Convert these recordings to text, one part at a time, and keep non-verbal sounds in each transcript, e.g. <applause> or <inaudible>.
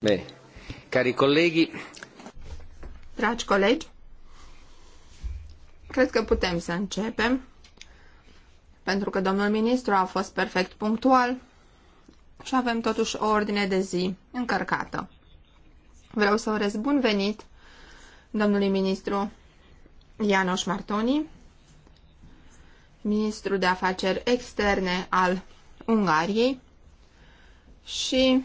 Bine. Cari colegi. Dragi colegi, cred că putem să începem, pentru că domnul ministru a fost perfect punctual și avem totuși o ordine de zi încărcată. Vreau să urez bun venit domnului ministru Ianoș Martoni, ministru de afaceri externe al Ungariei și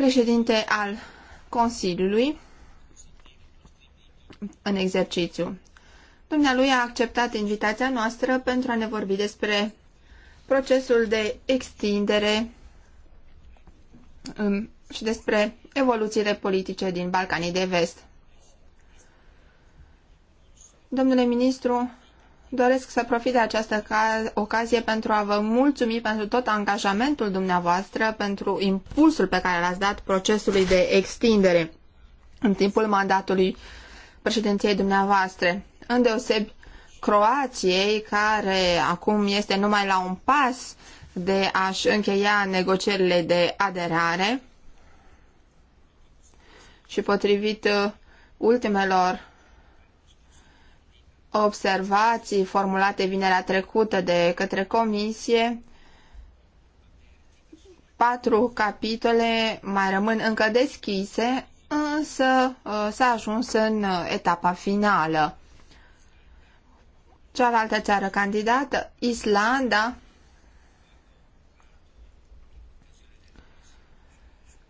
președinte al Consiliului în exercițiu. Dumnealui a acceptat invitația noastră pentru a ne vorbi despre procesul de extindere um, și despre evoluțiile politice din Balcanii de Vest. Domnule ministru, Doresc să profit de această ocazie pentru a vă mulțumi pentru tot angajamentul dumneavoastră, pentru impulsul pe care l-ați dat procesului de extindere în timpul mandatului președinției dumneavoastră. Îndeosebi Croației, care acum este numai la un pas de a-și încheia negocierile de aderare și potrivit uh, ultimelor observații formulate vinerea trecută de către comisie, patru capitole mai rămân încă deschise, însă uh, s-a ajuns în uh, etapa finală. Cealaltă țară candidată, Islanda,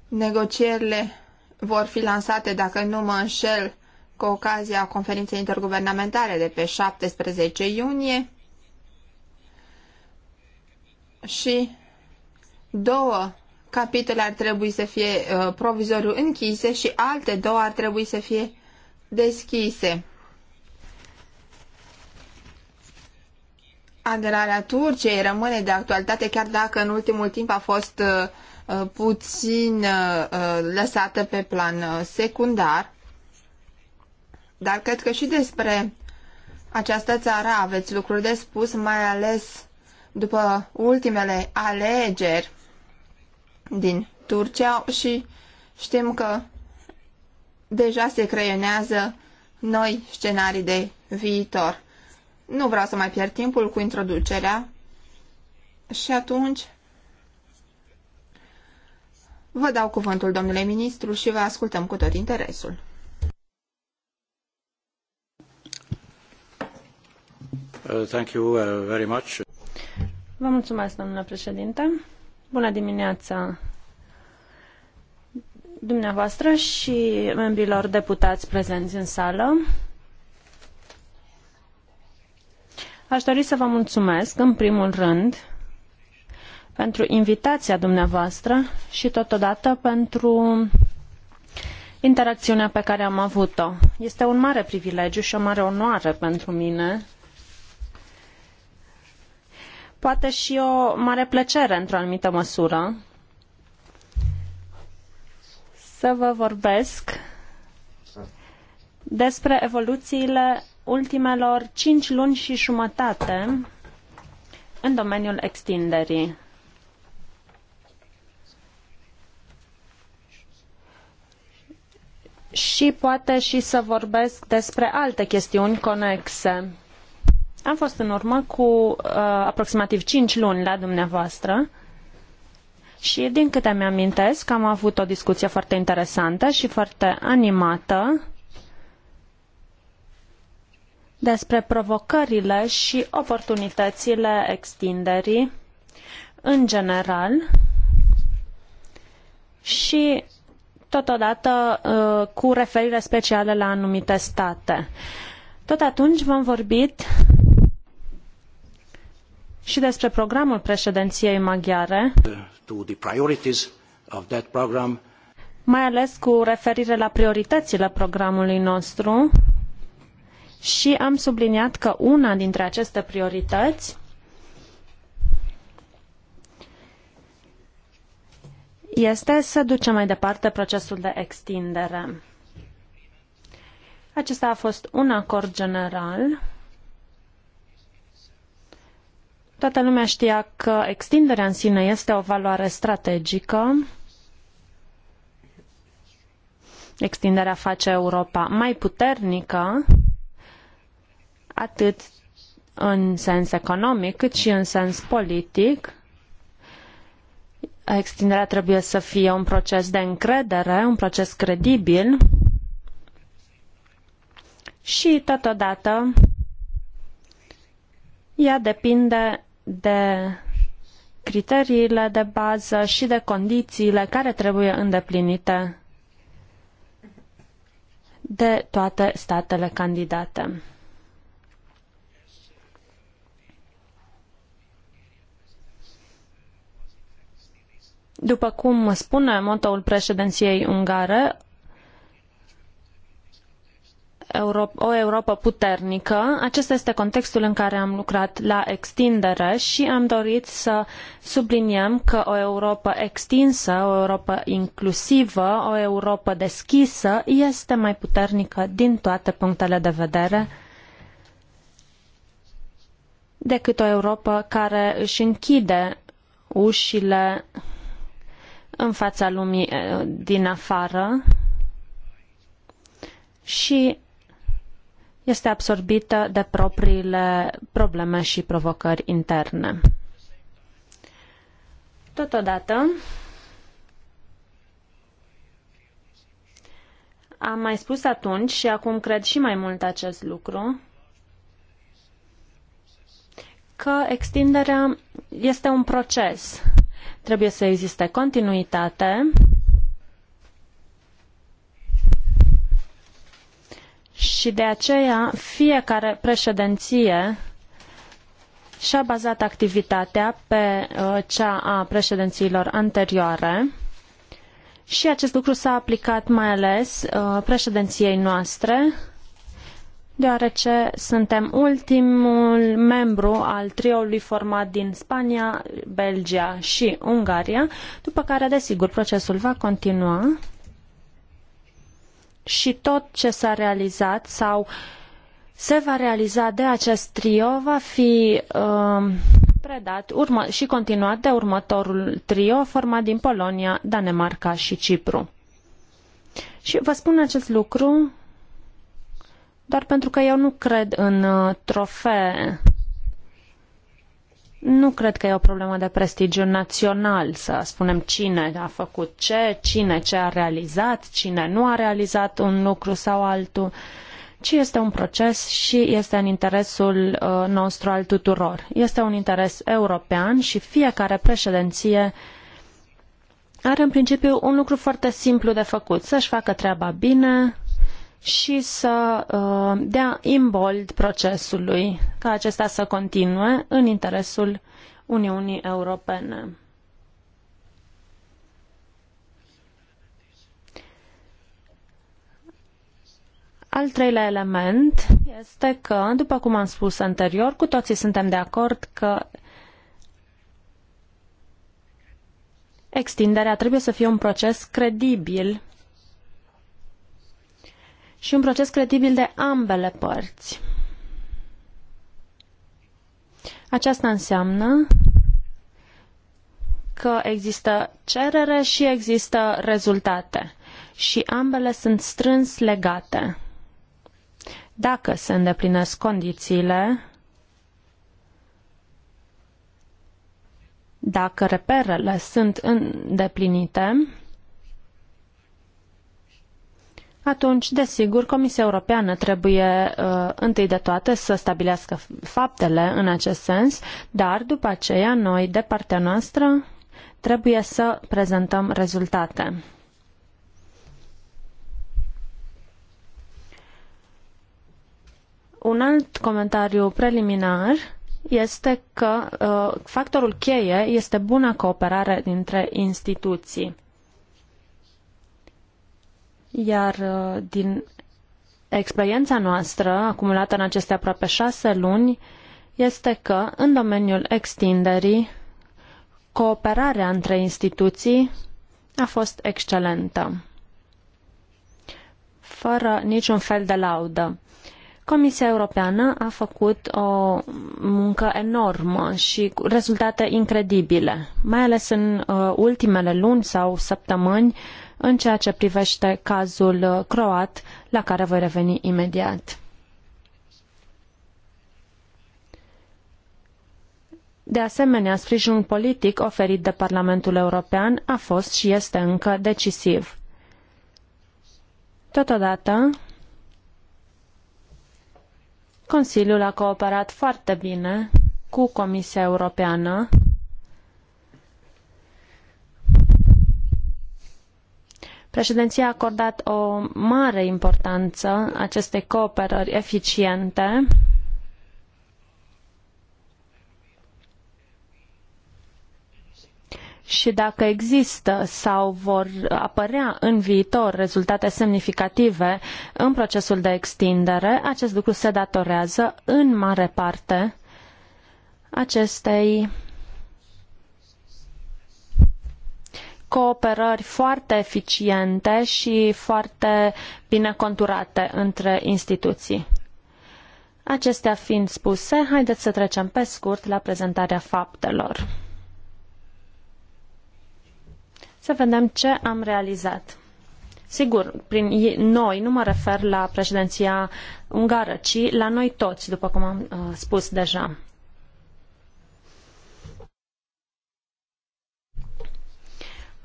negocierile vor fi lansate, dacă nu mă înșel, cu ocazia conferinței interguvernamentale de pe 17 iunie și două capitole ar trebui să fie uh, provizoriu închise și alte două ar trebui să fie deschise. Aderarea Turciei rămâne de actualitate, chiar dacă în ultimul timp a fost uh, uh puțin uh, uh, lăsată pe plan uh, secundar. Dar cred că și despre această țară aveți lucruri de spus, mai ales după ultimele alegeri din Turcia și știm că deja se creionează noi scenarii de viitor. Nu vreau să mai pierd timpul cu introducerea și atunci vă dau cuvântul, domnule ministru, și vă ascultăm cu tot interesul. Uh, uh, vă mulțumesc, domnule președinte. Bună dimineața dumneavoastră și membrilor deputați prezenți în sală. Aș dori să vă mulțumesc, în primul rând, pentru invitația dumneavoastră și totodată pentru interacțiunea pe care am avut-o. Este un mare privilegiu și o mare onoare pentru mine poate și o mare plăcere, într-o anumită măsură, să vă vorbesc despre evoluțiile ultimelor cinci luni și jumătate în domeniul extinderii. Și poate și să vorbesc despre alte chestiuni conexe. Am fost în urmă cu uh, aproximativ 5 luni la dumneavoastră și din câte mi-amintesc am avut o discuție foarte interesantă și foarte animată despre provocările și oportunitățile extinderii în general și totodată uh, cu referire specială la anumite state. Tot atunci v-am vorbit și despre programul președinției maghiare, program. mai ales cu referire la prioritățile programului nostru și am subliniat că una dintre aceste priorități este să ducem mai departe procesul de extindere. Acesta a fost un acord general Toată lumea știa că extinderea în sine este o valoare strategică. Extinderea face Europa mai puternică, atât în sens economic, cât și în sens politic. Extinderea trebuie să fie un proces de încredere, un proces credibil și, totodată, ea depinde de criteriile de bază și de condițiile care trebuie îndeplinite de toate statele candidate. După cum spune motoul președinției ungare, o Europă puternică. Acesta este contextul în care am lucrat la extindere și am dorit să subliniem că o Europă extinsă, o Europă inclusivă, o Europă deschisă este mai puternică din toate punctele de vedere decât o Europă care își închide ușile în fața lumii eh, din afară și este absorbită de propriile probleme și provocări interne. Totodată, am mai spus atunci și acum cred și mai mult acest lucru, că extinderea este un proces. Trebuie să existe continuitate, și de aceea fiecare președinție și-a bazat activitatea pe uh, cea a președințiilor anterioare și acest lucru s-a aplicat mai ales uh, președinției noastre, deoarece suntem ultimul membru al trioului format din Spania, Belgia și Ungaria, după care, desigur, procesul va continua și tot ce s-a realizat sau se va realiza de acest trio va fi uh, predat urmă, și continuat de următorul trio format din Polonia, Danemarca și Cipru. Și vă spun acest lucru doar pentru că eu nu cred în uh, trofee nu cred că e o problemă de prestigiu național să spunem cine a făcut ce, cine ce a realizat, cine nu a realizat un lucru sau altul, ci este un proces și este în interesul uh, nostru al tuturor. Este un interes european și fiecare președinție are în principiu un lucru foarte simplu de făcut, să-și facă treaba bine, și să uh, dea imbold procesului ca acesta să continue în interesul Uniunii Europene. Al treilea element este că, după cum am spus anterior, cu toții suntem de acord că extinderea trebuie să fie un proces credibil și un proces credibil de ambele părți. Aceasta înseamnă că există cerere și există rezultate și ambele sunt strâns legate. Dacă se îndeplinesc condițiile, dacă reperele sunt îndeplinite, atunci, desigur, Comisia Europeană trebuie uh, întâi de toate să stabilească faptele în acest sens, dar după aceea noi, de partea noastră, trebuie să prezentăm rezultate. Un alt comentariu preliminar este că uh, factorul cheie este buna cooperare dintre instituții. Iar uh, din experiența noastră, acumulată în aceste aproape șase luni, este că, în domeniul extinderii, cooperarea între instituții a fost excelentă, fără niciun fel de laudă. Comisia Europeană a făcut o muncă enormă și rezultate incredibile, mai ales în uh, ultimele luni sau săptămâni uh, în ceea ce privește cazul uh, croat, la care voi reveni imediat. De asemenea, sprijinul politic oferit de Parlamentul European a fost și este încă decisiv. Totodată, Consiliul a cooperat foarte bine cu Comisia Europeană Președinția a acordat o mare importanță acestei cooperări eficiente și dacă există sau vor apărea în viitor rezultate semnificative în procesul de extindere, acest lucru se datorează în mare parte acestei cooperări foarte eficiente și foarte bine conturate între instituții. Acestea fiind spuse, haideți să trecem pe scurt la prezentarea faptelor. Să vedem ce am realizat. Sigur, prin noi nu mă refer la președinția ungară, ci la noi toți, după cum am uh, spus deja.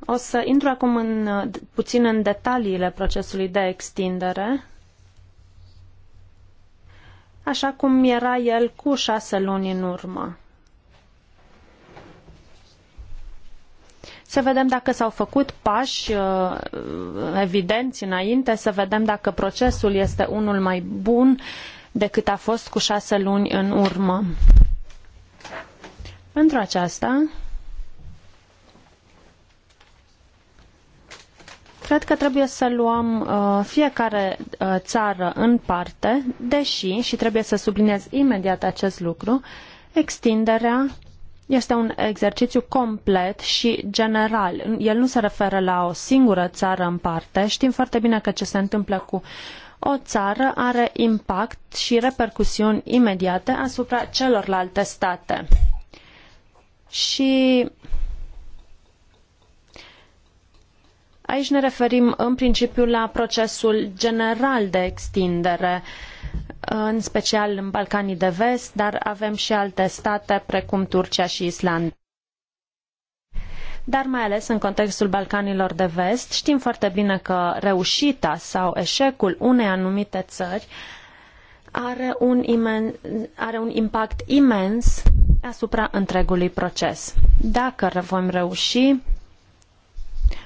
O să intru acum în, puțin în detaliile procesului de extindere, așa cum era el cu șase luni în urmă. Să vedem dacă s-au făcut pași uh, evidenți înainte, să vedem dacă procesul este unul mai bun decât a fost cu șase luni în urmă. Pentru aceasta, Cred că trebuie să luăm uh, fiecare uh, țară în parte, deși, și trebuie să subliniez imediat acest lucru, extinderea este un exercițiu complet și general. El nu se referă la o singură țară în parte. Știm foarte bine că ce se întâmplă cu o țară are impact și repercusiuni imediate asupra celorlalte state. Și Aici ne referim în principiu la procesul general de extindere, în special în Balcanii de Vest, dar avem și alte state precum Turcia și Islanda dar mai ales în contextul Balcanilor de Vest, știm foarte bine că reușita sau eșecul unei anumite țări are un, imen, are un impact imens asupra întregului proces. Dacă vom reuși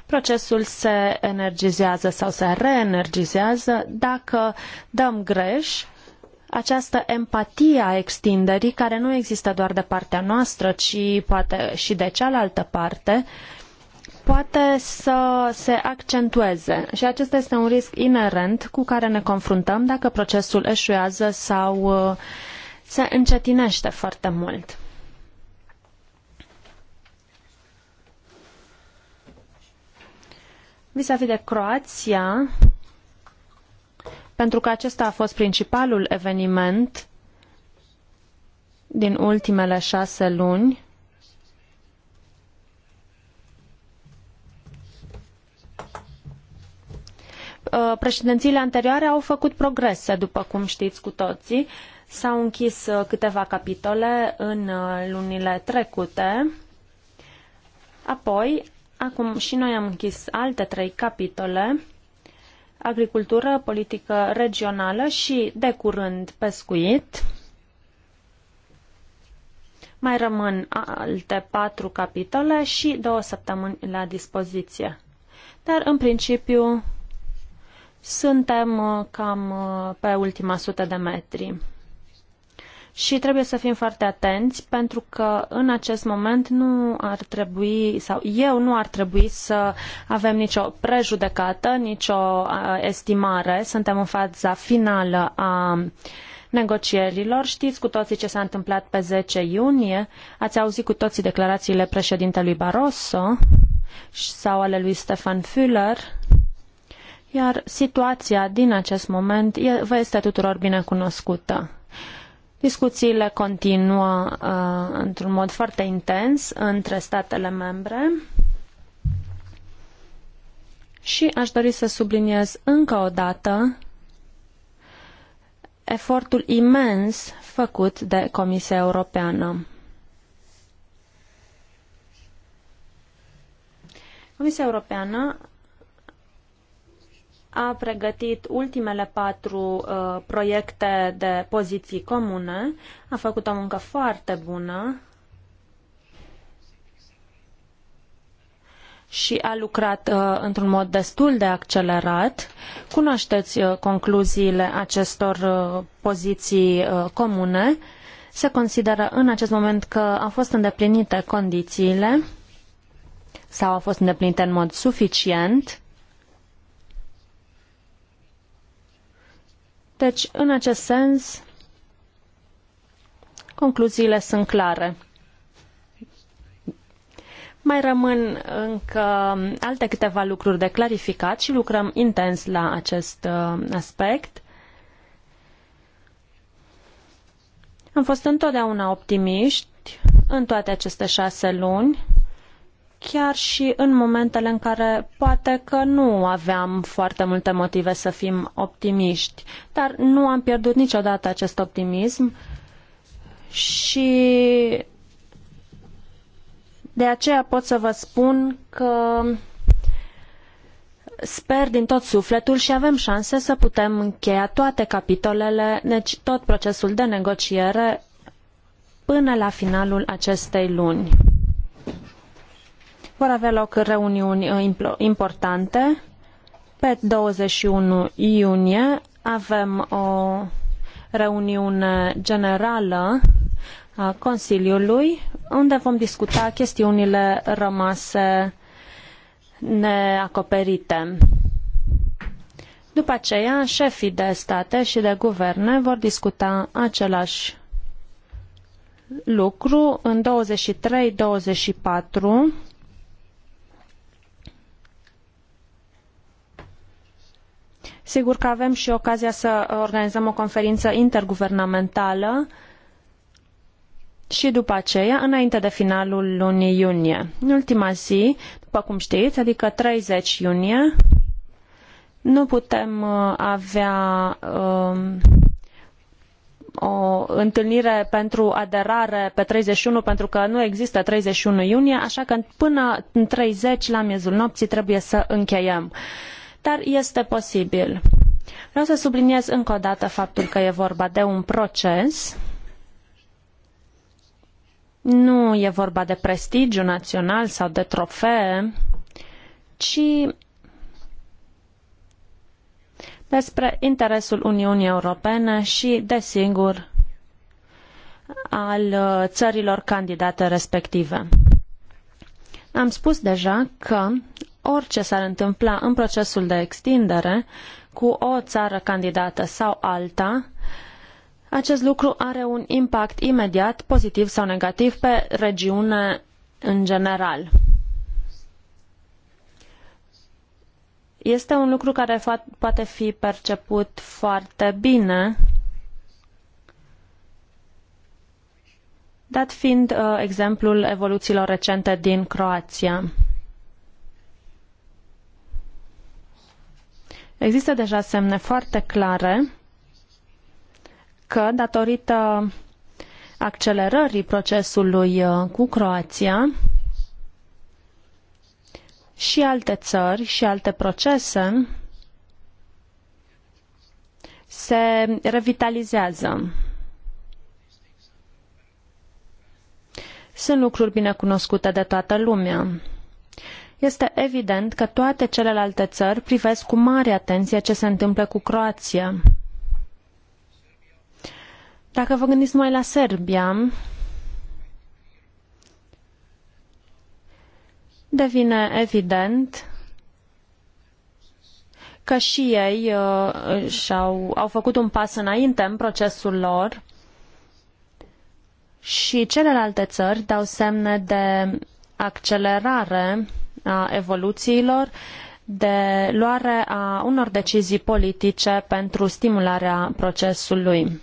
procesul se energizează sau se reenergizează dacă dăm greș această empatie a extinderii, care nu există doar de partea noastră, ci poate și de cealaltă parte, poate să se accentueze. Și acesta este un risc inerent cu care ne confruntăm dacă procesul eșuează sau uh, se încetinește foarte mult. vis-a-vis de Croația, pentru că acesta a fost principalul eveniment din ultimele șase luni, uh, președințiile anterioare au făcut progrese, după cum știți cu toții. S-au închis uh, câteva capitole în uh, lunile trecute. Apoi Acum și noi am închis alte trei capitole, agricultură, politică regională și, de curând, pescuit. Mai rămân alte patru capitole și două săptămâni la dispoziție. Dar, în principiu, suntem uh, cam uh, pe ultima sută de metri și trebuie să fim foarte atenți pentru că în acest moment nu ar trebui sau eu nu ar trebui să avem nicio prejudecată, nicio estimare. Suntem în faza finală a negocierilor. Știți cu toții ce s-a întâmplat pe 10 iunie. Ați auzit cu toții declarațiile președintelui Barroso sau ale lui Stefan Füller. Iar situația din acest moment vă este tuturor bine cunoscută. Discuțiile continuă uh, într-un mod foarte intens între statele membre și aș dori să subliniez încă o dată efortul imens făcut de Comisia Europeană. Comisia Europeană a pregătit ultimele patru uh, proiecte de poziții comune, a făcut o muncă foarte bună și a lucrat uh, într-un mod destul de accelerat. Cunoașteți uh, concluziile acestor uh, poziții uh, comune. Se consideră în acest moment că au fost îndeplinite condițiile sau au fost îndeplinite în mod suficient Deci, în acest sens, concluziile sunt clare. Mai rămân încă alte câteva lucruri de clarificat și lucrăm intens la acest uh, aspect. Am fost întotdeauna optimiști în toate aceste șase luni chiar și în momentele în care poate că nu aveam foarte multe motive să fim optimiști, dar nu am pierdut niciodată acest optimism și de aceea pot să vă spun că sper din tot sufletul și avem șanse să putem încheia toate capitolele, deci tot procesul de negociere până la finalul acestei luni. Vor avea loc reuniuni uh, importante. Pe 21 iunie avem o reuniune generală a Consiliului, unde vom discuta chestiunile rămase neacoperite. După aceea, șefii de state și de guverne vor discuta același lucru în 23-24 Sigur că avem și ocazia să organizăm o conferință interguvernamentală și după aceea, înainte de finalul lunii iunie. În ultima zi, după cum știți, adică 30 iunie, nu putem uh, avea um, o întâlnire pentru aderare pe 31 pentru că nu există 31 iunie, așa că până în 30 la miezul nopții trebuie să încheiem. Uh, dar este posibil. Vreau să subliniez încă o dată faptul că e vorba de un proces. Nu e vorba de prestigiu național sau de trofee, ci despre interesul Uniunii Europene și, desigur, al uh, țărilor candidate respective. Am spus deja că orice s-ar întâmpla în procesul de extindere cu o țară candidată sau alta, acest lucru are un impact imediat, pozitiv sau negativ, pe regiune în general. Este un lucru care poate fi perceput foarte bine, dat fiind uh, exemplul evoluțiilor recente din Croația. Există deja semne foarte clare că, datorită accelerării procesului uh, cu Croația, și alte țări și alte procese se revitalizează. Sunt lucruri bine cunoscute de toată lumea este evident că toate celelalte țări privesc cu mare atenție ce se întâmplă cu Croația. Dacă vă gândiți mai la Serbia, devine evident că și ei uh, -au, au făcut un pas înainte în procesul lor și celelalte țări dau semne de accelerare a evoluțiilor, de luare a unor decizii politice pentru stimularea procesului.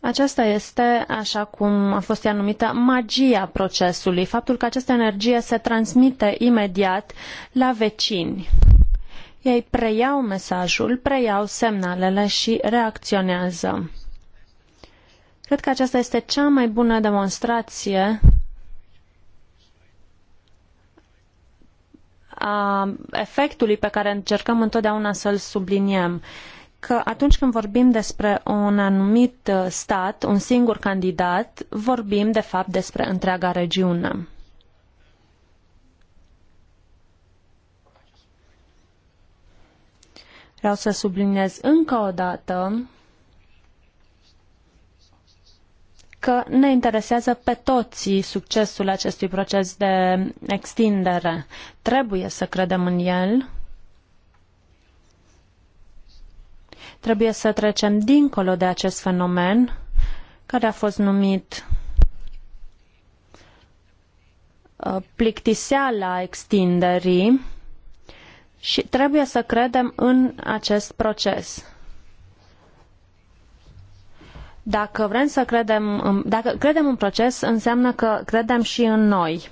Aceasta este, așa cum a fost ea numită, magia procesului, faptul că această energie se transmite imediat la vecini. Ei preiau mesajul, preiau semnalele și reacționează. Cred că aceasta este cea mai bună demonstrație a efectului pe care încercăm întotdeauna să-l subliniem că atunci când vorbim despre un anumit uh, stat, un singur candidat, vorbim de fapt despre întreaga regiune. Vreau să subliniez încă o dată că ne interesează pe toți succesul acestui proces de extindere. Trebuie să credem în el. Trebuie să trecem dincolo de acest fenomen care a fost numit uh, plictiseala extinderii și trebuie să credem în acest proces. Dacă vrem să credem, în, dacă credem în proces, înseamnă că credem și în noi.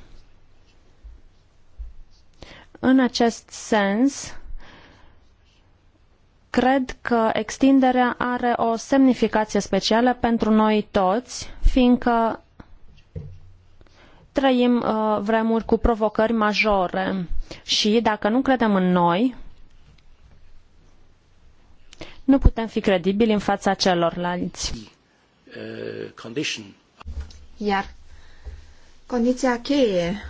În acest sens, cred că extinderea are o semnificație specială pentru noi toți, fiindcă trăim uh, vremuri cu provocări majore și dacă nu credem în noi, nu putem fi credibili în fața celorlalți. Uh, condition. Iar condiția cheie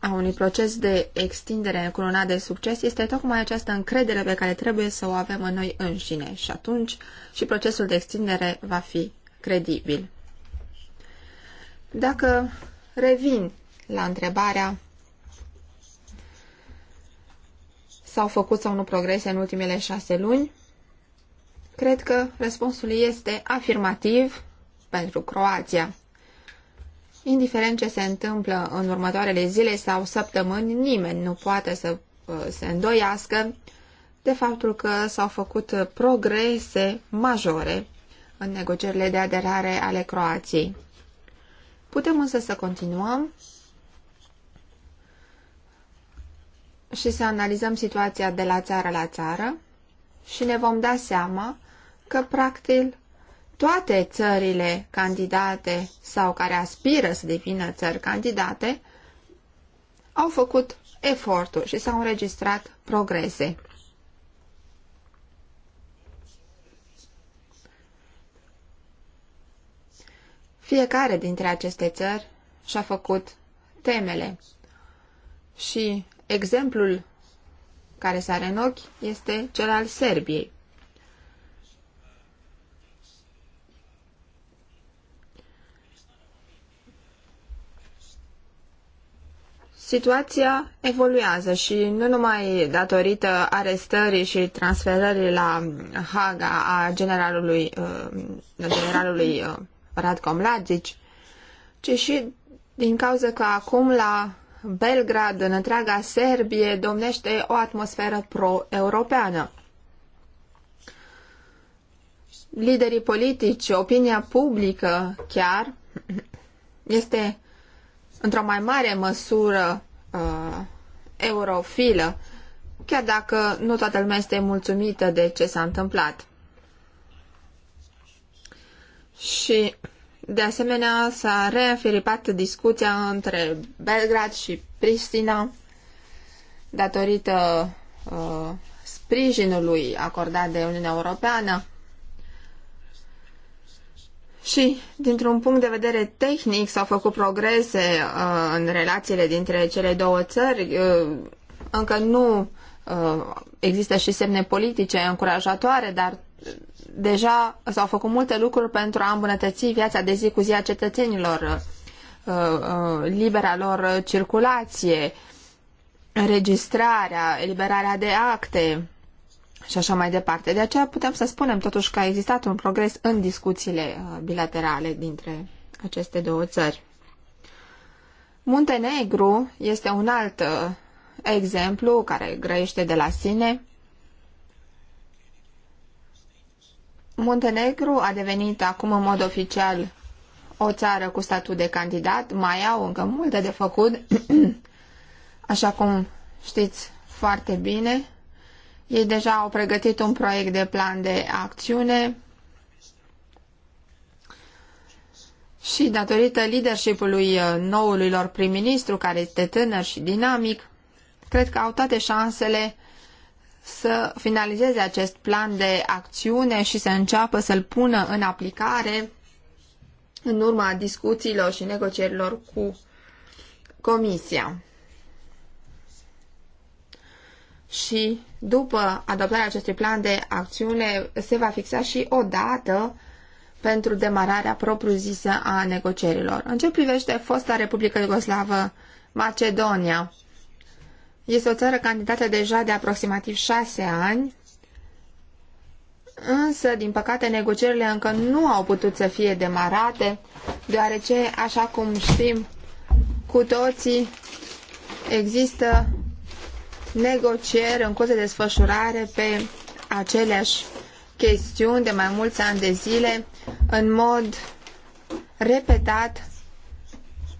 a unui proces de extindere încununat de succes este tocmai această încredere pe care trebuie să o avem în noi înșine și atunci și procesul de extindere va fi credibil. Dacă revin la întrebarea s-au făcut sau nu progrese în ultimele șase luni, Cred că răspunsul este afirmativ pentru Croația. Indiferent ce se întâmplă în următoarele zile sau săptămâni, nimeni nu poate să uh, se îndoiască de faptul că s-au făcut progrese majore în negocierile de aderare ale Croației. Putem însă să continuăm și să analizăm situația de la țară la țară și ne vom da seama că practic toate țările candidate sau care aspiră să devină țări candidate au făcut eforturi și s-au înregistrat progrese. Fiecare dintre aceste țări și-a făcut temele și exemplul care sare în ochi este cel al Serbiei. situația evoluează și nu numai datorită arestării și transferării la Haga a generalului, uh, generalului uh, Radko Mladic, ci și din cauza că acum la Belgrad, în întreaga Serbie, domnește o atmosferă pro-europeană. Liderii politici, opinia publică chiar, este într-o mai mare măsură uh, eurofilă, chiar dacă nu toată lumea este mulțumită de ce s-a întâmplat. Și, de asemenea, s-a reînfiripat discuția între Belgrad și Pristina datorită uh, sprijinului acordat de Uniunea Europeană și, dintr-un punct de vedere tehnic, s-au făcut progrese uh, în relațiile dintre cele două țări. Uh, încă nu uh, există și semne politice încurajatoare, dar uh, deja s-au făcut multe lucruri pentru a îmbunătăți viața de zi cu zi a cetățenilor, uh, uh, libera lor circulație, înregistrarea, eliberarea de acte, și așa mai departe. De aceea putem să spunem totuși că a existat un progres în discuțiile uh, bilaterale dintre aceste două țări. Muntenegru este un alt uh, exemplu care grăiește de la sine. Muntenegru a devenit acum în mod oficial o țară cu statut de candidat. Mai au încă multe de făcut, <clears throat> așa cum știți foarte bine. Ei deja au pregătit un proiect de plan de acțiune și datorită leadership-ului uh, noului lor prim-ministru, care este tânăr și dinamic, cred că au toate șansele să finalizeze acest plan de acțiune și să înceapă să-l pună în aplicare în urma discuțiilor și negocierilor cu Comisia și după adoptarea acestui plan de acțiune se va fixa și o dată pentru demararea propriu-zisă a negocierilor. În ce privește fosta Republică Iugoslavă Macedonia, este o țară candidată deja de aproximativ șase ani, însă, din păcate, negocierile încă nu au putut să fie demarate, deoarece, așa cum știm cu toții, există negocieri în curs de desfășurare pe aceleași chestiuni de mai mulți ani de zile, în mod repetat.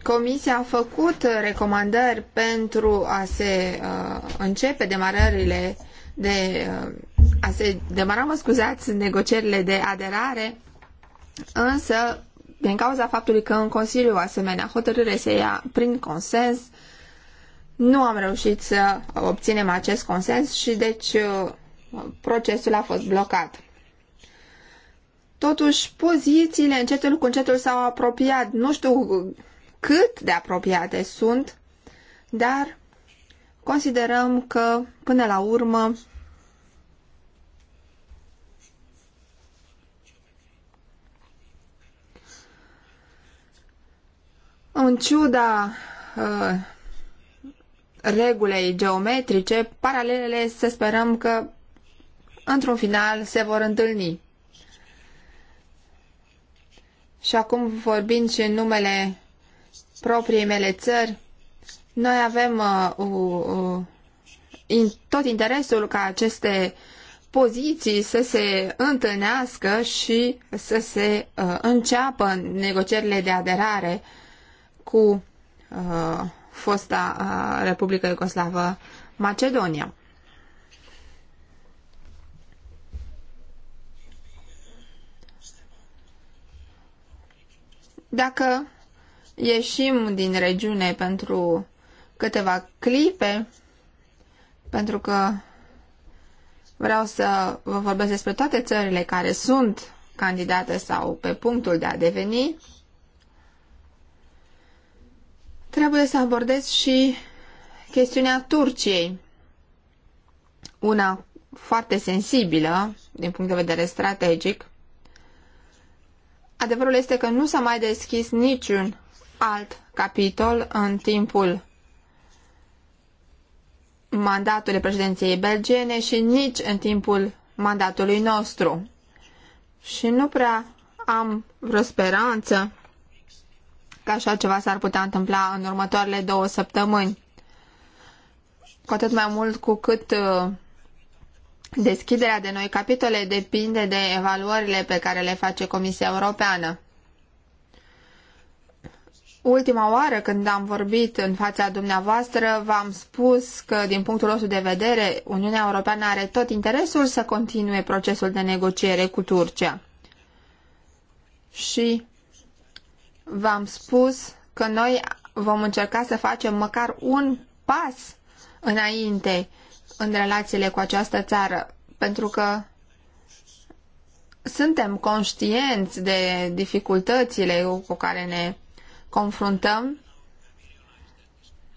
Comisia a făcut recomandări pentru a se uh, începe demarările de uh, a se demara, mă scuzați, negocierile de aderare, însă din cauza faptului că în Consiliu asemenea hotărâre se ia prin consens, uh, nu am reușit să obținem acest consens și deci uh, procesul a fost blocat. Totuși, pozițiile încetul cu încetul s-au apropiat. Nu știu cât de apropiate sunt, dar considerăm că, până la urmă, în ciuda uh, regulei geometrice, paralelele să sperăm că într-un final se vor întâlni. Și acum vorbind și în numele propriei mele țări, noi avem uh, uh, in, tot interesul ca aceste poziții să se întâlnească și să se uh, înceapă negocierile de aderare cu uh, fosta Republică Iugoslavă Macedonia. Dacă ieșim din regiune pentru câteva clipe, pentru că vreau să vă vorbesc despre toate țările care sunt candidate sau pe punctul de a deveni, Trebuie să abordez și chestiunea Turciei, una foarte sensibilă din punct de vedere strategic. Adevărul este că nu s-a mai deschis niciun alt capitol în timpul mandatului președinției belgiene și nici în timpul mandatului nostru. Și nu prea am vreo speranță că așa ceva s-ar putea întâmpla în următoarele două săptămâni. Cu atât mai mult cu cât uh, deschiderea de noi capitole depinde de evaluările pe care le face Comisia Europeană. Ultima oară când am vorbit în fața dumneavoastră, v-am spus că, din punctul nostru de vedere, Uniunea Europeană are tot interesul să continue procesul de negociere cu Turcia. Și v-am spus că noi vom încerca să facem măcar un pas înainte în relațiile cu această țară, pentru că suntem conștienți de dificultățile cu care ne confruntăm,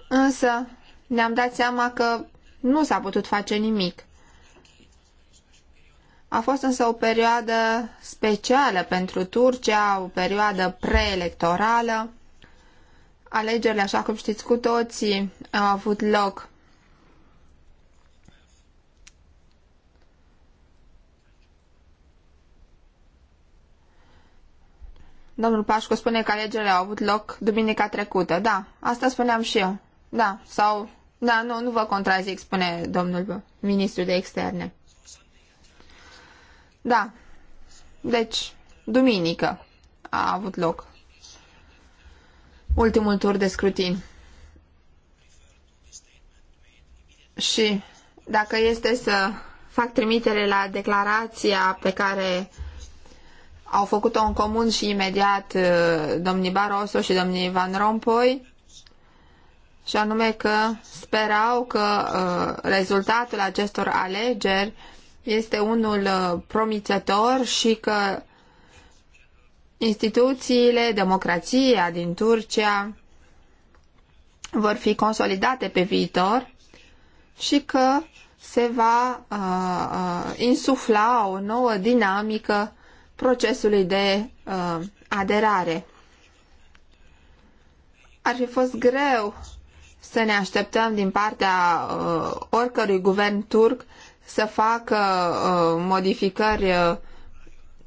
însă ne-am dat seama că nu s-a putut face nimic. A fost însă o perioadă specială pentru Turcia, o perioadă preelectorală. Alegerile, așa cum știți cu toții, au avut loc Domnul Pașcu spune că alegerile au avut loc duminica trecută. Da, asta spuneam și eu. Da, sau... Da, nu, nu vă contrazic, spune domnul ministru de externe. Da. Deci, duminică a avut loc ultimul tur de scrutin. Și dacă este să fac trimitere la declarația pe care au făcut-o în comun și imediat uh, domnii Barroso și domnii Van Rompuy, și anume că sperau că uh, rezultatul acestor alegeri este unul uh, promițător și că instituțiile, democrația din Turcia vor fi consolidate pe viitor și că se va uh, uh, insufla o nouă dinamică procesului de uh, aderare. Ar fi fost greu să ne așteptăm din partea uh, oricărui guvern turc să facă uh, modificări uh,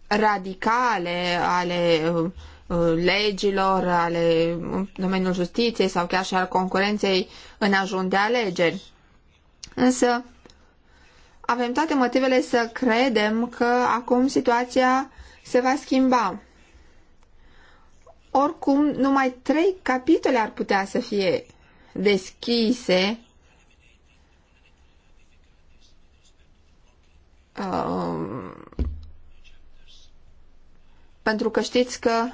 radicale ale uh, uh legilor, ale domeniul justiției sau chiar și al concurenței în a de alegeri. Însă avem toate motivele să credem că acum situația se va schimba. Oricum, numai trei capitole ar putea să fie deschise Um, pentru că știți că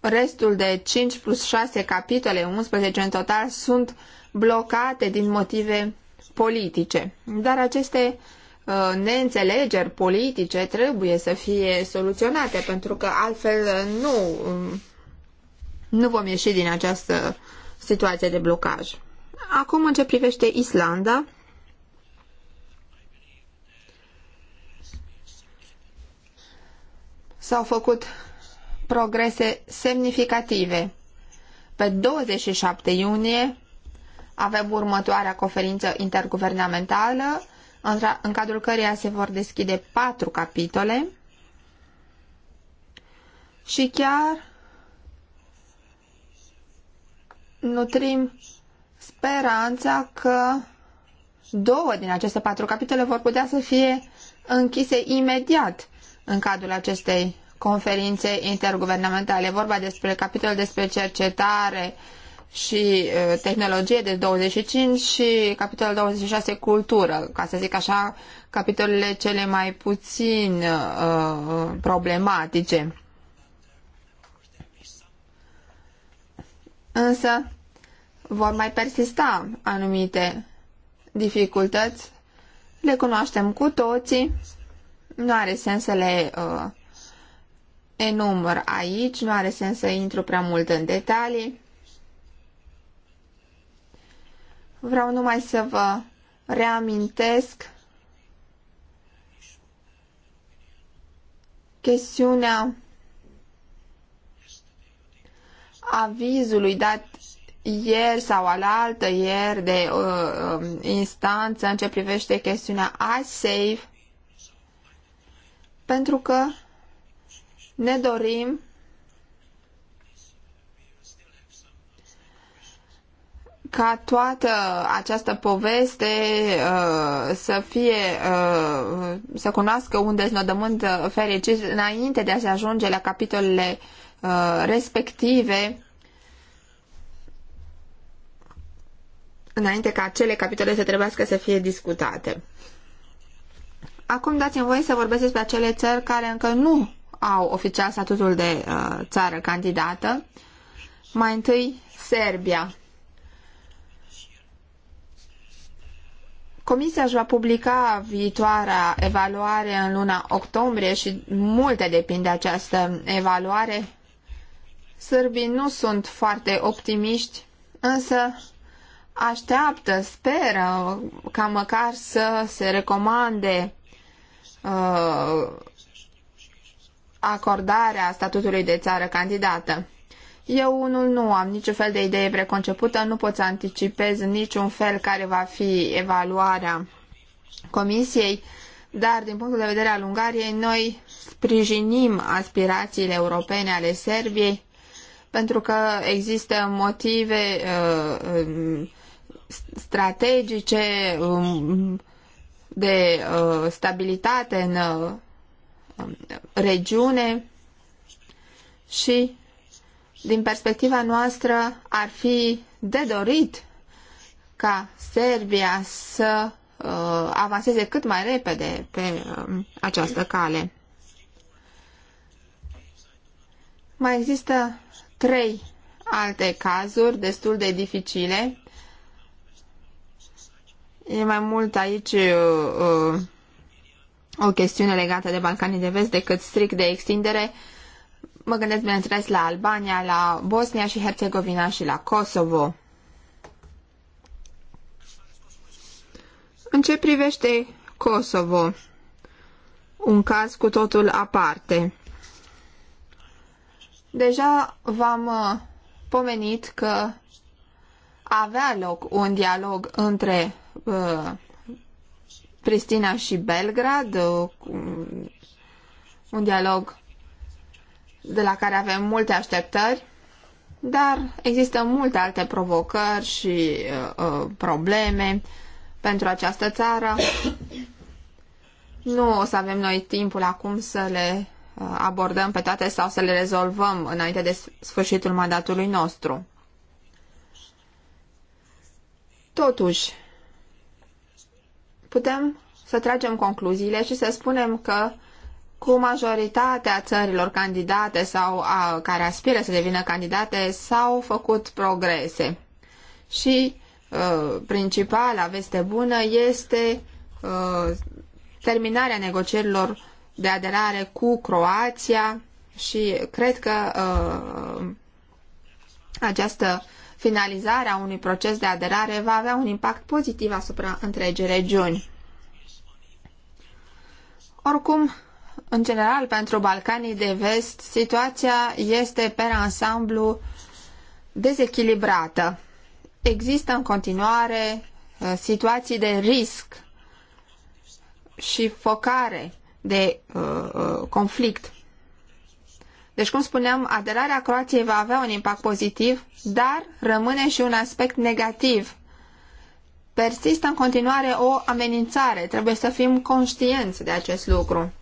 restul de 5 plus 6 capitole, 11 în total, sunt blocate din motive politice. Dar aceste uh, neînțelegeri politice trebuie să fie soluționate, pentru că altfel uh, nu, um, nu vom ieși din această situație de blocaj. Acum, în ce privește Islanda, s-au făcut progrese semnificative. Pe 27 iunie avem următoarea conferință interguvernamentală, în cadrul căreia se vor deschide patru capitole și chiar nutrim speranța că două din aceste patru capitole vor putea să fie închise imediat în cadrul acestei conferințe interguvernamentale. Vorba despre capitolul despre cercetare și tehnologie de 25 și capitolul 26 cultură, ca să zic așa, capitolele cele mai puțin uh, problematice. Însă vor mai persista anumite dificultăți, le cunoaștem cu toții nu are sens să le uh, enumăr aici, nu are sens să intru prea mult în detalii. Vreau numai să vă reamintesc chestiunea avizului dat ieri sau alaltă ieri de uh, um, instanță în ce privește chestiunea iSafe pentru că ne dorim ca toată această poveste uh, să fie uh, să cunoască un deznodământ fericit înainte de a se ajunge la capitolele uh, respective înainte ca acele capitole să trebuiască să fie discutate. Acum dați-mi voie să vorbesc despre acele țări care încă nu au oficial statutul de uh, țară candidată. Mai întâi, Serbia. Comisia își va publica viitoarea evaluare în luna octombrie și multe depinde de această evaluare. Sârbii nu sunt foarte optimiști, însă așteaptă, speră ca măcar să se recomande Uh, acordarea statutului de țară candidată. Eu unul nu am niciun fel de idee preconcepută, nu pot să anticipez niciun fel care va fi evaluarea comisiei, dar din punctul de vedere al Ungariei, noi sprijinim aspirațiile europene ale Serbiei pentru că există motive uh, um, strategice, um, de uh, stabilitate în uh, um, regiune și din perspectiva noastră ar fi de dorit ca Serbia să uh, avanseze cât mai repede pe uh, această cale. Mai există trei alte cazuri destul de dificile E mai mult aici uh, o chestiune legată de Balcanii de Vest decât strict de extindere. Mă gândesc, bineînțeles, la Albania, la Bosnia și Herțegovina și la Kosovo. În ce privește Kosovo, un caz cu totul aparte. Deja v-am uh, pomenit că avea loc un dialog între Uh, Pristina și Belgrad, uh, un dialog de la care avem multe așteptări, dar există multe alte provocări și uh, uh probleme pentru această țară. Nu o să avem noi timpul acum să le abordăm pe toate sau să le rezolvăm înainte de sfârșitul mandatului nostru. Totuși, putem să tragem concluziile și să spunem că cu majoritatea țărilor candidate sau a, care aspiră să devină candidate s-au făcut progrese. Și uh, principala veste bună este uh, terminarea negocierilor de aderare cu Croația și cred că uh, această finalizarea unui proces de aderare va avea un impact pozitiv asupra întregii regiuni. Oricum, în general, pentru Balcanii de vest, situația este pe ansamblu dezechilibrată. Există în continuare uh, situații de risc și focare de uh, uh conflict deci, cum spuneam, aderarea Croației va avea un impact pozitiv, dar rămâne și un aspect negativ. Persistă în continuare o amenințare, trebuie să fim conștienți de acest lucru.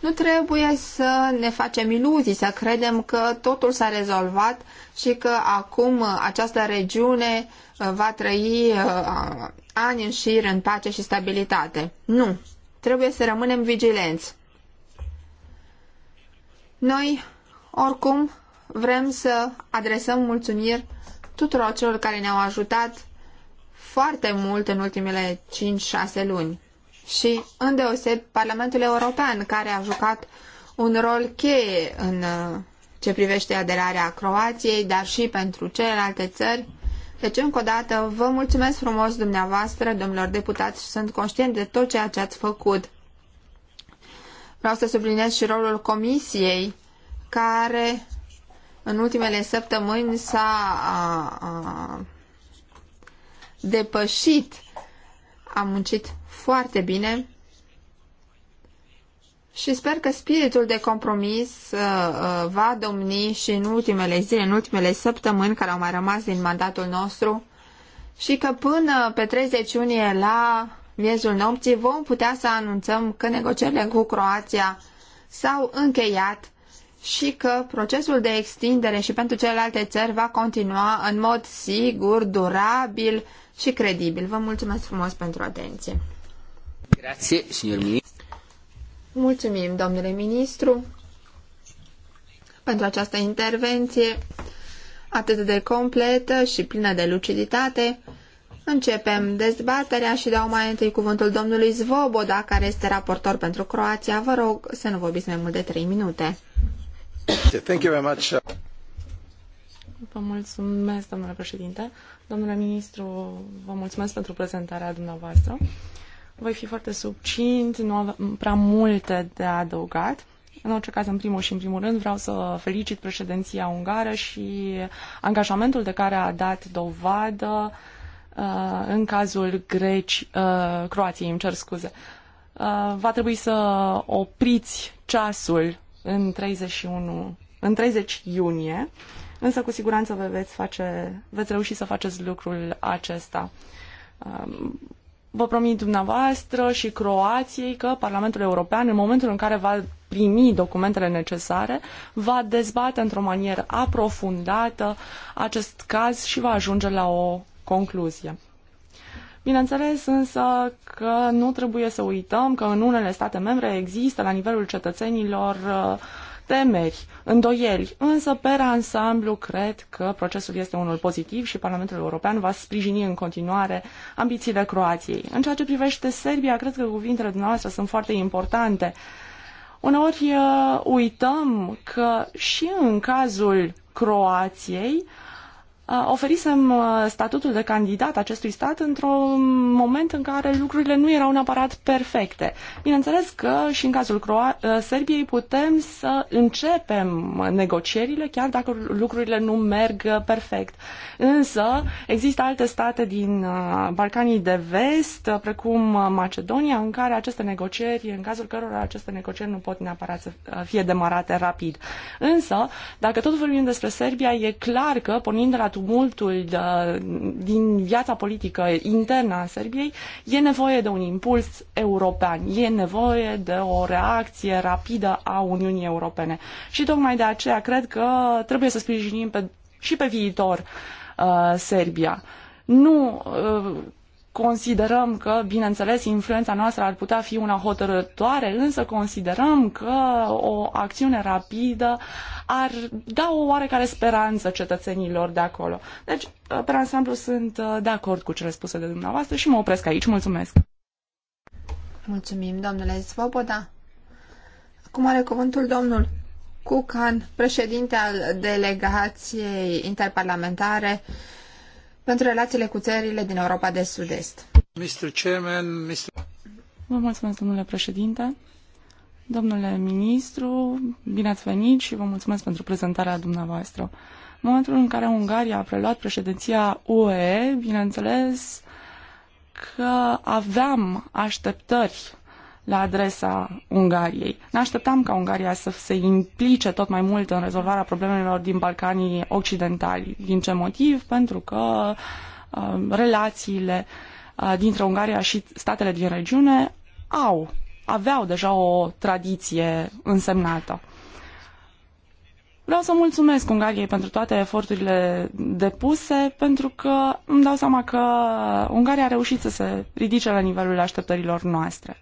Nu trebuie să ne facem iluzii, să credem că totul s-a rezolvat și că acum această regiune uh, va trăi uh, ani în șir în pace și stabilitate. Nu. Trebuie să rămânem vigilenți. Noi oricum, vrem să adresăm mulțumiri tuturor celor care ne-au ajutat foarte mult în ultimele 5-6 luni și, îndeoseb, Parlamentul European, care a jucat un rol cheie în uh, ce privește aderarea Croației, dar și pentru celelalte țări. Deci, încă o dată, vă mulțumesc frumos dumneavoastră, domnilor deputați, și sunt conștient de tot ceea ce ați făcut. Vreau să subliniez și rolul Comisiei care în ultimele săptămâni s-a depășit. A muncit foarte bine și sper că spiritul de compromis uh, uh, va domni și în ultimele zile, în ultimele săptămâni care au mai rămas din mandatul nostru și că până pe 30 iunie la miezul nopții vom putea să anunțăm că negocierile cu Croația s-au încheiat și că procesul de extindere și pentru celelalte țări va continua în mod sigur, durabil și credibil. Vă mulțumesc frumos pentru atenție. Grazie, signor ministru. Mulțumim, domnule ministru, pentru această intervenție atât de completă și plină de luciditate. Începem dezbaterea și dau mai întâi cuvântul domnului Zvoboda, care este raportor pentru Croația. Vă rog să nu vorbiți mai mult de 3 minute. <coughs> Uh. mulțumesc, domnule președinte. Domnule ministru, vă mulțumesc pentru prezentarea dumneavoastră. Voi fi foarte subcint, nu am prea multe de adăugat. În orice caz, în primul și în primul rând, vreau să felicit președinția ungară și angajamentul de care a dat dovadă uh, în cazul Greci, uh, Croației, îmi cer scuze. va trebui să opriți ceasul în 31 în 30 iunie, însă cu siguranță vă veți, face, veți reuși să faceți lucrul acesta. Um, vă promit dumneavoastră și Croației că Parlamentul European, în momentul în care va primi documentele necesare, va dezbate într-o manieră aprofundată acest caz și va ajunge la o concluzie. Bineînțeles însă că nu trebuie să uităm că în unele state membre există la nivelul cetățenilor uh, temeri, îndoieli, însă pe ansamblu cred că procesul este unul pozitiv și Parlamentul European va sprijini în continuare ambițiile Croației. În ceea ce privește Serbia, cred că cuvintele dumneavoastră sunt foarte importante. Uneori uh, uităm că și în cazul Croației, uh, oferisem statutul de candidat acestui stat într-un moment în care lucrurile nu erau neapărat perfecte. Bineînțeles că și în cazul Croa- Serbiei putem să începem negocierile chiar dacă lucrurile nu merg perfect. Însă există alte state din Balcanii de Vest, precum Macedonia, în care aceste negocieri, în cazul cărora aceste negocieri nu pot neapărat să fie demarate rapid. Însă, dacă tot vorbim despre Serbia, e clar că pornind de la tumultul da, din viața politică internă a Serbiei, e nevoie de un impuls european, e nevoie de o reacție rapidă a Uniunii Europene. Și tocmai de aceea cred că trebuie să sprijinim pe, și pe viitor uh, Serbia. Nu uh, considerăm că, bineînțeles, influența noastră ar putea fi una hotărătoare, însă considerăm că o acțiune rapidă ar da o oarecare speranță cetățenilor de acolo. Deci, uh, pe ansamblu, sunt uh, de acord cu cele spuse de dumneavoastră și mă opresc aici. Mulțumesc! Mulțumim, domnule Svoboda! Acum are cuvântul domnul Cucan, președinte al delegației interparlamentare pentru relațiile cu țările din Europa de Sud-Est. Mr. Chairman, Mr. Vă mulțumesc, domnule președinte. Domnule ministru, bine ați venit și vă mulțumesc pentru prezentarea dumneavoastră. În momentul în care Ungaria a preluat președinția UE, bineînțeles că aveam așteptări la adresa Ungariei. Ne așteptam ca Ungaria să se implice tot mai mult în rezolvarea problemelor din Balcanii Occidentali. Din ce motiv? Pentru că uh, relațiile uh, dintre Ungaria și statele din regiune au, aveau deja o tradiție însemnată. Vreau să mulțumesc Ungariei pentru toate eforturile depuse, pentru că îmi dau seama că Ungaria a reușit să se ridice la nivelul așteptărilor noastre.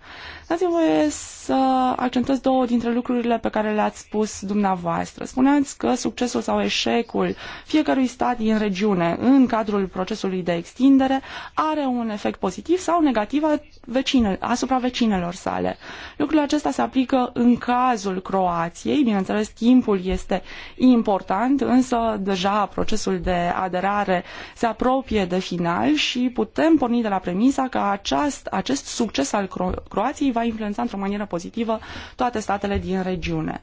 Dați-mi voie să accentuez două dintre lucrurile pe care le-ați spus dumneavoastră. Spuneați că succesul sau eșecul fiecărui stat din regiune în cadrul procesului de extindere are un efect pozitiv sau negativ asupra vecinelor sale. Lucrul acesta se aplică în cazul Croației. Bineînțeles, timpul este important, însă deja procesul de aderare se apropie de final și putem porni de la premisa că acest, acest succes al Croației va influența într-o manieră pozitivă toate statele din regiune.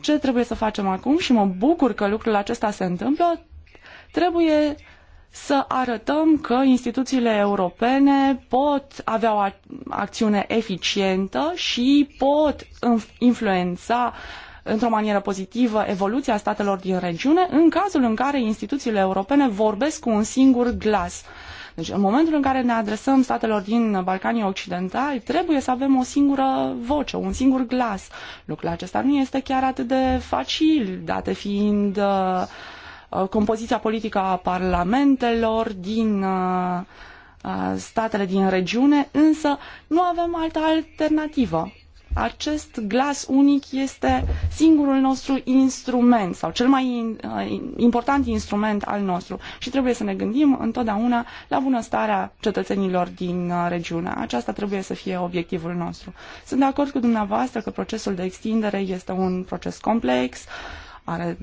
Ce trebuie să facem acum și mă bucur că lucrul acesta se întâmplă, trebuie să arătăm că instituțiile europene pot avea o acțiune eficientă și pot influența într-o manieră pozitivă evoluția statelor din regiune în cazul în care instituțiile europene vorbesc cu un singur glas. Uh, deci în momentul în care ne adresăm statelor din Balcanii Occidentali, trebuie să avem o singură voce, un singur glas. Lucrul acesta nu este chiar atât de facil, date fiind uh, uh, compoziția politică a parlamentelor din uh, statele din regiune, însă nu avem altă alternativă acest glas unic este singurul nostru instrument sau cel mai uh, important instrument al nostru și trebuie să ne gândim întotdeauna la bunăstarea cetățenilor din uh, regiune. Aceasta trebuie să fie obiectivul nostru. Sunt de acord cu dumneavoastră că procesul de extindere este un proces complex, are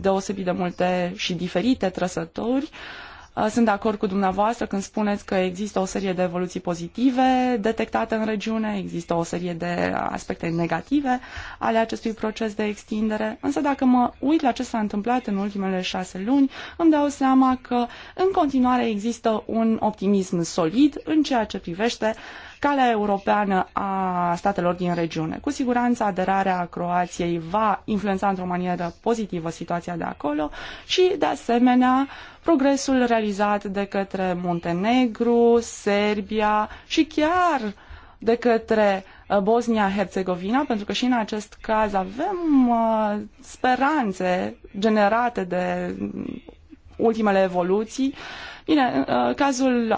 deosebit de multe și diferite trăsături. Uh, Uh, sunt de acord cu dumneavoastră când spuneți că există o serie de evoluții pozitive detectate în regiune, există o serie de aspecte negative ale acestui proces de extindere, însă dacă mă uit la ce s-a întâmplat în ultimele șase luni, îmi dau seama că în continuare există un optimism solid în ceea ce privește uh, calea europeană a statelor din regiune. Cu siguranță aderarea Croației va influența într-o manieră pozitivă situația de acolo și, de asemenea, progresul realizat de către Muntenegru, Serbia și chiar de către uh, Bosnia-Herzegovina, pentru că și în acest caz avem uh, speranțe generate de mm, ultimele evoluții. Bine, uh, cazul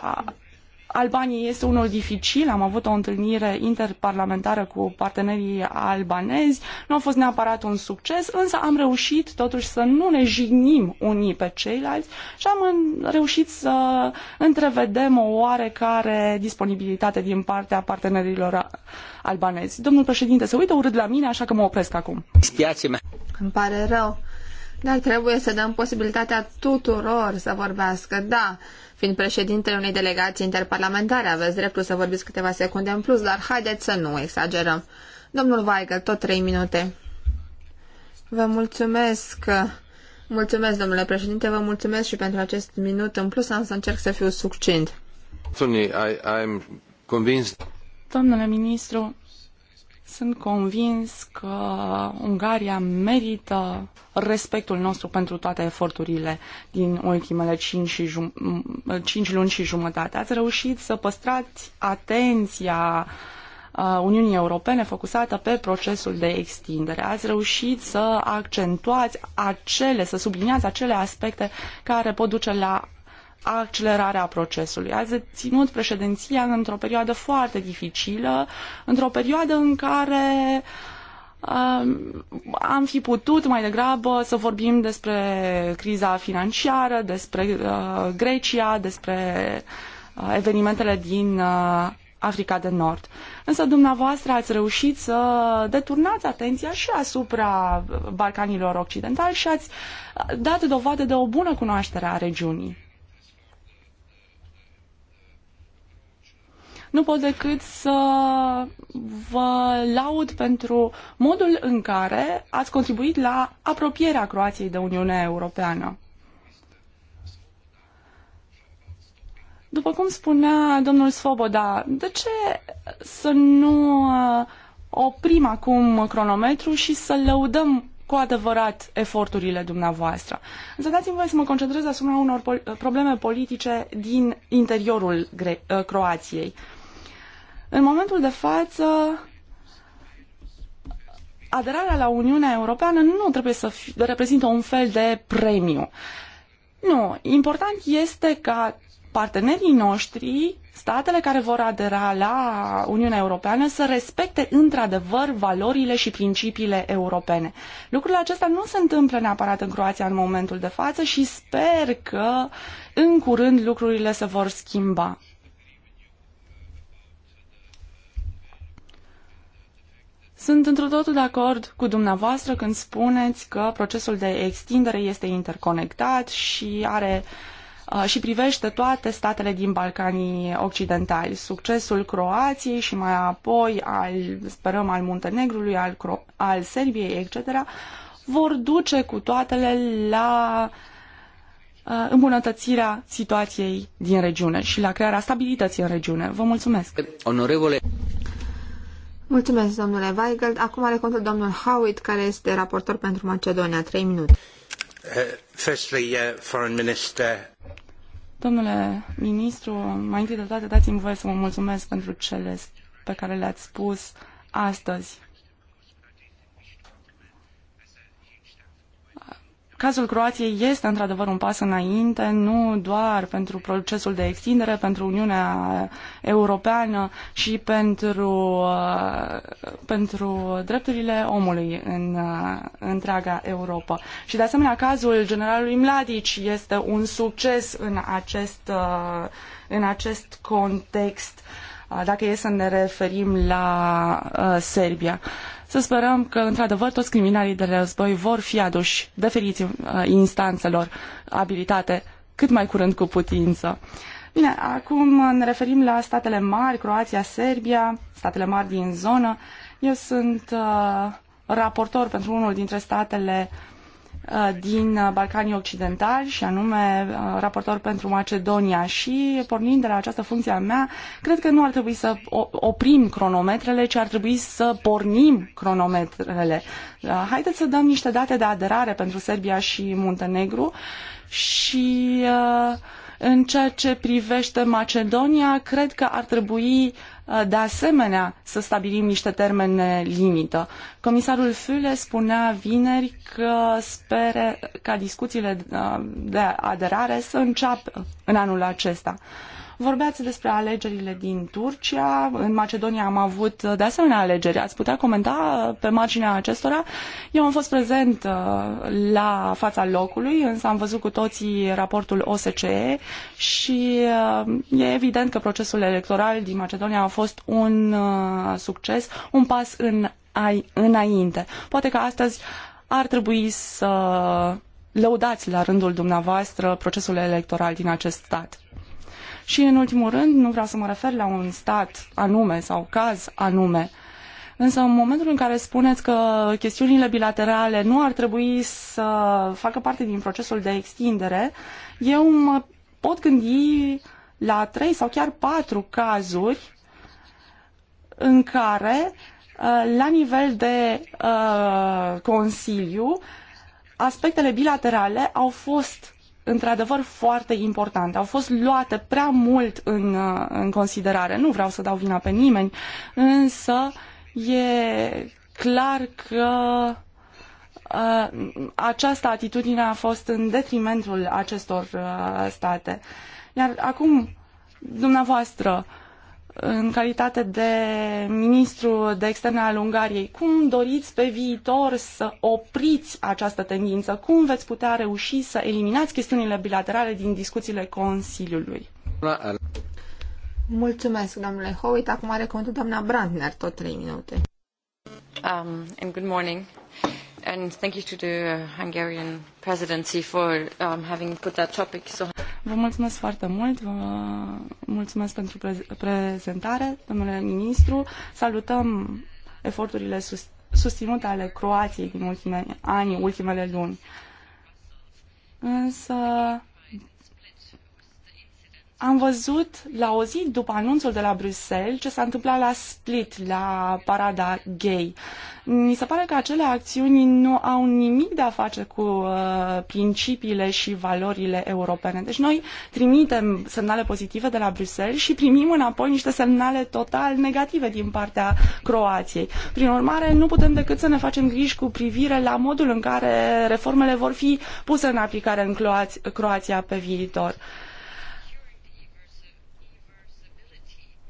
Albaniei este unul dificil, am avut o întâlnire interparlamentară cu partenerii albanezi, nu a fost neapărat un succes, însă am reușit totuși să nu ne jignim unii pe ceilalți și am reușit să întrevedem o oarecare disponibilitate din partea partenerilor albanezi. Domnul președinte se uită urât la mine, așa că mă opresc acum. Îmi pare rău dar trebuie să dăm posibilitatea tuturor să vorbească. Da, fiind președintele unei delegații interparlamentare, aveți dreptul să vorbiți câteva secunde în plus, dar haideți să nu exagerăm. Domnul Weigel, tot trei minute. Vă mulțumesc. Mulțumesc, domnule președinte, vă mulțumesc și pentru acest minut. În plus, am să încerc să fiu succint. Domnule ministru, sunt convins că Ungaria merită respectul nostru pentru toate eforturile din ultimele 5, și jum- 5 luni și jumătate. Ați reușit să păstrați atenția uh, Uniunii Europene focusată pe procesul de extindere. Ați reușit să accentuați acele, să subliniați acele aspecte care pot duce la accelerarea procesului. Ați ținut președinția într-o perioadă foarte dificilă, într-o perioadă în care um, am fi putut mai degrabă să vorbim despre criza financiară, despre uh, Grecia, despre uh, evenimentele din uh, Africa de Nord. Însă dumneavoastră ați reușit să deturnați atenția și asupra Balcanilor Occidentali și ați dat dovadă de o bună cunoaștere a regiunii. nu pot decât să vă laud pentru modul în care ați contribuit la apropierea Croației de Uniunea Europeană. După cum spunea domnul Svoboda, de ce să nu uh, oprim acum cronometru și să lăudăm cu adevărat eforturile dumneavoastră. Însă dați-mi voie să mă concentrez asupra unor pol- probleme politice din interiorul Gre- uh, Croației. Uh, în momentul de față, aderarea la Uniunea Europeană nu trebuie să reprezintă un fel de premiu. Nu, important este ca partenerii noștri, statele care vor adera la Uniunea Europeană, să respecte într-adevăr valorile și principiile europene. Lucrurile acestea nu se întâmplă neapărat în Croația în momentul de față și sper că în curând lucrurile se vor schimba. Sunt într totul de acord cu dumneavoastră când spuneți că procesul de extindere este interconectat și are uh, și privește toate statele din Balcanii Occidentali. Succesul Croației și mai apoi al, sperăm, al Muntenegrului, al, Cro- al Serbiei, etc., vor duce cu toatele la uh, îmbunătățirea situației din regiune și la crearea stabilității în regiune. Vă mulțumesc! Onorevole Mulțumesc, domnule Weigel. Acum are contul domnul Howitt, care este raportor pentru Macedonia. Trei minute. Uh, firstly, uh, foreign minister. Domnule ministru, mai întâi de toate dați-mi voie să vă mulțumesc pentru cele pe care le-ați spus astăzi Cazul Croației este într-adevăr un pas înainte, nu doar pentru procesul de extindere, pentru Uniunea Europeană și pentru, uh, pentru drepturile omului în uh, întreaga Europa. Și de asemenea, cazul generalului Mladic este un succes în acest, uh, în acest context, dacă e să ne referim la Serbia. Să sperăm că, într-adevăr, toți criminalii de război vor fi aduși deferiți uh, instanțelor abilitate cât mai curând cu putință. Bine, acum ne referim la statele mari, Croația, Serbia, statele mari din zonă. Eu sunt uh, raportor pentru unul dintre statele Uh, din uh, Balcanii Occidentali și anume uh, raportor pentru Macedonia și pornind de la această funcție a mea, cred că nu ar trebui să oprim cronometrele, ci ar trebui să pornim cronometrele. Haideți să dăm niște date de aderare pentru Serbia și Muntenegru și în ceea ce privește Macedonia, cred că ar trebui uh, Uh, de asemenea să stabilim niște termene limită. Comisarul Füle spunea vineri că speră ca discuțiile uh, de aderare să înceapă în anul acesta. Uh, Vorbeați despre alegerile din Turcia. În Macedonia am avut de asemenea alegeri. Ați putea comenta pe marginea acestora? Eu am fost prezent uh, la fața locului, însă am văzut cu toții raportul OSCE și uh, e evident că procesul electoral din Macedonia a fost un uh, succes, un pas în înainte. Poate că astăzi ar trebui să lăudați la rândul dumneavoastră procesul electoral din acest stat. Și în ultimul rând, nu vreau să mă refer la un stat anume sau caz anume, Însă în momentul în care spuneți că chestiunile bilaterale nu ar trebui să facă parte din procesul de extindere, eu mă pot gândi la trei sau chiar patru cazuri în care, uh, la nivel de uh, Consiliu, aspectele bilaterale au fost într-adevăr foarte importante. Au fost luate prea mult în, uh, în considerare. Nu vreau să dau vina pe nimeni, însă e clar că uh, această atitudine a fost în detrimentul acestor uh, state. Iar acum, dumneavoastră, uh, în calitate de ministru de externe al Ungariei, cum doriți pe viitor să opriți această tendință? Cum veți putea reuși să eliminați chestiunile bilaterale din discuțiile Consiliului? Mulțumesc, domnule Howitt. Acum are cuvântul doamna Brandner, tot trei minute. Um, and good morning and thank you to the Hungarian presidency for um, having put that topic so Vă mulțumesc foarte mult, vă mulțumesc pentru prezentare, domnule ministru. Salutăm eforturile sus- susținute ale Croației din ultimele ani, ultimele luni. Însă am văzut la o zi după anunțul de la Bruxelles ce s-a întâmplat la Split, la parada gay. Mi se pare că acele acțiuni nu au nimic de a face cu uh, principiile și valorile europene. Deci noi trimitem semnale pozitive de la Bruxelles și primim înapoi niște semnale total negative din partea Croației. Prin urmare, nu putem decât să ne facem griji cu privire la modul în care reformele vor fi puse în aplicare în Croația pe viitor.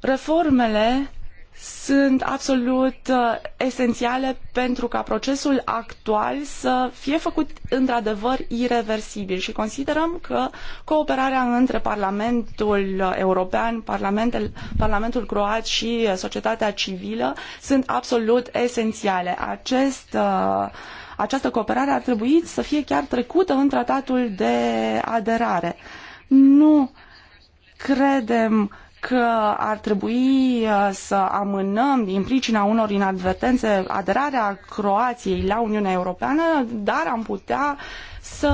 Reformele sunt absolut uh, esențiale pentru ca procesul actual să fie făcut într-adevăr irreversibil și considerăm că cooperarea între Parlamentul European, Parlamentul, Parlamentul Croat și uh, societatea civilă sunt absolut esențiale. Acest, uh, această cooperare ar trebui să fie chiar trecută în tratatul de aderare. Nu credem că ar trebui uh, să amânăm din pricina unor inadvertențe aderarea Croației la Uniunea Europeană, dar am putea să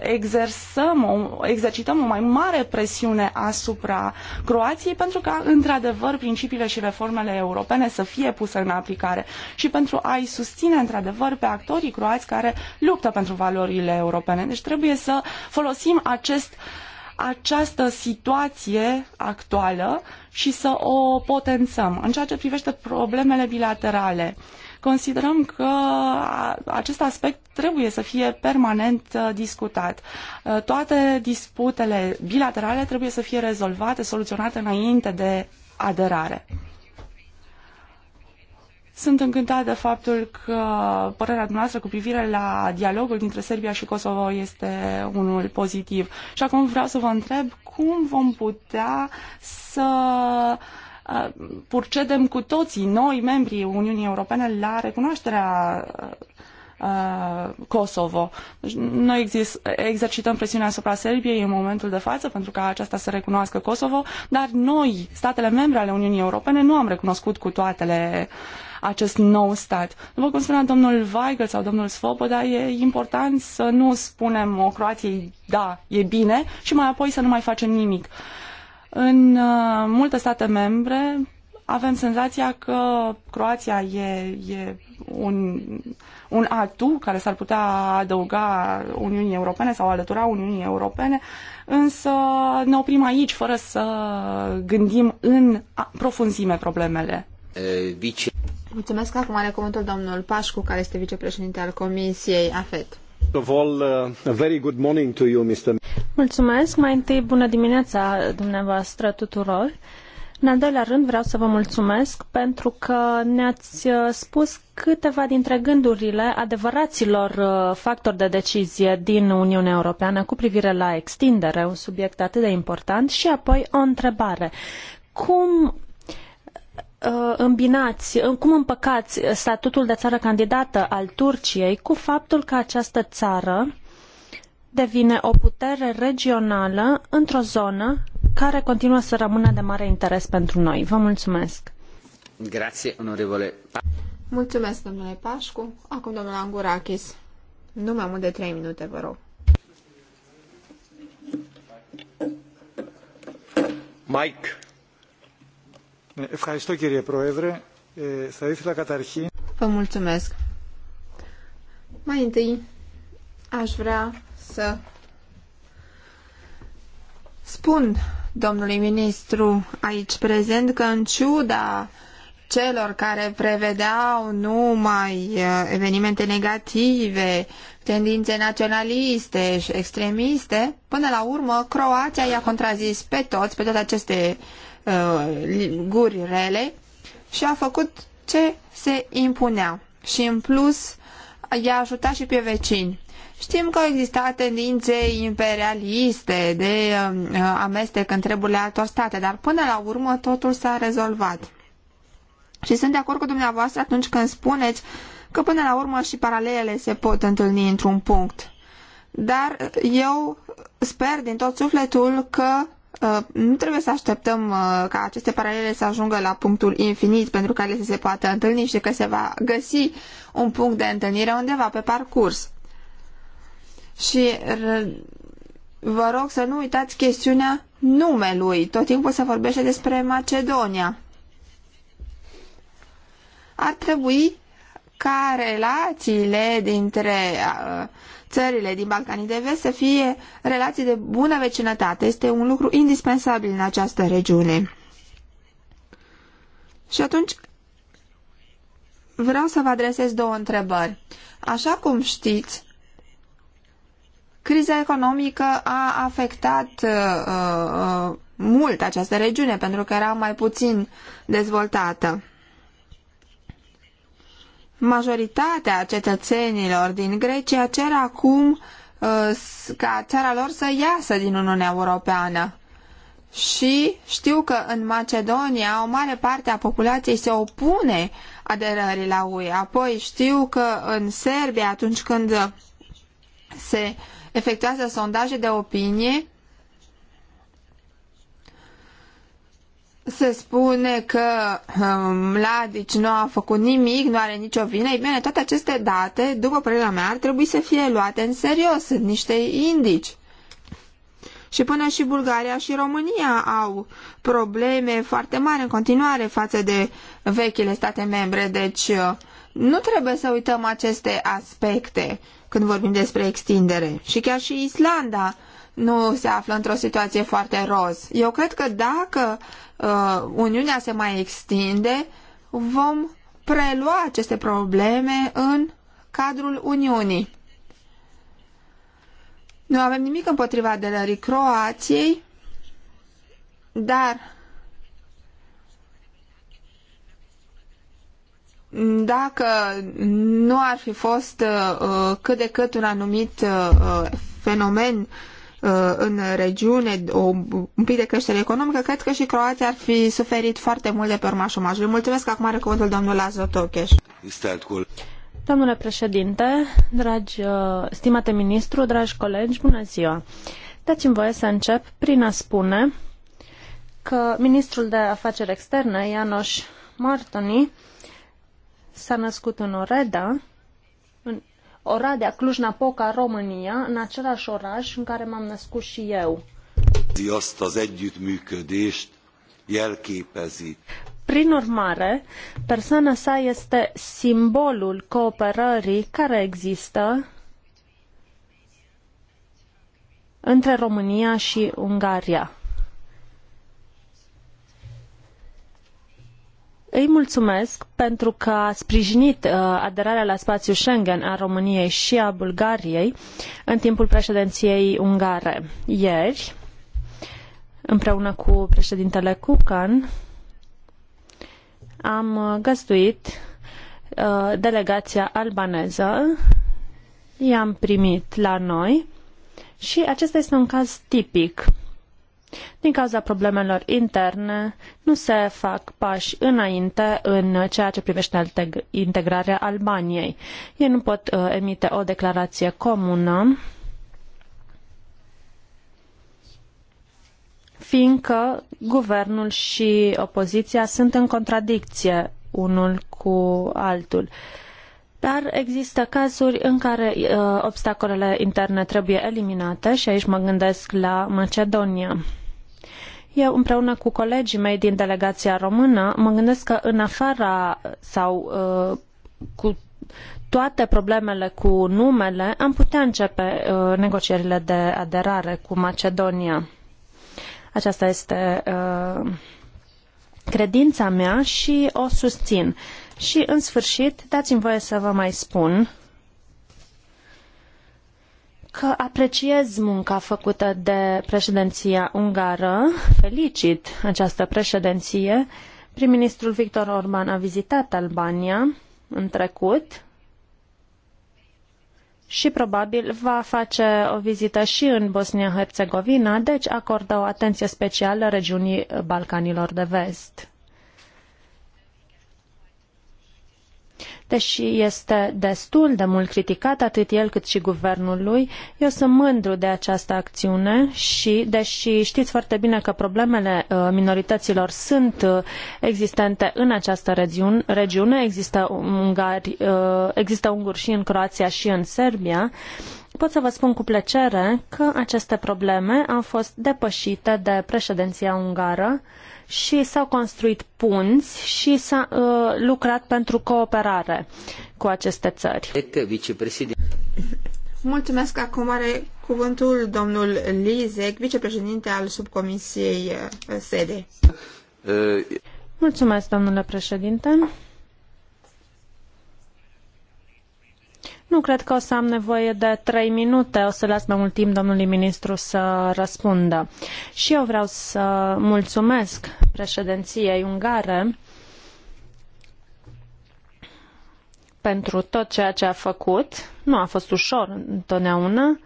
exersăm, exercităm o mai mare presiune asupra Croației pentru ca, într-adevăr, principiile și reformele europene să fie puse în aplicare și pentru a-i susține, într-adevăr, pe actorii croați care luptă pentru valorile europene. Deci trebuie să folosim acest uh, această situație actuală și să o potențăm. În ceea ce privește problemele bilaterale, considerăm că acest aspect trebuie să fie permanent uh, discutat. Uh, toate disputele bilaterale trebuie să fie rezolvate, soluționate înainte de aderare. Sunt încântat de faptul că părerea dumneavoastră cu privire la dialogul dintre Serbia și Kosovo este unul pozitiv. Și acum vreau să vă întreb cum vom putea să uh, procedem cu toții noi, membrii Uniunii Europene, la recunoașterea uh, Uh, Kosovo. Deci noi exist, exercităm presiunea asupra Serbiei în momentul de față pentru ca aceasta să recunoască Kosovo, dar noi, statele membre ale Uniunii Europene, nu am recunoscut cu toatele acest nou stat. După cum spunea domnul Weigel sau domnul Svoboda, e important să nu spunem o Croației da, e bine și mai apoi să nu mai facem nimic. În uh, multe state membre avem senzația că Croația e, e un un atu care s-ar putea adăuga Uniunii Europene sau alătura Uniunii Europene, însă ne oprim aici fără să gândim în profunzime problemele. vice... Mulțumesc. Acum are cuvântul domnul Pașcu, care este vicepreședinte al Comisiei AFET. Of all, uh, very good morning to you, Mr. Mulțumesc. Mai întâi, bună dimineața dumneavoastră tuturor. Uh, în al doilea rând vreau să vă mulțumesc pentru că ne-ați uh, spus câteva dintre gândurile adevăraților uh, factori de decizie din Uniunea Europeană cu privire la extindere, un subiect atât de important, și apoi o întrebare. Cum uh, îmbinați, cum împăcați statutul de țară candidată al Turciei cu faptul că această țară devine o putere regională într-o zonă care continuă să rămână de mare interes pentru noi. Vă mulțumesc! Grazie, onorevole. Mulțumesc, domnule Pașcu. Acum, domnul Angurakis. Nu mai mult de 3 minute, vă rog. Mike. Ευχαριστώ κύριε Πρόεδρε. Ε, θα ήθελα καταρχήν... Vă mulțumesc. Mai întâi aș vrea să spun domnului ministru aici prezent că în ciuda celor care prevedeau numai uh, evenimente negative, tendințe naționaliste și extremiste, până la urmă Croația i-a contrazis pe toți, pe toate aceste uh, guri rele și a făcut ce se impunea. Și în plus i-a ajutat și pe vecini. Știm că au existat tendințe imperialiste de um, uh, amestec în treburile altor state, dar până la urmă totul s-a rezolvat. Și sunt de acord cu dumneavoastră atunci când spuneți că până la urmă și paralelele se pot întâlni într-un punct. Dar eu sper din tot sufletul că uh, nu trebuie să așteptăm uh, ca aceste paralele să ajungă la punctul infinit pentru care să se poată întâlni și că se va găsi un punct de întâlnire undeva pe parcurs și vă rog să nu uitați chestiunea numelui. Tot timpul se vorbește despre Macedonia. Ar trebui ca relațiile dintre țările din Balcanii de Vest să fie relații de bună vecinătate. Este un lucru indispensabil în această regiune. Și atunci vreau să vă adresez două întrebări. Așa cum știți, Criza economică a afectat uh, uh, mult această regiune pentru că era mai puțin dezvoltată. Majoritatea cetățenilor din Grecia cer acum uh, ca țara lor să iasă din Uniunea Europeană. Și știu că în Macedonia o mare parte a populației se opune aderării la UE. Apoi știu că în Serbia, atunci când se uh, efectuează sondaje de opinie se spune că um, nu a făcut nimic, nu are nicio vină. Ei bine, toate aceste date, după părerea mea, ar trebui să fie luate în serios. Sunt niște indici. Și până și Bulgaria și România au probleme foarte mari în continuare față de vechile state membre. Deci uh, nu trebuie să uităm aceste aspecte când vorbim despre extindere. Și chiar și Islanda nu se află într-o situație foarte roz. Eu cred că dacă uh, Uniunea se mai extinde, vom prelua aceste probleme în cadrul Uniunii. Nu avem nimic împotriva aderării Croației, dar dacă nu ar fi fost uh, uh, cât de cât un anumit uh, fenomen în regiune, o, un pic de creștere economică, cred că și Croația ar fi suferit foarte mult de pe urma șomajului. Mulțumesc acum are cuvântul domnul Lazo Tocheș. Domnule președinte, dragi, stimate ministru, dragi colegi, bună ziua! Dați-mi voie să încep prin a spune că ministrul de afaceri externe, Ianoș Martoni, S-a născut în Oreda, în Oradea, Cluj-Napoca, România, în același oraș în care m-am născut și eu. Azt az együttműködést jelképezi. Prin urmare, persoana sa este simbolul cooperării care există între România și Ungaria. Îi mulțumesc pentru că a sprijinit uh, aderarea la spațiul Schengen a României și a Bulgariei în timpul președinției ungare. Ieri, împreună cu președintele Kukan, am uh, găzduit uh, delegația albaneză, i-am primit la noi și acesta este un caz tipic din cauza problemelor interne, nu se fac pași înainte în ceea ce privește integrarea Albaniei. Ei nu pot uh, emite o declarație comună, fiindcă guvernul și opoziția sunt în contradicție unul cu altul. Dar există cazuri în care uh, obstacolele interne trebuie eliminate și aici mă gândesc la Macedonia. Eu, împreună cu colegii mei din delegația română, mă gândesc că în afara sau uh, cu toate problemele cu numele, am putea începe uh, negocierile de aderare cu Macedonia. Aceasta este uh, credința mea și o susțin. Și, în sfârșit, dați-mi voie să vă mai spun că apreciez munca făcută de președinția ungară. Felicit această președinție. Prim-ministrul Victor Orban a vizitat Albania în trecut și probabil va face o vizită și în Bosnia-Herzegovina, deci acordă o atenție specială regiunii Balcanilor de Vest. Deși este destul de mult criticat atât el cât și guvernul lui, eu sunt mândru de această acțiune și, deși știți foarte bine că problemele uh, minorităților sunt uh, existente în această regiune, există, ungari, uh, există unguri și în Croația și în Serbia, pot să vă spun cu plăcere că aceste probleme au fost depășite de președinția ungară, și s-au construit punți și s-a uh, lucrat pentru cooperare cu aceste țări. Mulțumesc. Acum are cuvântul domnul Lizec, vicepreședinte al subcomisiei uh, sede. Mulțumesc, domnule președinte. Nu cred că o să am nevoie de trei minute. O să las mai mult timp domnului ministru să răspundă. Și eu vreau să mulțumesc președinției ungare pentru tot ceea ce a făcut. Nu a fost ușor întotdeauna.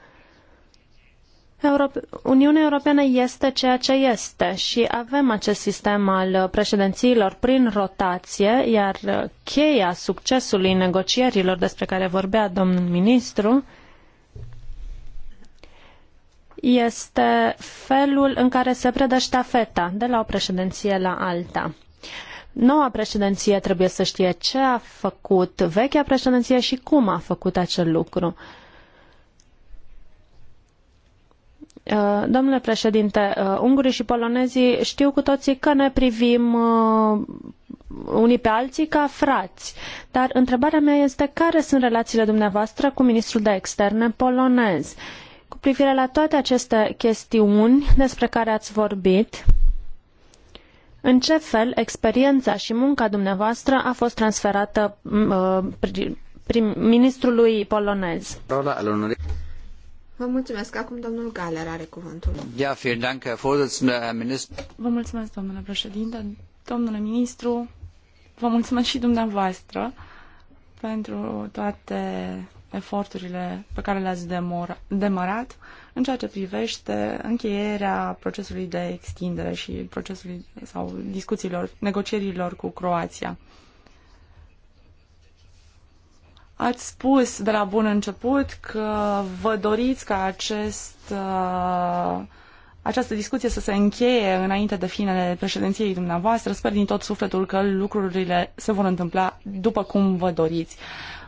Uniunea Europeană este ceea ce este și avem acest sistem al uh, președințiilor prin rotație, iar uh, cheia succesului negocierilor despre care vorbea domnul ministru este felul în care se predă ștafeta de la o președinție la alta. Noua președinție trebuie să știe ce a făcut vechea președinție și cum a făcut acel lucru. Uh, domnule președinte, uh, ungurii și polonezii știu cu toții că ne privim uh, unii pe alții ca frați. Dar întrebarea mea este care sunt relațiile dumneavoastră cu ministrul de externe polonez? Cu privire la toate aceste chestiuni despre care ați vorbit, în ce fel experiența și munca dumneavoastră a fost transferată prim, prim, ministrului polonez? Vă mulțumesc. Acum domnul Galer are cuvântul. Ja, vielen Dank, Herr Vorsitzender, Herr Minister. Vă mulțumesc, domnule președinte, domnule ministru. Vă mulțumesc și dumneavoastră pentru toate eforturile pe care le-ați demarat în ceea ce privește încheierea procesului de extindere și procesului sau discuțiilor, negocierilor cu Croația. Ați spus de la bun început că vă doriți ca acest, uh, această discuție să se încheie înainte de finele președinției dumneavoastră. Sper din tot sufletul că lucrurile se vor întâmpla după cum vă doriți.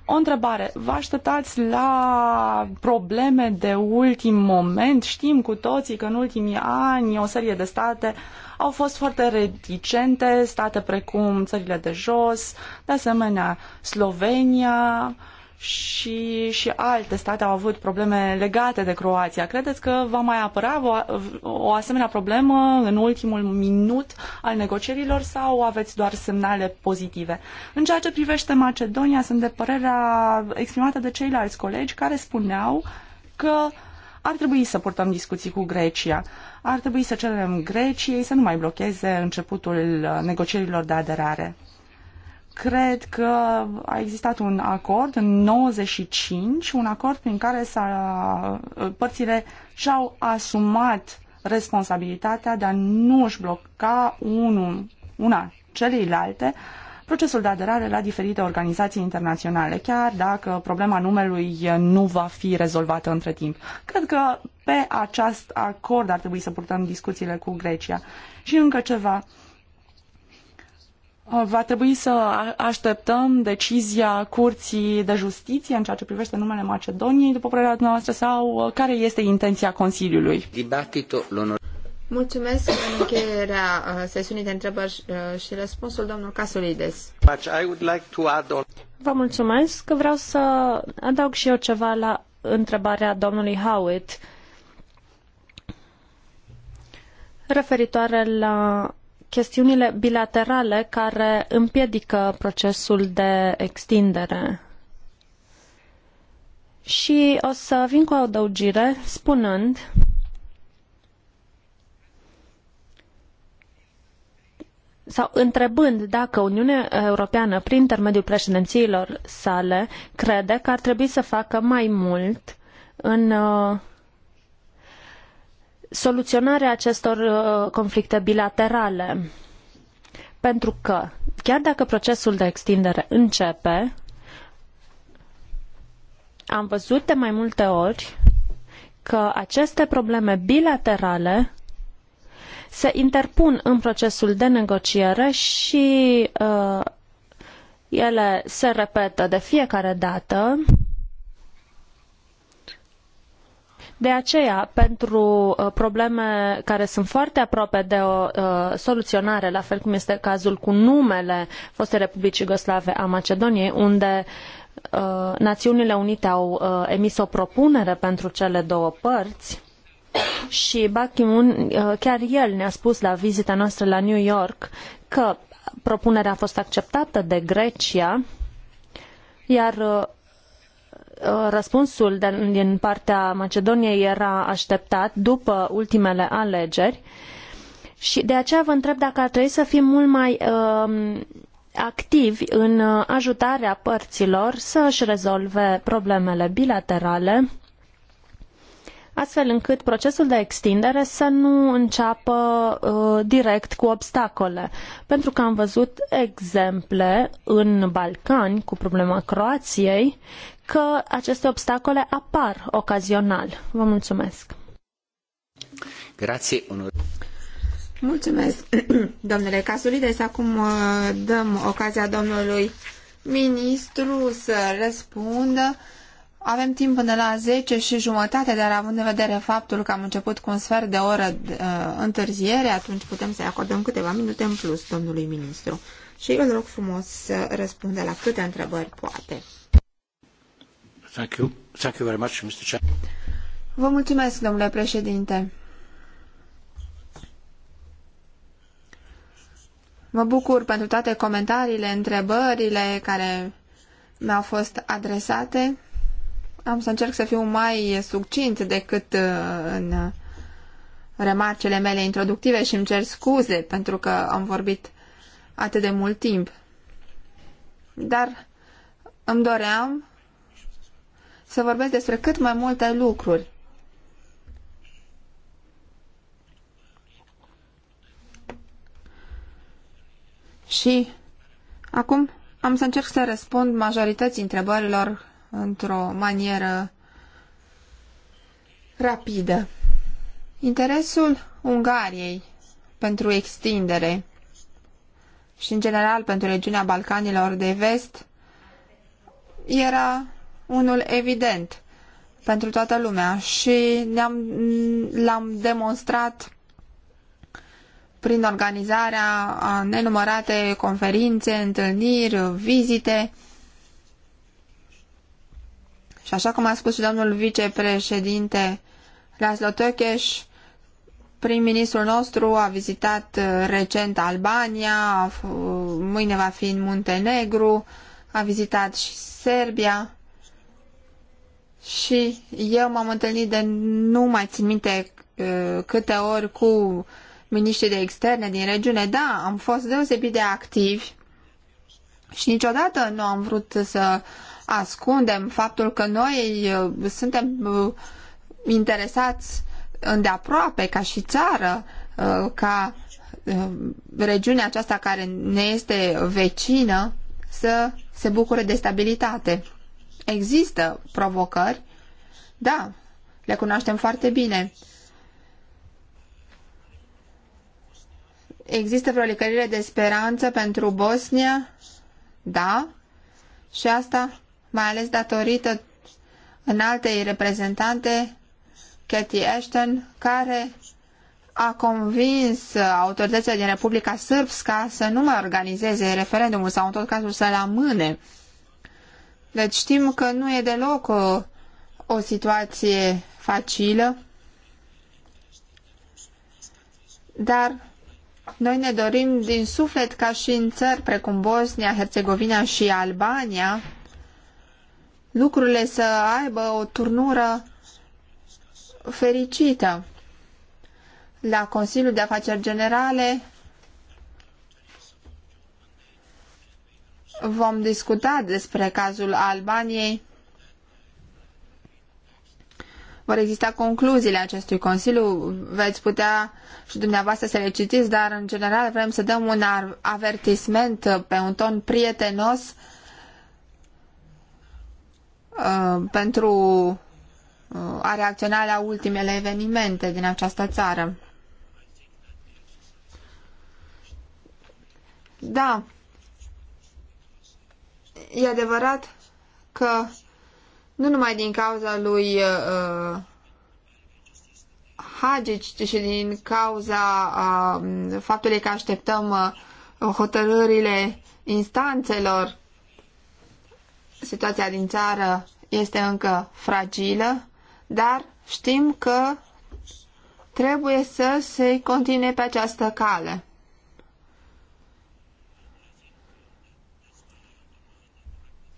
O întrebare. Vă așteptați la probleme de ultim moment? Știm cu toții că în ultimii ani o serie de state au fost foarte reticente, state precum țările de jos, de asemenea Slovenia, și, și alte state au avut probleme legate de Croația. Credeți că va mai apăra o, o asemenea problemă în ultimul minut al negocierilor sau aveți doar semnale pozitive? În ceea ce privește Macedonia, sunt de părerea exprimată de ceilalți colegi care spuneau că ar trebui să purtăm discuții cu Grecia. Ar trebui să cerem Greciei să nu mai blocheze începutul negocierilor de aderare cred că a existat un acord în 95, un acord prin care s-a, părțile și-au asumat responsabilitatea de a nu își bloca unul, una celeilalte procesul de aderare la diferite organizații internaționale, chiar dacă problema numelui nu va fi rezolvată între timp. Cred că pe acest acord ar trebui să purtăm discuțiile cu Grecia. Și încă ceva. Va trebui să așteptăm decizia Curții de Justiție în ceea ce privește numele Macedoniei, după părerea noastră, sau uh, care este intenția Consiliului? Mulțumesc pentru încheierea uh, sesiunii de întrebări uh, și răspunsul domnul Casolides. Vă mulțumesc. că Vreau să adaug și eu ceva la întrebarea domnului Howitt referitoare la chestiunile bilaterale care împiedică procesul de extindere. Și o să vin cu o adăugire spunând sau întrebând dacă Uniunea Europeană, prin intermediul președințiilor sale, crede că ar trebui să facă mai mult în uh, soluționarea acestor uh, conflicte bilaterale. Pentru că, chiar dacă procesul de extindere începe, am văzut de mai multe ori că aceste probleme bilaterale se interpun în procesul de negociere și uh, ele se repetă de fiecare dată de aceea, pentru uh, probleme care sunt foarte aproape de o uh, soluționare, la fel cum este cazul cu numele fostei Republici Iugoslave a Macedoniei, unde uh, Națiunile Unite au emis o propunere pentru cele două părți, și Ban Ki-moon, chiar el ne-a spus la vizita noastră la New York că propunerea a fost acceptată de Grecia, iar Uh, răspunsul din partea Macedoniei era așteptat după ultimele alegeri și de aceea vă întreb dacă ar trebui să fim mult mai uh, activi în uh, ajutarea părților să își rezolve problemele bilaterale astfel încât procesul de extindere să nu înceapă uh, direct cu obstacole. Pentru că am văzut exemple în Balcani cu problema Croației că aceste obstacole apar ocazional. Vă mulțumesc. Grazie, onor... Mulțumesc, <clears throat> domnule Casulides. Acum uh, dăm ocazia domnului ministru să răspundă avem timp până la 10 și jumătate, dar având în vedere faptul că am început cu un sfert de oră uh, întârziere, atunci putem să-i acordăm câteva minute în plus domnului ministru. Și îl rog frumos să răspundă la câte întrebări poate. Thank you. Thank you very much, Mr. Chair. Vă mulțumesc, domnule președinte. Mă bucur pentru toate comentariile, întrebările care mi-au fost adresate. Am să încerc să fiu mai succint decât uh, în uh, remarcele mele introductive și îmi cer scuze pentru că am vorbit atât de mult timp. Dar îmi doream să vorbesc despre cât mai multe lucruri. Și acum am să încerc să răspund majorității întrebărilor într-o manieră rapidă. Interesul Ungariei pentru extindere și, în general, pentru regiunea Balcanilor de vest era unul evident pentru toată lumea și ne-am, l-am demonstrat prin organizarea a nenumărate conferințe, întâlniri, vizite și așa cum a spus și domnul vicepreședinte Laszlo Tökes, prim-ministrul nostru a vizitat uh, recent Albania, uh, mâine va fi în Muntenegru, a vizitat și Serbia și eu m-am întâlnit de nu mai țin minte uh, câte ori cu miniștrii de externe din regiune. Da, am fost deosebit de activi și niciodată nu am vrut să ascundem faptul că noi uh, suntem uh, interesați îndeaproape ca și țară, uh, ca regiunea aceasta care ne este vecină să se bucure de stabilitate. Există provocări, da, le cunoaștem foarte bine. Există vreo licărire de speranță pentru Bosnia? Da. Și asta mai ales datorită în altei reprezentante, Cathy Ashton, care a convins autoritățile din Republica Sârbska să nu mai organizeze referendumul sau în tot cazul să-l amâne. Deci știm că nu e deloc o, uh, o situație facilă, dar noi ne dorim din suflet ca și în țări precum Bosnia, Herțegovina și Albania lucrurile să aibă o turnură fericită. La Consiliul de Afaceri Generale vom discuta despre cazul Albaniei. Vor exista concluziile acestui Consiliu, veți putea și dumneavoastră să le citiți, dar în general vrem să dăm un avertisment pe un ton prietenos Uh, pentru uh, a reacționa la ultimele evenimente din această țară. Da, e adevărat că nu numai din cauza lui uh, Hagic, ci și din cauza uh, faptului că așteptăm uh, hotărârile instanțelor situația din țară este încă fragilă, dar știm că trebuie să se continue pe această cale.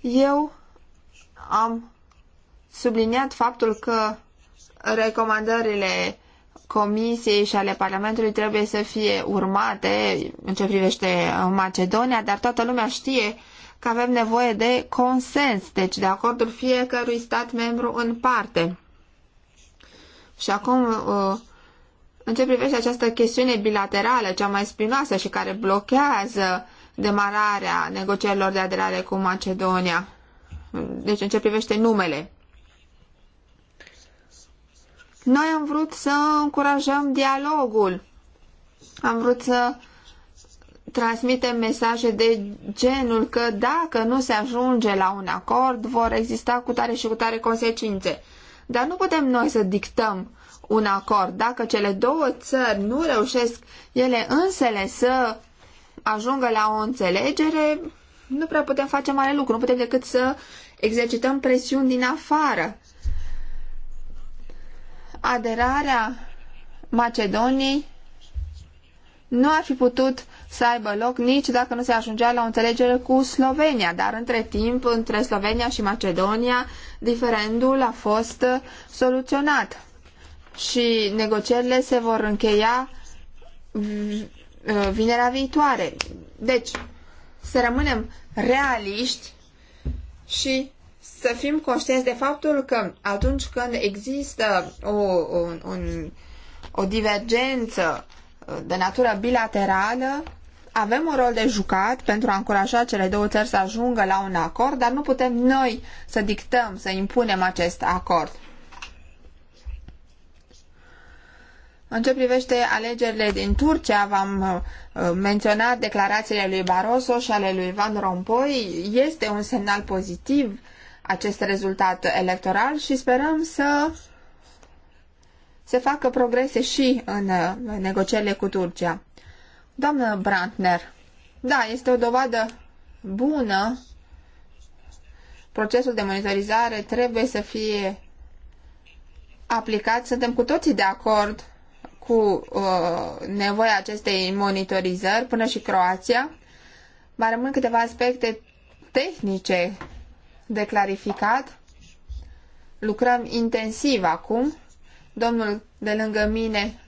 Eu am subliniat faptul că recomandările Comisiei și ale Parlamentului trebuie să fie urmate în ce privește Macedonia, dar toată lumea știe că avem nevoie de consens, deci de acordul fiecărui stat membru în parte. Și acum, uh, în ce privește această chestiune bilaterală, cea mai spinoasă și care blochează demararea negocierilor de aderare cu Macedonia, deci în ce privește numele, noi am vrut să încurajăm dialogul, am vrut să transmitem mesaje de genul că dacă nu se ajunge la un acord, vor exista cu tare și cu tare consecințe. Dar nu putem noi să dictăm un acord. Dacă cele două țări nu reușesc ele însele să ajungă la o înțelegere, nu prea putem face mare lucru, nu putem decât să exercităm presiuni din afară. Aderarea Macedoniei nu ar fi putut să aibă loc nici dacă nu se ajungea la o înțelegere cu Slovenia, dar între timp, între Slovenia și Macedonia, diferendul a fost soluționat și negocierile se vor încheia vinerea viitoare. Deci, să rămânem realiști și să fim conștienți de faptul că atunci când există o, o, un, o divergență de natură bilaterală, avem un rol de jucat pentru a încuraja cele două țări să ajungă la un acord, dar nu putem noi să dictăm, să impunem acest acord. În ce privește alegerile din Turcia, v-am uh, menționat declarațiile lui Barroso și ale lui Van Rompuy. Este un semnal pozitiv acest rezultat electoral și sperăm să se facă progrese și în negocierile cu Turcia. Doamnă Brantner, da, este o dovadă bună. Procesul de monitorizare trebuie să fie aplicat. Suntem cu toții de acord cu uh, nevoia acestei monitorizări, până și Croația. Mai rămân câteva aspecte tehnice de clarificat. Lucrăm intensiv acum Domnul de lângă mine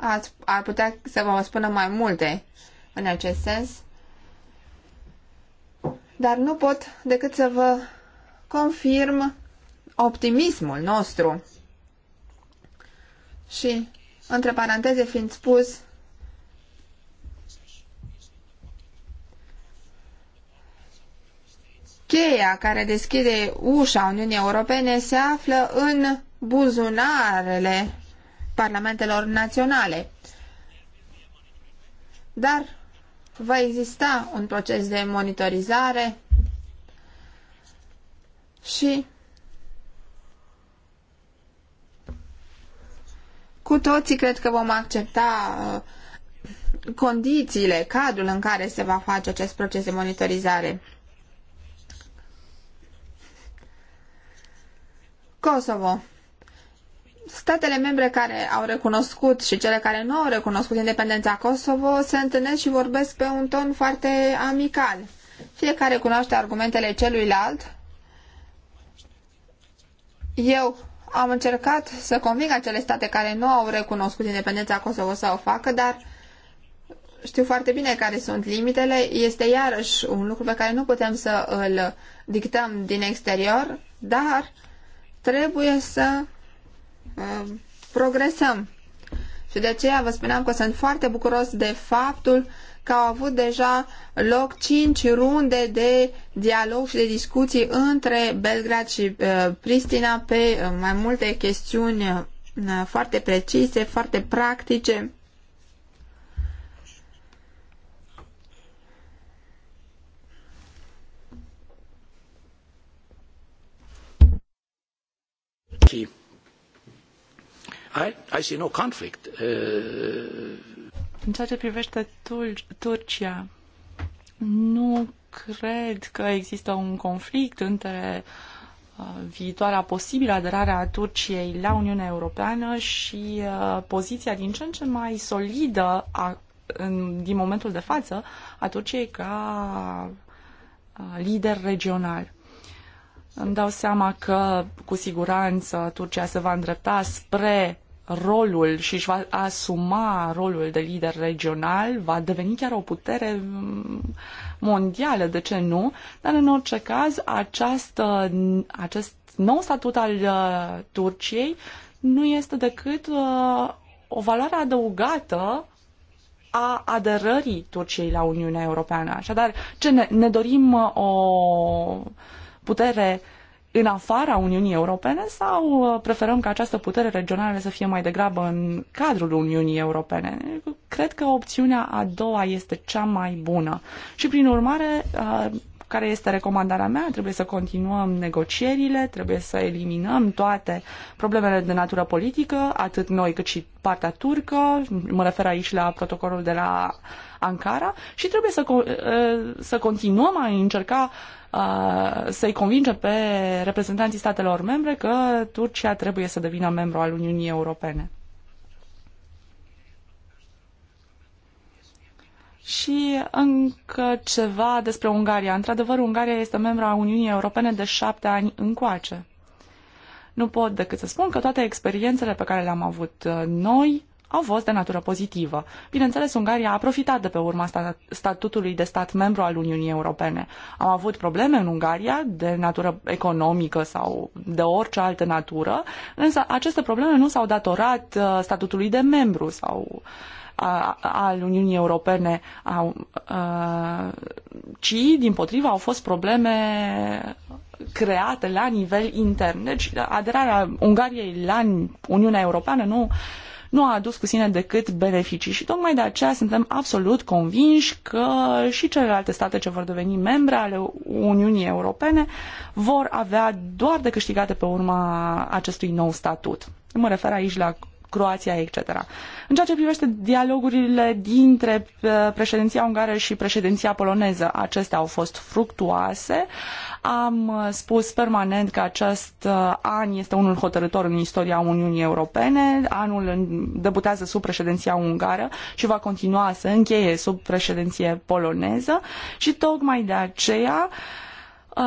ar putea să vă spună mai multe în acest sens, dar nu pot decât să vă confirm optimismul nostru. Și, între paranteze fiind spus, cheia care deschide ușa Uniunii Europene se află în buzunarele parlamentelor naționale. Dar va exista un proces de monitorizare și cu toții cred că vom accepta uh, condițiile, cadrul în care se va face acest proces de monitorizare. Kosovo statele membre care au recunoscut și cele care nu au recunoscut independența Kosovo se întâlnesc și vorbesc pe un ton foarte amical. Fiecare cunoaște argumentele celuilalt. Eu am încercat să conving acele state care nu au recunoscut independența Kosovo să o facă, dar știu foarte bine care sunt limitele. Este iarăși un lucru pe care nu putem să îl dictăm din exterior, dar trebuie să Um, progresăm. Și de aceea vă spuneam că sunt foarte bucuros de faptul că au avut deja loc cinci runde de dialog și de discuții între Belgrad și uh, Pristina pe uh, mai multe chestiuni uh, foarte precise, foarte practice. Thank I, I see no conflict. Uh, în ceea ce privește Turcia, nu cred că există un conflict între uh, viitoarea posibilă aderare a Turciei la Uniunea Europeană și uh, poziția din ce în ce mai solidă a, în, din momentul de față a Turciei ca lider regional. Îmi dau seama că, cu siguranță, Turcia se va îndrepta spre rolul și își va asuma rolul de lider regional, va deveni chiar o putere mm, mondială, de ce nu? Dar în orice caz, această, acest nou statut al uh, Turciei nu este decât uh, o valoare adăugată a aderării Turciei la Uniunea Europeană. Așadar, ce ne, ne dorim uh, o putere uh, în afara Uniunii Europene sau uh, preferăm ca această putere regională să fie mai degrabă în cadrul Uniunii Europene? Cred că opțiunea a doua este cea mai bună și, prin urmare, uh, care este recomandarea mea? Trebuie să continuăm negocierile, trebuie să eliminăm toate problemele de natură politică, atât noi cât și partea turcă, mă refer aici la protocolul de la Ankara și trebuie să, uh, să continuăm a încerca uh, să-i convinge pe reprezentanții statelor membre că Turcia trebuie să devină membru al Uniunii Europene. Și încă ceva despre Ungaria. Într-adevăr, Ungaria este membru a Uniunii Europene de șapte ani încoace. Nu pot decât să spun că toate experiențele pe care le-am avut uh, noi au fost de natură pozitivă. Bineînțeles, Ungaria a profitat de pe urma statutului de stat membru al Uniunii Europene. Am avut probleme în Ungaria de natură economică sau de orice altă natură, însă aceste probleme nu s-au datorat uh, statutului de membru sau al Uniunii Europene, au, uh, ci, din potrivă, au fost probleme create la nivel intern. Deci, aderarea Ungariei la Uniunea Europeană nu nu a adus cu sine decât beneficii și tocmai de aceea suntem absolut convinși că și celelalte state ce vor deveni membre ale Uniunii Europene vor avea doar de câștigate pe urma acestui nou statut. Mă refer aici la Croația, etc. În ceea ce privește dialogurile dintre eh, președinția ungară și președinția poloneză, acestea au fost fructuoase. Uh, am uh, spus permanent că acest uh, an este unul hotărător în istoria Uniunii Europene, anul debutează sub președinția ungară și va continua să încheie sub președinție poloneză și tocmai de aceea uh,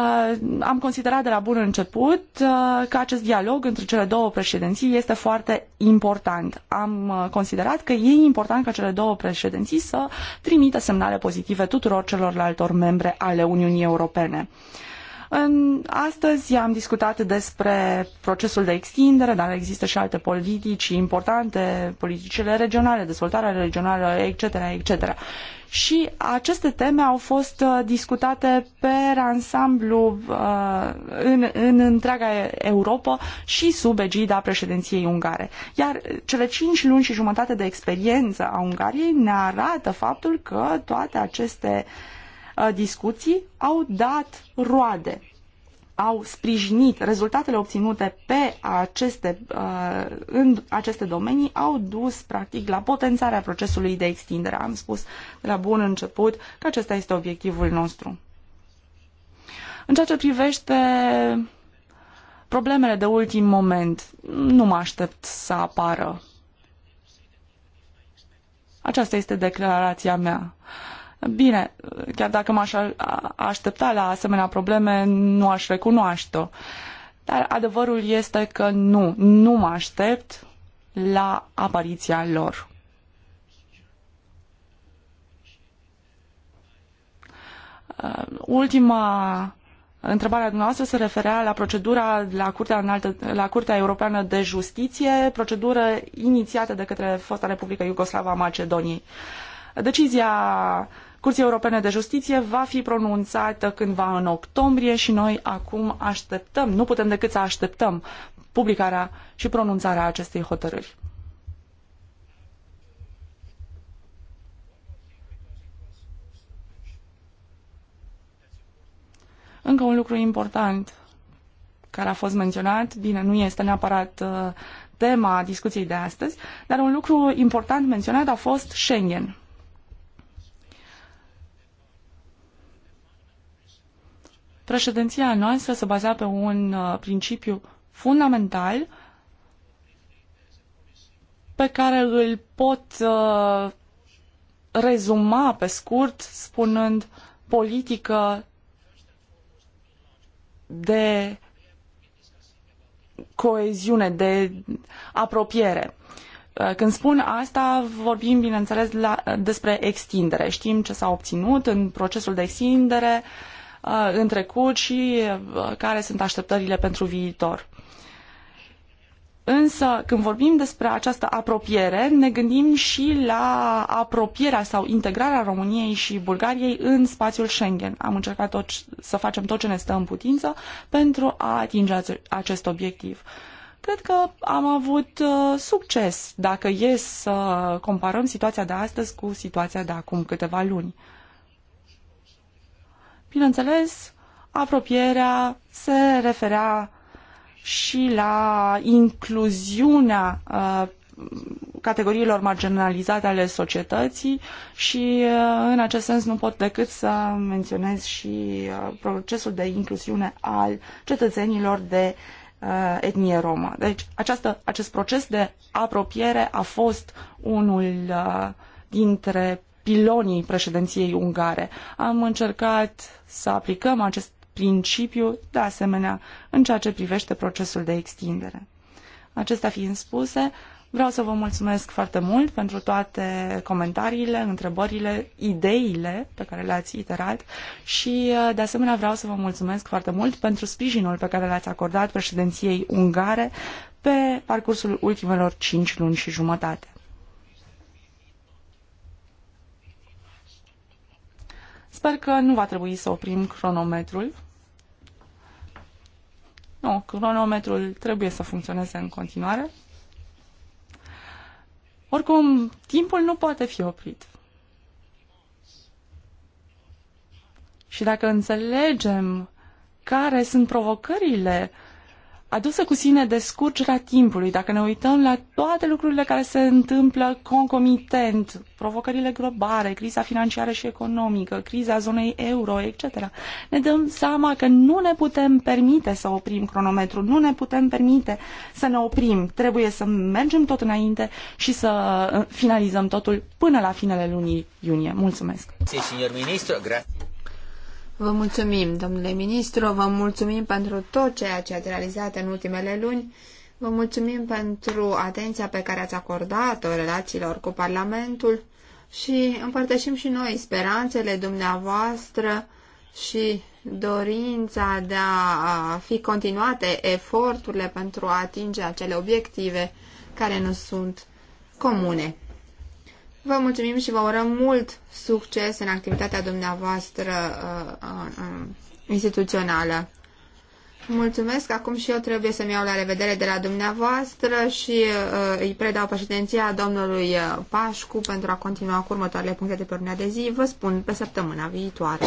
am considerat de la bun început că acest dialog între cele două președinții este foarte important. Am considerat că e important ca cele două președinții să trimită semnale pozitive tuturor celorlalte membre ale Uniunii Europene. Uh, în, astăzi am discutat despre procesul de extindere, dar există și alte politici importante, politicile regionale, dezvoltarea regională, etc., etc. Și aceste teme au fost uh, discutate pe ansamblu uh, în, în întreaga Europa și sub egida președinției ungare. Iar cele cinci luni și jumătate de experiență a Ungariei ne arată faptul că toate aceste uh, Uh, discuții au dat roade, au sprijinit rezultatele obținute pe aceste, uh, în aceste domenii, au dus practic la potențarea procesului de extindere. Am spus de la bun început că acesta este obiectivul nostru. În ceea ce privește problemele de ultim moment, nu mă aștept să apară. Aceasta este declarația mea. Uh, Bine, chiar dacă m-aș aștepta la asemenea probleme, nu aș recunoaște-o. Dar adevărul este că nu, nu mă aștept la apariția lor. Uh, ultima întrebare a dumneavoastră se referea la procedura la Curtea, Înaltă, la Curtea Europeană de Justiție, procedură inițiată de către fosta Republică Iugoslava a Macedoniei. Decizia Curții Europene de Justiție va fi pronunțată cândva în octombrie și noi acum așteptăm, nu putem decât să așteptăm publicarea și pronunțarea acestei hotărâri. Încă un lucru important care a fost menționat, bine, nu este neapărat uh, tema discuției de astăzi, dar un lucru important menționat a fost Schengen. Președinția noastră se baza pe un uh, principiu fundamental pe care îl pot uh, rezuma pe scurt spunând politică de coeziune, de apropiere. Uh, când spun asta, vorbim, bineînțeles, la, despre extindere. Știm ce s-a obținut în procesul de extindere uh, Uh, în trecut și uh, care sunt așteptările pentru viitor. Însă, când vorbim despre această apropiere, ne gândim și la apropierea sau integrarea României și Bulgariei în spațiul Schengen. Am încercat tot, să facem tot ce ne stă în putință pentru a atinge acest obiectiv. Cred că am avut uh, succes dacă e să comparăm situația de astăzi cu situația de acum câteva luni. Bineînțeles, apropierea se referea și la incluziunea uh, categoriilor marginalizate ale societății și uh, în acest sens nu pot decât să menționez și uh, procesul de inclusiune al cetățenilor de uh, etnie romă. Deci această, acest proces de apropiere a fost unul dintre pilonii președinției ungare. Am încercat să aplicăm acest principiu, de asemenea, în ceea ce privește procesul de extindere. Acestea fiind spuse, vreau să vă mulțumesc foarte mult pentru toate comentariile, întrebările, ideile pe care le-ați iterat și, de asemenea, vreau să vă mulțumesc foarte mult pentru sprijinul pe care l-ați acordat președinției ungare pe parcursul ultimelor cinci luni și jumătate. Sper că nu va trebui să oprim cronometrul. Nu, cronometrul trebuie să funcționeze în continuare. Oricum, timpul nu poate fi oprit. Și dacă înțelegem care sunt provocările uh, adusă cu sine scurgerea timpului. Dacă ne uităm la toate lucrurile care se întâmplă concomitent, provocările globale, criza financiară și economică, criza zonei euro, etc., ne dăm seama că nu ne putem permite să oprim cronometrul, nu ne putem permite să ne oprim. Trebuie să mergem tot înainte și să uh, finalizăm totul până la finele lunii iunie. Mulțumesc! Sí, Vă mulțumim, domnule ministru, vă mulțumim pentru tot ceea ce ați realizat în ultimele luni, vă mulțumim pentru atenția pe care ați acordat-o relațiilor cu Parlamentul și împărtășim și noi speranțele dumneavoastră și dorința de a fi continuate eforturile pentru a atinge acele obiective care nu sunt comune. Vă mulțumim și vă urăm mult succes în activitatea dumneavoastră uh, uh, instituțională. Mulțumesc, acum și eu trebuie să-mi iau la revedere de la dumneavoastră și uh, îi predau președinția domnului uh, Pașcu pentru a continua cu următoarele puncte de pe de zi. Vă spun pe săptămâna viitoare.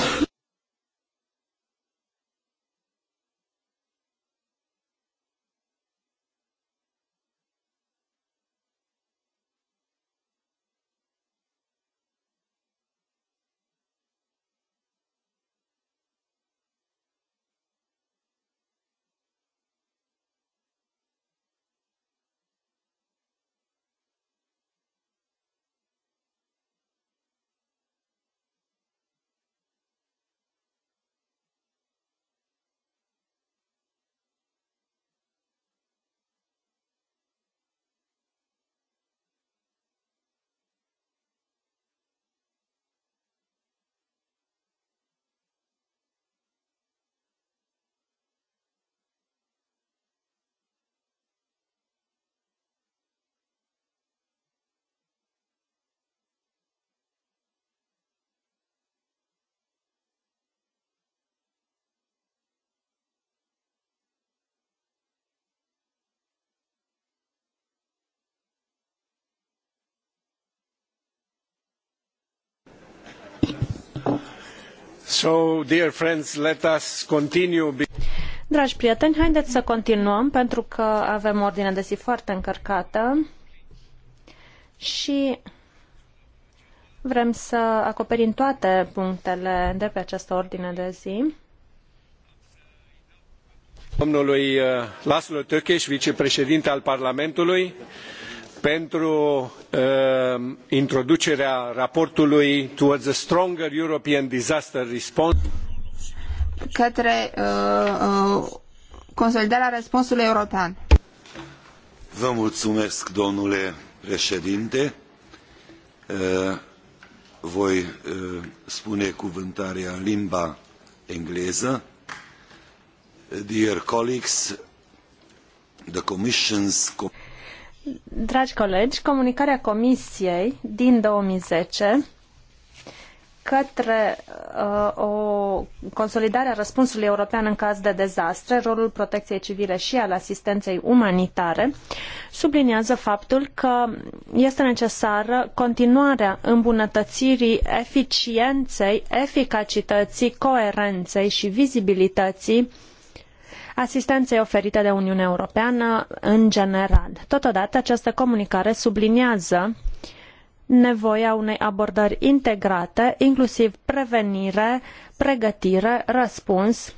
So, dear friends, let us continue. Dragi prieteni, haideți să continuăm pentru că avem ordine de zi foarte încărcată și vrem să acoperim toate punctele de pe această ordine de zi. Domnului uh, Laszlo Tökes, vicepreședinte al Parlamentului, pentru uh, introducerea raportului Towards a Stronger European Disaster Response către uh, uh, consolidarea răspunsului european. Vă mulțumesc, domnule președinte. Uh, voi uh, spune cuvântarea în limba engleză. Dear colleagues, the Commission's... Dragi colegi, comunicarea Comisiei din 2010 către uh, o consolidare a răspunsului european în caz de dezastre, rolul protecției civile și al asistenței umanitare, subliniază faptul că este necesară continuarea îmbunătățirii eficienței, eficacității, coerenței și vizibilității uh, asistenței oferite de Uniunea Europeană în general. Totodată, această comunicare subliniază nevoia unei abordări integrate, inclusiv prevenire, pregătire, răspuns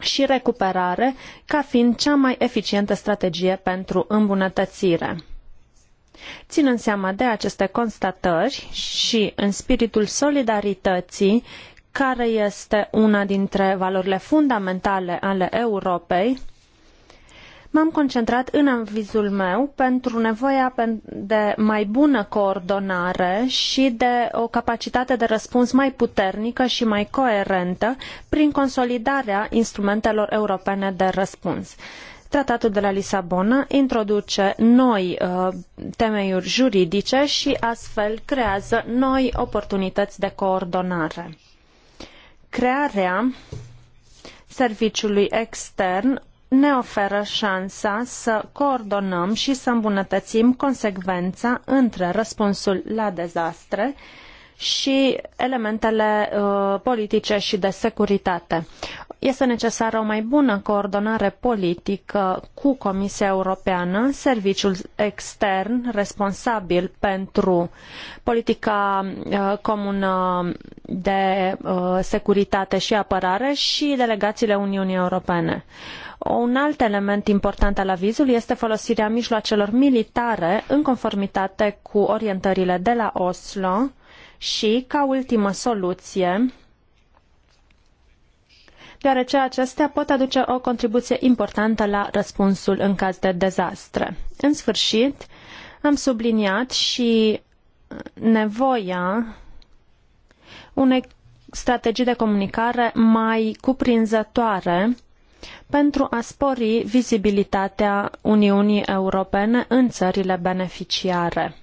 și recuperare, ca fiind cea mai eficientă strategie pentru îmbunătățire. Ținând seama de aceste constatări și în spiritul solidarității care este una dintre valorile fundamentale ale Europei, m-am concentrat în avizul meu pentru nevoia de mai bună coordonare și de o capacitate de răspuns mai puternică și mai coerentă prin consolidarea instrumentelor europene de răspuns. Tratatul de la Lisabona introduce noi uh, temeiuri juridice și astfel creează noi oportunități de coordonare crearea serviciului extern ne oferă șansa să coordonăm și să îmbunătățim consecvența între răspunsul la dezastre și elementele uh, politice și de securitate este necesară o mai bună coordonare politică cu Comisia Europeană, serviciul extern responsabil pentru politica uh, comună de uh, securitate și apărare și delegațiile Uniunii Europene. Un alt element important al avizului este folosirea mijloacelor militare în conformitate cu orientările de la Oslo și, ca ultimă soluție, deoarece acestea pot aduce o contribuție importantă la răspunsul în caz de dezastre. În sfârșit, am subliniat și nevoia unei strategii de comunicare mai cuprinzătoare pentru a spori vizibilitatea Uniunii Europene în țările beneficiare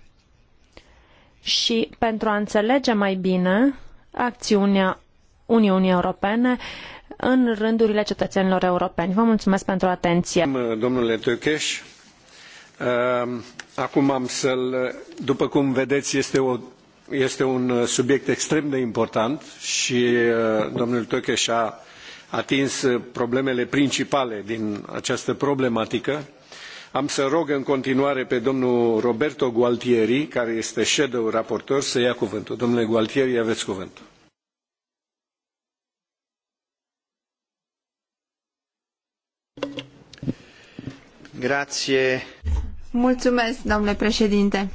și pentru a înțelege mai bine acțiunea Uniunii Europene în rândurile cetățenilor europeni. Vă mulțumesc pentru atenție. Uh, domnule Tökeș, uh, acum am să-l, uh, după cum vedeți, este, o, este un subiect extrem de important și domnul Tökeș a atins problemele principale din această problematică. Am să rog în continuare pe domnul Roberto Gualtieri, care este shadow raportor, să ia cuvântul. Domnule Gualtieri, aveți cuvântul. Mulțumesc, domnule președinte.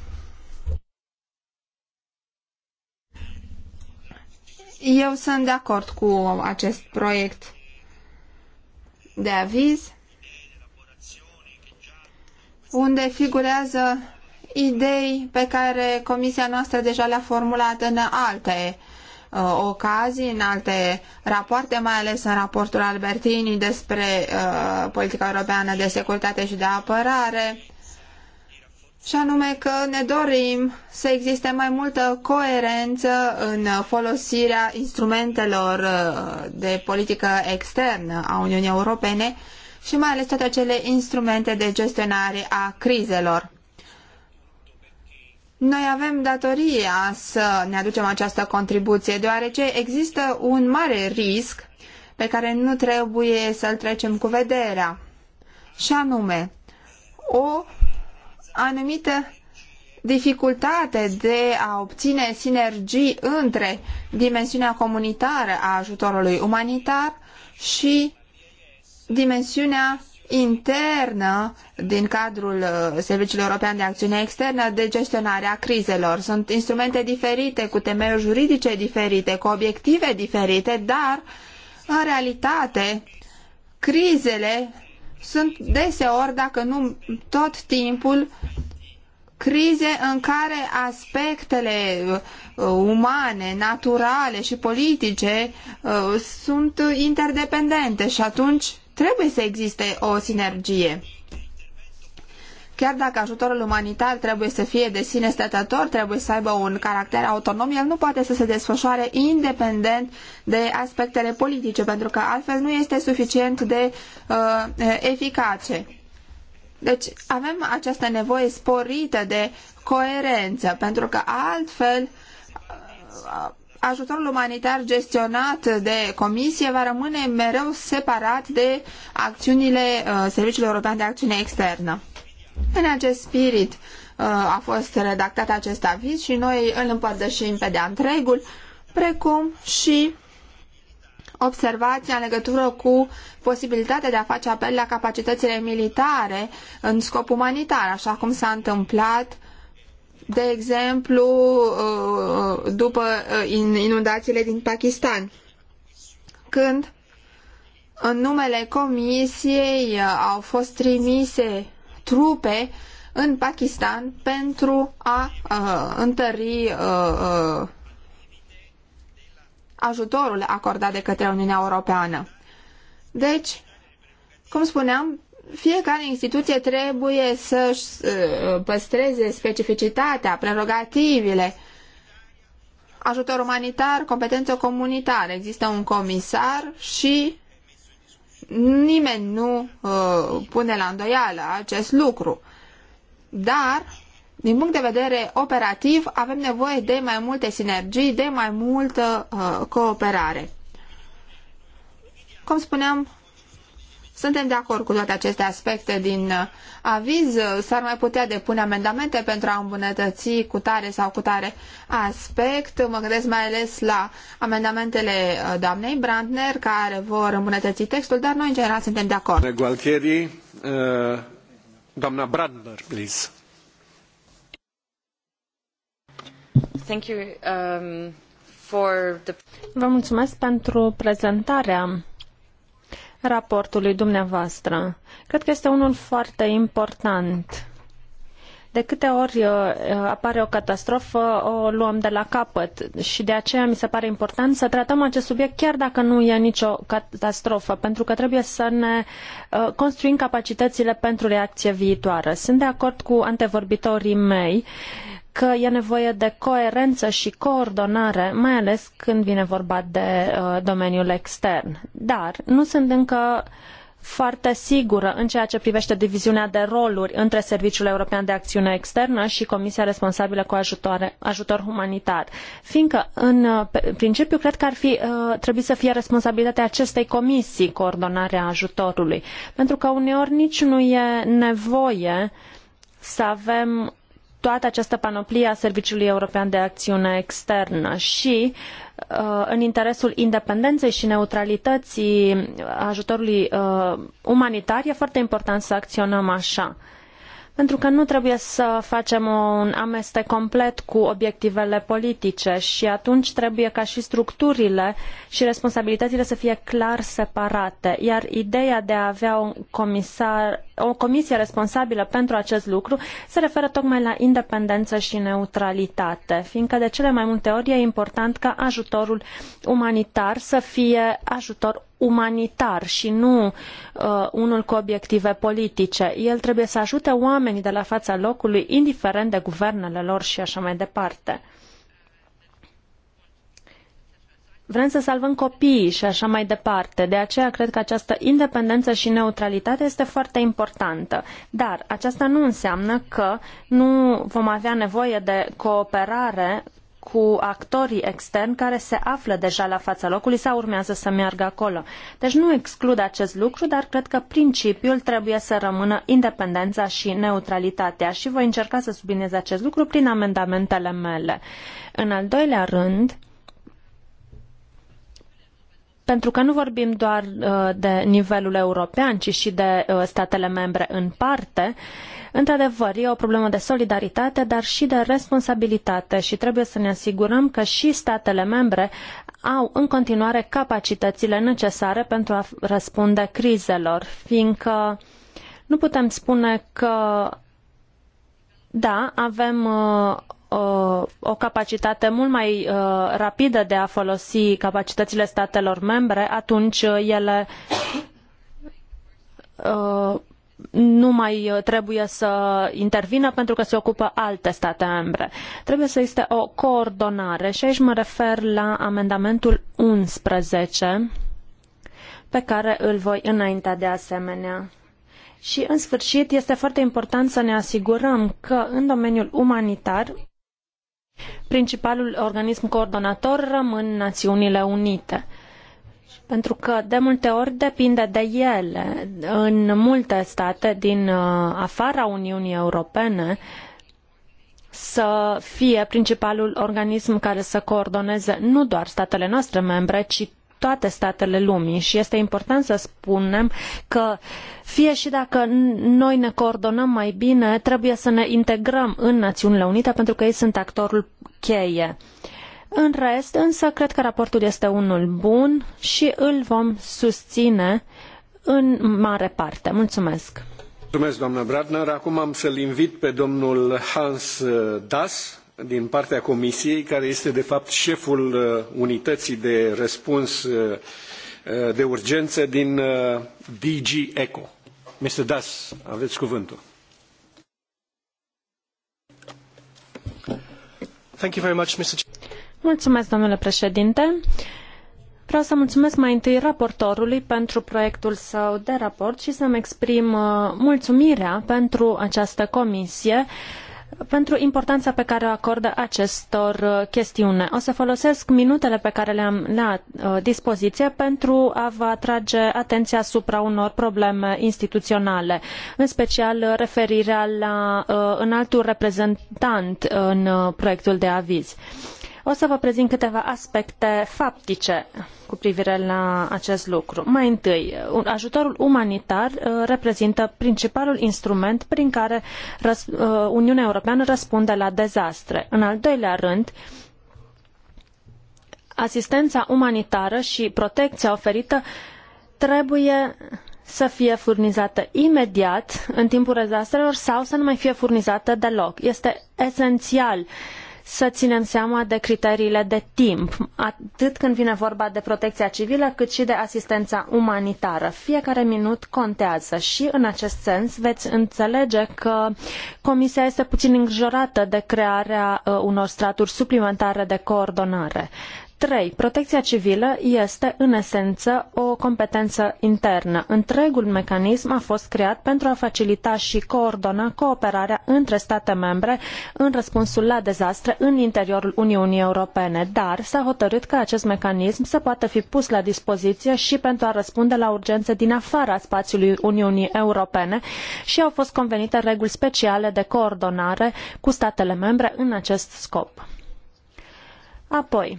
Eu sunt de acord cu acest proiect de aviz unde figurează idei pe care comisia noastră deja le-a formulat în alte uh, ocazii, în alte rapoarte, mai ales în raportul Albertini despre uh, politica europeană de securitate și de apărare, și anume că ne dorim să existe mai multă coerență în folosirea instrumentelor uh, de politică externă a Uniunii Europene și mai ales toate acele instrumente de gestionare a crizelor. Noi avem datoria să ne aducem această contribuție, deoarece există un mare risc pe care nu trebuie să-l trecem cu vederea, și anume o anumită dificultate de a obține sinergii între dimensiunea comunitară a ajutorului umanitar și dimensiunea internă din cadrul uh, Serviciului European de Acțiune Externă de gestionarea crizelor. Sunt instrumente diferite, cu temeiuri juridice diferite, cu obiective diferite, dar, în realitate, crizele sunt deseori, dacă nu tot timpul, crize în care aspectele uh, umane, naturale și politice uh, sunt interdependente și atunci Trebuie să existe o sinergie. Chiar dacă ajutorul umanitar trebuie să fie de sine stătător, trebuie să aibă un caracter autonom, el nu poate să se desfășoare independent de aspectele politice, pentru că altfel nu este suficient de uh, eficace. Deci avem această nevoie sporită de coerență, pentru că altfel uh, ajutorul umanitar gestionat de comisie va rămâne mereu separat de acțiunile uh, Serviciului European de Acțiune Externă. În acest spirit uh, a fost redactat acest aviz și noi îl împărtășim pe de-a întregul, precum și observația în legătură cu posibilitatea de a face apel la capacitățile militare în scop umanitar, așa cum s-a întâmplat de exemplu, uh, după uh, inundațiile din Pakistan, când în numele comisiei uh, au fost trimise trupe în Pakistan pentru a întări ajutorul acordat de către Uniunea Europeană. Deci, cum spuneam, fiecare instituție trebuie să-și uh, păstreze specificitatea, prerogativele, ajutor umanitar, competență comunitară. Există un comisar și nimeni nu uh, pune la îndoială acest lucru. Dar, din punct de vedere operativ, avem nevoie de mai multe sinergii, de mai multă uh, cooperare. Cum spuneam, suntem de acord cu toate aceste aspecte din uh, aviz. S-ar mai putea depune amendamente pentru a îmbunătăți cu tare sau cu tare aspect. Mă gândesc mai ales la amendamentele uh, doamnei Brandner care vor îmbunătăți textul, dar noi în general suntem de acord. Gualtieri, uh, doamna Brandner, please. Thank you, um, for the... Vă mulțumesc pentru prezentarea raportului dumneavoastră. Cred că este unul foarte important. De câte ori uh, apare o catastrofă, o luăm de la capăt și de aceea mi se pare important să tratăm acest subiect chiar dacă nu e nicio catastrofă, pentru că trebuie să ne uh, construim capacitățile pentru reacție viitoare. Sunt de acord cu antevorbitorii mei că e nevoie de coerență și coordonare, mai ales când vine vorba de uh, domeniul extern. Dar nu sunt încă foarte sigură în ceea ce privește diviziunea de roluri între Serviciul European de Acțiune Externă și Comisia responsabilă cu ajutoare, ajutor humanitar. Fiindcă, în uh, principiu, cred că ar fi, uh, trebui să fie responsabilitatea acestei comisii coordonarea ajutorului. Pentru că uneori nici nu e nevoie să avem toată această panoplie a Serviciului European de Acțiune Externă și uh, în interesul independenței și neutralității ajutorului uh, umanitar e foarte important să acționăm așa. Pentru că nu trebuie să facem un amestec complet cu obiectivele politice și atunci trebuie ca și structurile și responsabilitățile să fie clar separate. Iar ideea de a avea un comisar o comisie responsabilă pentru acest lucru se referă tocmai la independență și neutralitate, fiindcă de cele mai multe ori e important ca ajutorul umanitar să fie ajutor umanitar și nu uh, unul cu obiective politice. El trebuie să ajute oamenii de la fața locului, indiferent de guvernele lor și așa mai departe. Vrem să salvăm copiii și așa mai departe. De aceea cred că această independență și neutralitate este foarte importantă. Dar aceasta nu înseamnă că nu vom avea nevoie de cooperare cu actorii externi care se află deja la fața locului sau urmează să meargă acolo. Deci nu exclud acest lucru, dar cred că principiul trebuie să rămână independența și neutralitatea și voi încerca să subliniez acest lucru prin amendamentele mele. În al doilea rând, pentru că nu vorbim doar uh, de nivelul european, ci și de uh, statele membre în parte, într-adevăr e o problemă de solidaritate, dar și de responsabilitate și trebuie să ne asigurăm că și statele membre au în continuare capacitățile necesare pentru a răspunde crizelor, fiindcă nu putem spune că da, avem uh, o capacitate mult mai uh, rapidă de a folosi capacitățile statelor membre, atunci uh, ele uh, nu mai trebuie să intervină pentru că se ocupă alte state membre. Trebuie să existe o coordonare și aici mă refer la amendamentul 11 pe care îl voi înainta de asemenea. Și în sfârșit este foarte important să ne asigurăm că în domeniul umanitar Principalul organism coordonator rămân Națiunile Unite pentru că de multe ori depinde de ele. În multe state din uh, afara Uniunii Europene să fie principalul organism care să coordoneze nu doar statele noastre membre, ci toate statele lumii și este important să spunem că fie și dacă noi ne coordonăm mai bine, trebuie să ne integrăm în Națiunile Unite pentru că ei sunt actorul cheie. În rest, însă, cred că raportul este unul bun și îl vom susține în mare parte. Mulțumesc! Mulțumesc, doamnă Bradner. Acum am să-l invit pe domnul Hans uh, Das, din partea Comisiei, care este de fapt șeful uh, unității de răspuns uh, uh, de urgență din DG ECO. Mr. Das, aveți cuvântul. Thank you very much, Mr. Mulțumesc, domnule președinte. Vreau să mulțumesc mai întâi raportorului pentru proiectul său de raport și să-mi exprim mulțumirea pentru această comisie pentru importanța pe care o acordă acestor uh, chestiune. O să folosesc minutele pe care le am la uh, dispoziție pentru a vă atrage atenția asupra unor probleme instituționale, în special referirea la înaltul uh, reprezentant în proiectul de aviz. O să vă prezint câteva aspecte faptice cu privire la acest lucru. Mai întâi, ajutorul umanitar uh, reprezintă principalul instrument prin care uh, Uniunea Europeană răspunde la dezastre. În al doilea rând, asistența umanitară și protecția oferită trebuie să fie furnizată imediat în timpul dezastrelor sau să nu mai fie furnizată deloc. Este esențial uh, să ținem seama de criteriile de timp, atât când vine vorba de protecția civilă, cât și de asistența umanitară. Fiecare minut contează și în acest sens veți înțelege că Comisia este puțin îngrijorată de crearea uh, unor straturi suplimentare de coordonare. 3. Protecția civilă este, în esență, o competență internă. Întregul mecanism a fost creat pentru a facilita și coordona cooperarea între state membre în răspunsul la dezastre în interiorul Uniunii Europene, dar s-a hotărât că acest mecanism să poată fi pus la dispoziție și pentru a răspunde la urgențe din afara spațiului Uniunii Europene și au fost convenite reguli speciale de coordonare cu statele membre în acest scop. Apoi,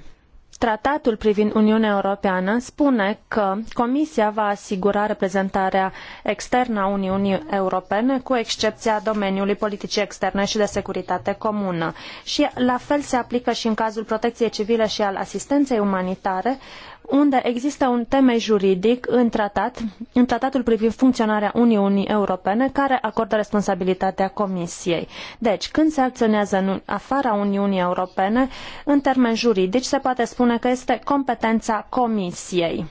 Tratatul privind Uniunea Europeană spune că Comisia va asigura reprezentarea externă a Uniunii Europene, cu excepția domeniului politicii externe și de securitate comună. Și la fel se aplică și în cazul protecției civile și al asistenței umanitare, unde există un temei juridic în tratat, în tratatul privind funcționarea Uniunii Europene, care acordă responsabilitatea Comisiei. Deci, când se acționează în afara Uniunii Europene, în termeni juridici se poate spune că este competența Comisiei.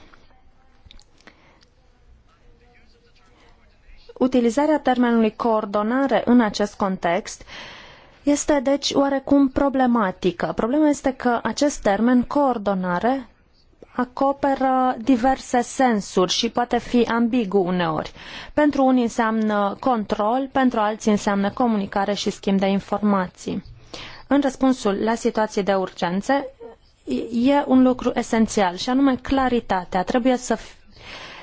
Utilizarea termenului coordonare în acest context este deci oarecum problematică. Problema este că acest termen, coordonare, acoperă diverse sensuri și poate fi ambigu uneori. Pentru unii înseamnă control, pentru alții înseamnă comunicare și schimb de informații. În răspunsul la situații de urgențe, e un lucru esențial și anume claritatea. Trebuie să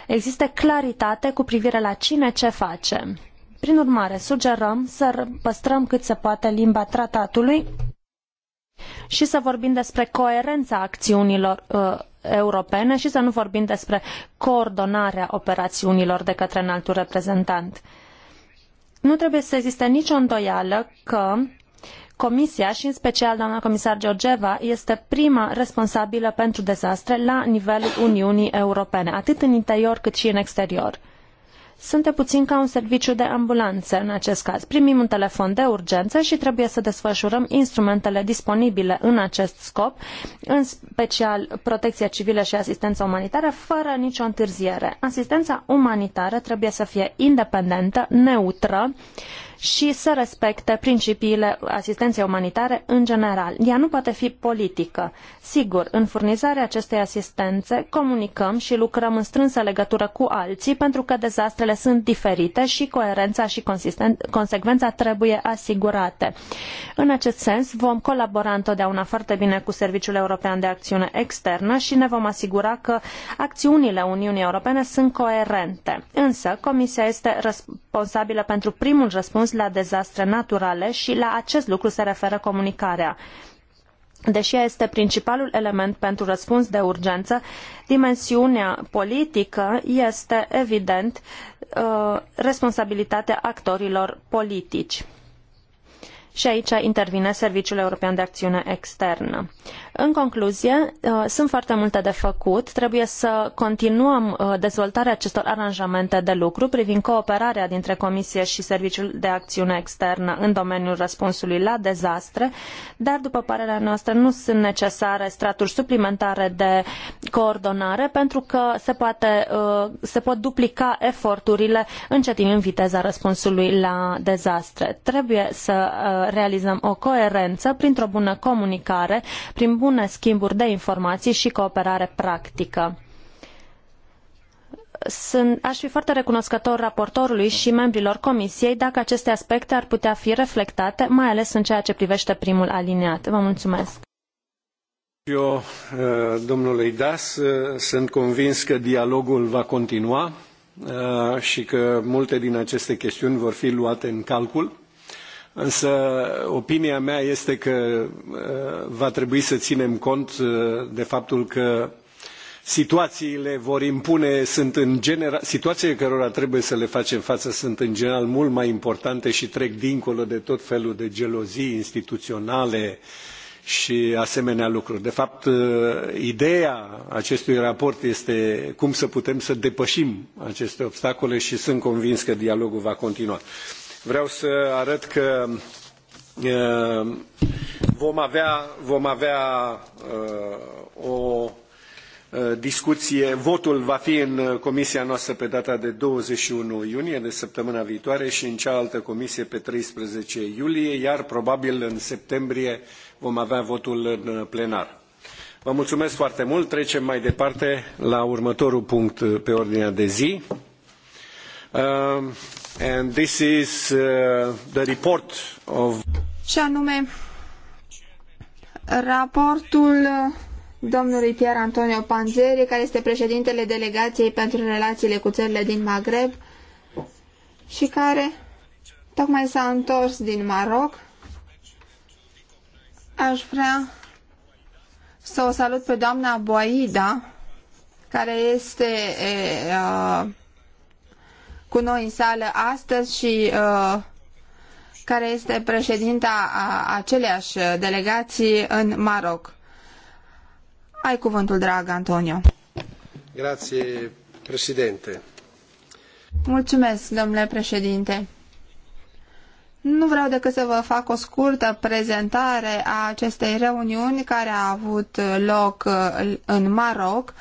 existe claritate cu privire la cine ce face. Prin urmare, sugerăm să păstrăm cât se poate limba tratatului și să vorbim despre coerența acțiunilor uh, europene și să nu vorbim despre coordonarea operațiunilor de către înaltul reprezentant. Nu trebuie să existe nicio îndoială că Comisia și în special doamna comisar Georgieva este prima responsabilă pentru dezastre la nivelul Uniunii Europene, atât în interior cât și în exterior suntem puțin ca un serviciu de ambulanță în acest caz. Primim un telefon de urgență și trebuie să desfășurăm instrumentele disponibile în acest scop, în special protecția civilă și asistența umanitară, fără nicio întârziere. Asistența umanitară trebuie să fie independentă, neutră, uh, și să respecte principiile asistenței umanitare în general. Ea nu poate fi politică. Sigur, în furnizarea acestei asistențe comunicăm și lucrăm în strânsă legătură cu alții pentru că dezastrele sunt diferite și coerența și consecvența trebuie asigurate. În acest sens, vom colabora întotdeauna foarte bine cu Serviciul European de Acțiune Externă și ne vom asigura că acțiunile Uniunii Europene sunt coerente. Însă, Comisia este responsabilă pentru primul răspuns răspuns la dezastre naturale și la acest lucru se referă comunicarea. Deși ea este principalul element pentru răspuns de urgență, dimensiunea politică este, evident, uh, responsabilitatea actorilor politici. Și aici intervine Serviciul European de Acțiune Externă. În concluzie, uh, sunt foarte multe de făcut. Trebuie să continuăm uh, dezvoltarea acestor aranjamente de lucru privind cooperarea dintre Comisie și Serviciul de Acțiune Externă în domeniul răspunsului la dezastre, dar, după părerea noastră, nu sunt necesare straturi suplimentare de coordonare pentru că se, poate, uh, se pot duplica eforturile încetinind viteza răspunsului la dezastre. Trebuie să realizăm o coerență printr-o bună comunicare, prin bune schimburi de informații și cooperare practică. Sunt, aș fi foarte recunoscător raportorului și membrilor comisiei dacă aceste aspecte ar putea fi reflectate, mai ales în ceea ce privește primul aliniat. Vă mulțumesc. Eu, uh, domnului Das, uh, sunt convins că dialogul va continua uh, și că multe din aceste chestiuni vor fi luate în calcul Însă opinia mea este că uh, va trebui să ținem cont uh, de faptul că situațiile vor impune sunt în general situațiile cărora trebuie să le facem față sunt în general mult mai importante și trec dincolo de tot felul de gelozii instituționale și asemenea lucruri. De fapt, uh, ideea acestui raport este cum să putem să depășim aceste obstacole și sunt convins că dialogul va continua. Vreau să arăt că vom avea, vom avea o discuție. Votul va fi în comisia noastră pe data de 21 iunie, de săptămâna viitoare, și în cealaltă comisie pe 13 iulie, iar probabil în septembrie vom avea votul în plenar. Vă mulțumesc foarte mult. Trecem mai departe la următorul punct pe ordinea de zi. Uh, And this is uh, the report of... Și anume, raportul domnului Pier Antonio Panzeri, care este președintele delegației pentru relațiile cu țările din Maghreb și care tocmai s-a întors din Maroc. Aș vrea să o salut pe doamna Boaida, care este cu noi în sală astăzi și uh, care este președinta a aceleași delegații în Maroc. Ai cuvântul, drag Antonio. Grazie, președinte. Mulțumesc, domnule președinte. Nu vreau decât să vă fac o scurtă prezentare a acestei reuniuni care a avut loc uh, în Maroc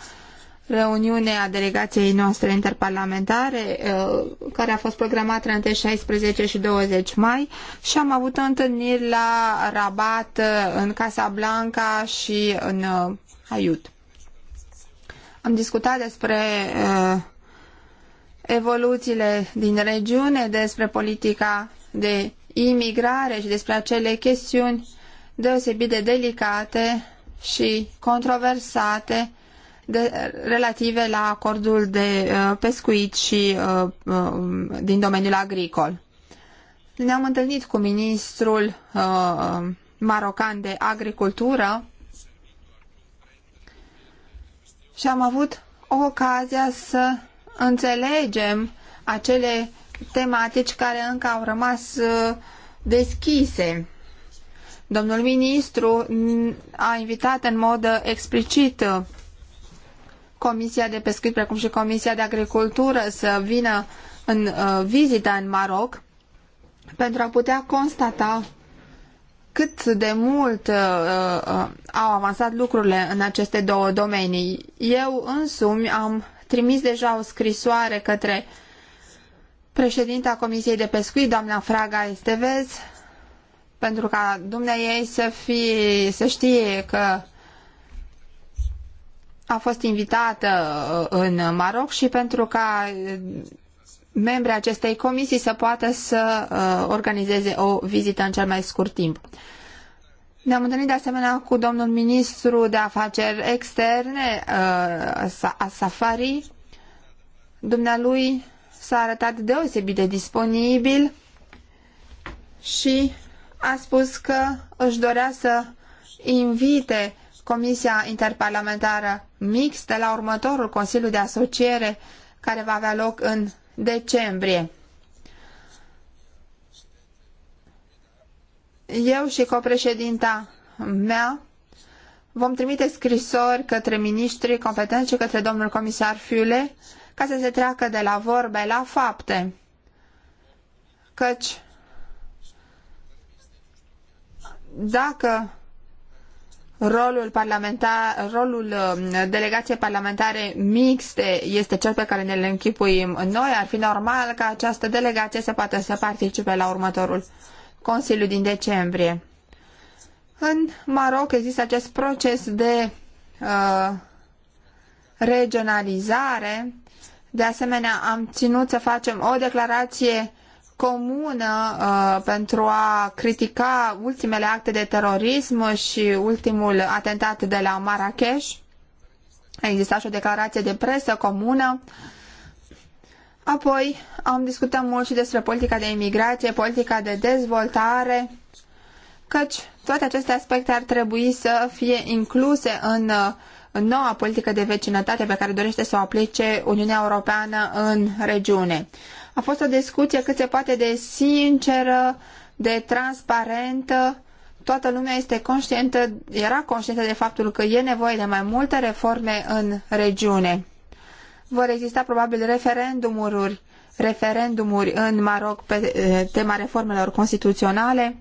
reuniunea delegației noastre interparlamentare, uh, care a fost programată între 16 și 20 mai și am avut întâlniri la Rabat, uh, în Casablanca și în uh, Aiut. Am discutat despre evoluțiile din regiune, despre politica de imigrare și despre acele chestiuni deosebit de delicate și controversate de, relative la acordul de uh, pescuit și uh, uh, din domeniul agricol. Ne-am întâlnit cu ministrul uh, uh marocan de agricultură și am avut ocazia să înțelegem acele tematici care încă au rămas uh, deschise. Domnul ministru a invitat în mod uh, explicit Comisia de Pescuit, precum și Comisia de Agricultură să vină în uh, vizita în Maroc pentru a putea constata cât de mult uh, uh, au avansat lucrurile în aceste două domenii. Eu însumi am trimis deja o scrisoare către președinta Comisiei de Pescuit, doamna Fraga Estevez, pentru ca ei să, fie, să știe că a fost invitată uh, în Maroc și pentru ca uh, membrii acestei comisii să poată să uh, organizeze o vizită în cel mai scurt timp. Ne-am întâlnit de asemenea cu domnul ministru de afaceri externe, Safari. Dumnealui s-a arătat deosebit de disponibil și a spus că își dorea să invite Comisia Interparlamentară Mixtă la următorul Consiliu de Asociere care va avea loc în decembrie. Eu și copreședinta mea vom trimite scrisori către ministrii competenți și către domnul comisar Fiule ca să se treacă de la vorbe la fapte. Căci dacă rolul, parlamentar, rolul um, delegației parlamentare mixte este cel pe care ne-l închipuim noi, ar fi normal ca această delegație să poată să participe la următorul Consiliu din decembrie. În Maroc există acest proces de uh, regionalizare. De asemenea, am ținut să facem o declarație comună uh, pentru a critica ultimele acte de terorism și ultimul atentat de la Marrakech. A existat și o declarație de presă comună. Apoi am discutat mult și despre politica de imigrație, politica de dezvoltare, căci toate aceste aspecte ar trebui să fie incluse în noua politică de vecinătate pe care dorește să o aplice Uniunea Europeană în regiune. A fost o discuție cât se poate de sinceră, de transparentă. Toată lumea este conștientă, era conștientă de faptul că e nevoie de mai multe reforme în regiune. Vor exista probabil referendumuri, referendumuri în Maroc pe eh, tema reformelor constituționale.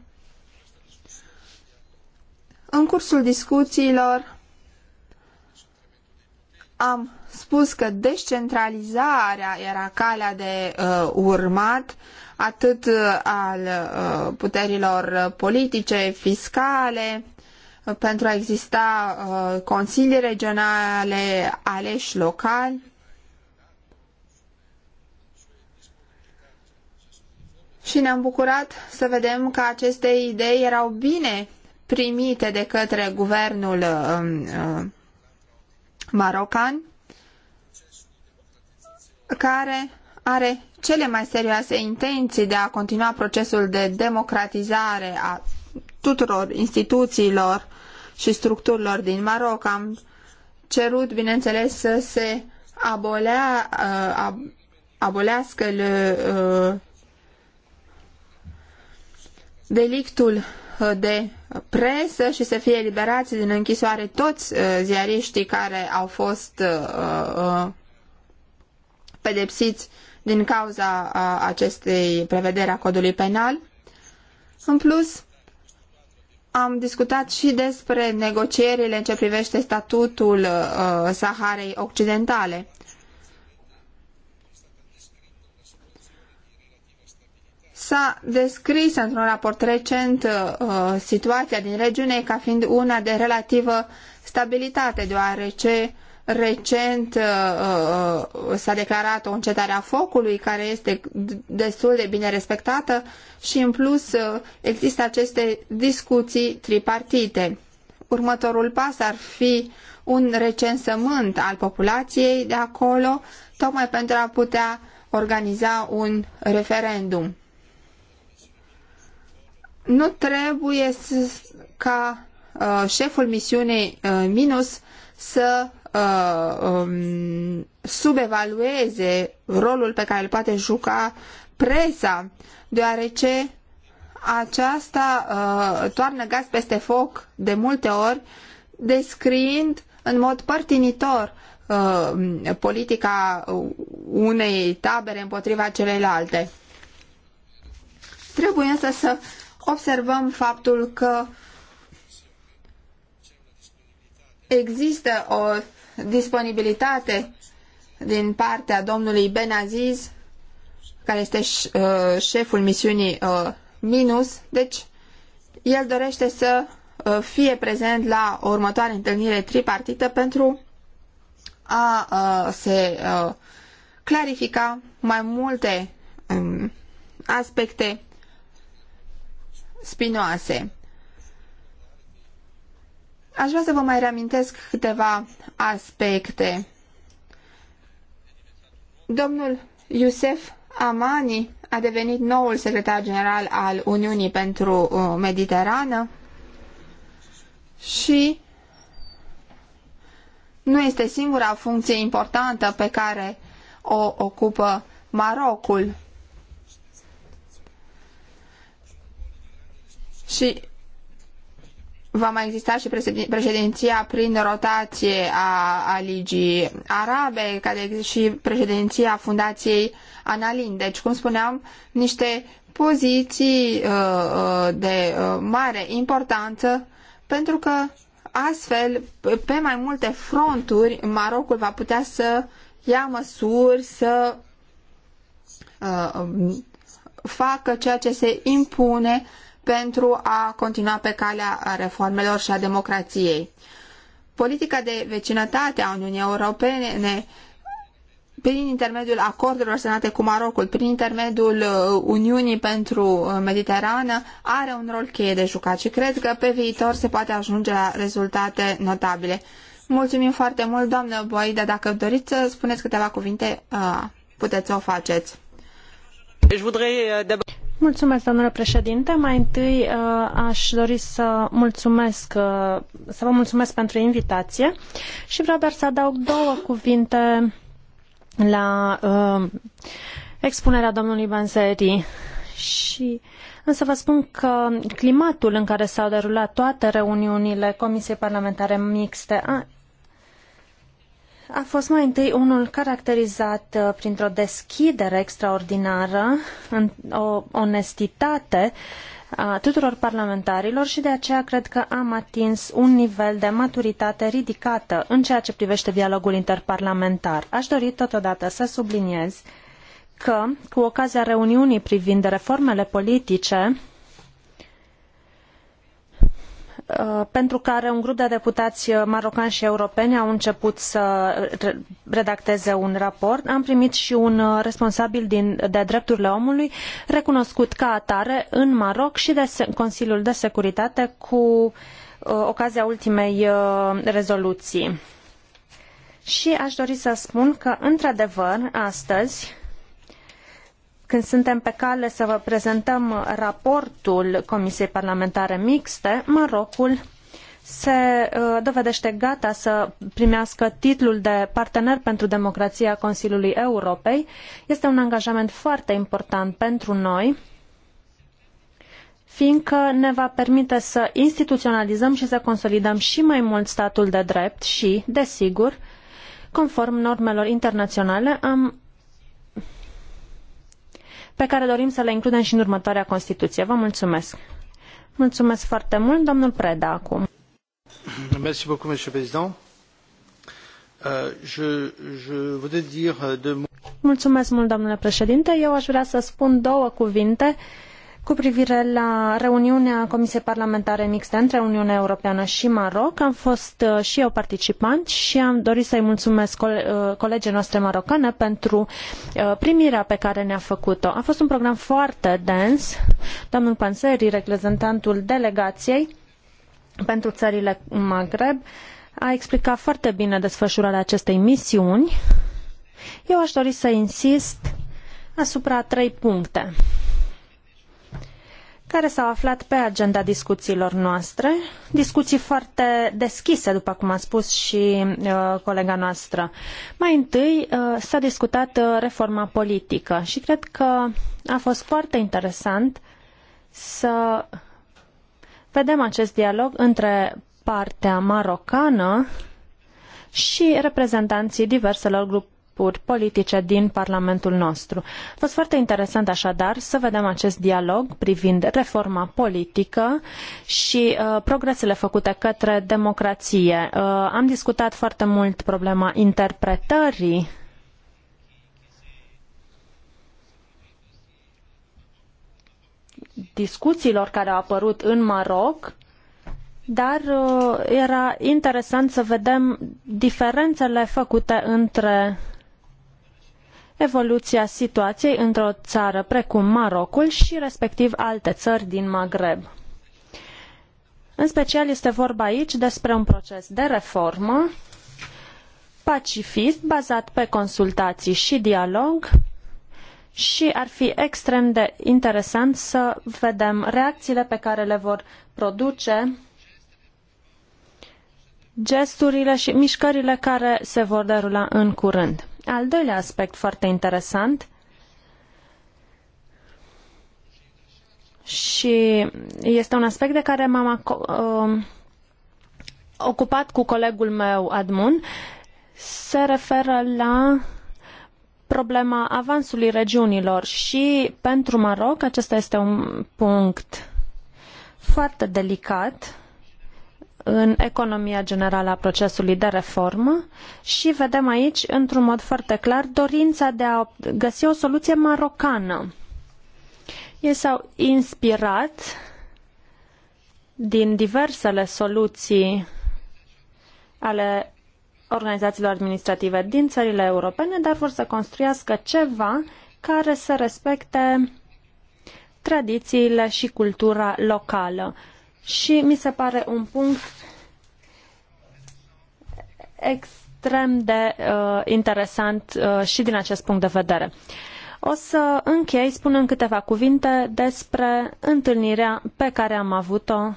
În cursul discuțiilor am spus că descentralizarea era calea de uh, urmat atât uh, al uh, puterilor politice, fiscale, uh, pentru a exista uh, consilii regionale, aleși locali. Și ne-am bucurat să vedem că aceste idei erau bine primite de către guvernul uh, uh, marocan care are cele mai serioase intenții de a continua procesul de democratizare a tuturor instituțiilor și structurilor din Maroc. Am cerut, bineînțeles, să se abolea, uh, ab, abolească le, uh, delictul uh, de presă și să fie eliberați din închisoare toți ziariștii care au fost pedepsiți din cauza acestei prevederi a codului penal. În plus, am discutat și despre negocierile în ce privește statutul uh, Saharei Occidentale. S-a descris într-un raport recent uh, situația din regiune ca fiind una de relativă stabilitate, deoarece Recent uh, uh, s-a declarat o încetare a focului care este destul de bine respectată și în plus uh, există aceste discuții tripartite. Următorul pas ar fi un recensământ al populației de acolo, tocmai pentru a putea organiza un referendum. Nu trebuie ca uh, șeful misiunii Minus să Uh, um, subevalueze rolul pe care îl poate juca presa, deoarece aceasta uh, toarnă gaz peste foc de multe ori, descriind în mod părtinitor uh, politica unei tabere împotriva celelalte. Trebuie însă să observăm faptul că există o disponibilitate din partea domnului Benaziz, care este uh, șeful misiunii uh, Minus, deci el dorește să uh, fie prezent la următoarea întâlnire tripartită pentru a se clarifica mai multe um, aspecte spinoase. Aș vrea să vă mai reamintesc câteva aspecte. Domnul Iusef Amani a devenit noul secretar general al Uniunii pentru uh, Mediterană și nu este singura funcție importantă pe care o ocupă Marocul. Și Va mai exista și președinția prin rotație a, a Ligii Arabe, care și președinția Fundației Analin. Deci, cum spuneam, niște poziții uh, uh, de uh, mare importanță, pentru că astfel, pe mai multe fronturi, Marocul va putea să ia măsuri, să uh, um, facă ceea ce se impune pentru a continua pe calea reformelor și a democrației. Politica de vecinătate a Uniunii Europene prin intermediul acordurilor semnate cu Marocul, prin intermediul uh, Uniunii pentru uh, Mediterană, are un rol cheie de jucat și cred că pe viitor se poate ajunge la rezultate notabile. Mulțumim foarte mult, doamnă Boida. Dacă doriți să spuneți câteva cuvinte, uh, puteți să o faceți. Deci, Mulțumesc, domnule președinte. Mai întâi uh, aș dori să mulțumesc, uh, să vă mulțumesc pentru invitație și vreau doar să adaug două cuvinte la uh, expunerea domnului Banzeri. Și însă vă spun că climatul în care s-au derulat toate reuniunile Comisiei Parlamentare Mixte a a fost mai întâi unul caracterizat uh, printr-o deschidere extraordinară, o onestitate a tuturor parlamentarilor și de aceea cred că am atins un nivel de maturitate ridicată în ceea ce privește dialogul interparlamentar. Aș dori totodată să subliniez că, cu ocazia reuniunii privind reformele politice, Uh, pentru care un grup de deputați marocani și europeni au început să redacteze un raport. Am primit și un responsabil din, de drepturile omului recunoscut ca atare în Maroc și de Consiliul de Securitate cu uh, ocazia ultimei uh, rezoluții. Și aș dori să spun că, într-adevăr, astăzi, când suntem pe cale să vă prezentăm raportul Comisiei Parlamentare Mixte, Marocul se uh, dovedește gata să primească titlul de partener pentru democrația Consiliului Europei. Este un angajament foarte important pentru noi, fiindcă ne va permite să instituționalizăm și să consolidăm și mai mult statul de drept și, desigur, conform normelor internaționale, am pe care dorim să le includem și în următoarea Constituție. Vă mulțumesc! Mulțumesc foarte mult, domnul Preda, acum. Merci beaucoup, monsieur président. Euh, je, je voudrais dire de... Mulțumesc mult, domnule președinte. Eu aș vrea să spun două cuvinte uh, cu privire la reuniunea Comisiei Parlamentare Mixte între Uniunea Europeană și Maroc. Am fost uh, și eu participant și am dorit să-i mulțumesc uh, colegii noastre marocane pentru uh, primirea pe care ne-a făcut-o. A fost un program foarte dens. Domnul Panseri, reprezentantul delegației pentru țările Maghreb, a explicat foarte bine desfășurarea acestei misiuni. Eu aș dori să insist asupra trei puncte care s-au aflat pe agenda discuțiilor noastre, discuții foarte deschise, după cum a spus și uh, colega noastră. Mai întâi uh, s-a discutat uh, reforma politică și cred că a fost foarte interesant să vedem acest dialog între partea marocană și reprezentanții diverselor grup, grupuri politice din Parlamentul nostru. A fost foarte interesant așadar să vedem acest dialog privind reforma politică și uh, progresele făcute către democrație. Uh, am discutat foarte mult problema interpretării discuțiilor care au apărut în Maroc dar uh, era interesant să vedem diferențele făcute între evoluția situației într-o țară precum Marocul și respectiv alte țări din Maghreb. În special este vorba aici despre un proces de reformă pacifist, bazat pe consultații și dialog și ar fi extrem de interesant să vedem reacțiile pe care le vor produce gesturile și mișcările care se vor derula în curând. Al doilea aspect foarte interesant și este un aspect de care m-am um, ocupat cu colegul meu Admun se referă la problema avansului regiunilor și pentru Maroc acesta este un punct foarte delicat în economia generală a procesului de reformă și vedem aici, într-un mod foarte clar, dorința de a găsi o soluție marocană. Ei s-au inspirat din diversele soluții ale organizațiilor administrative din țările europene, dar vor să construiască ceva care să respecte tradițiile și cultura locală și mi se pare un punct extrem de uh, interesant uh, și din acest punct de vedere. O să închei spunând câteva cuvinte despre întâlnirea pe care am avut-o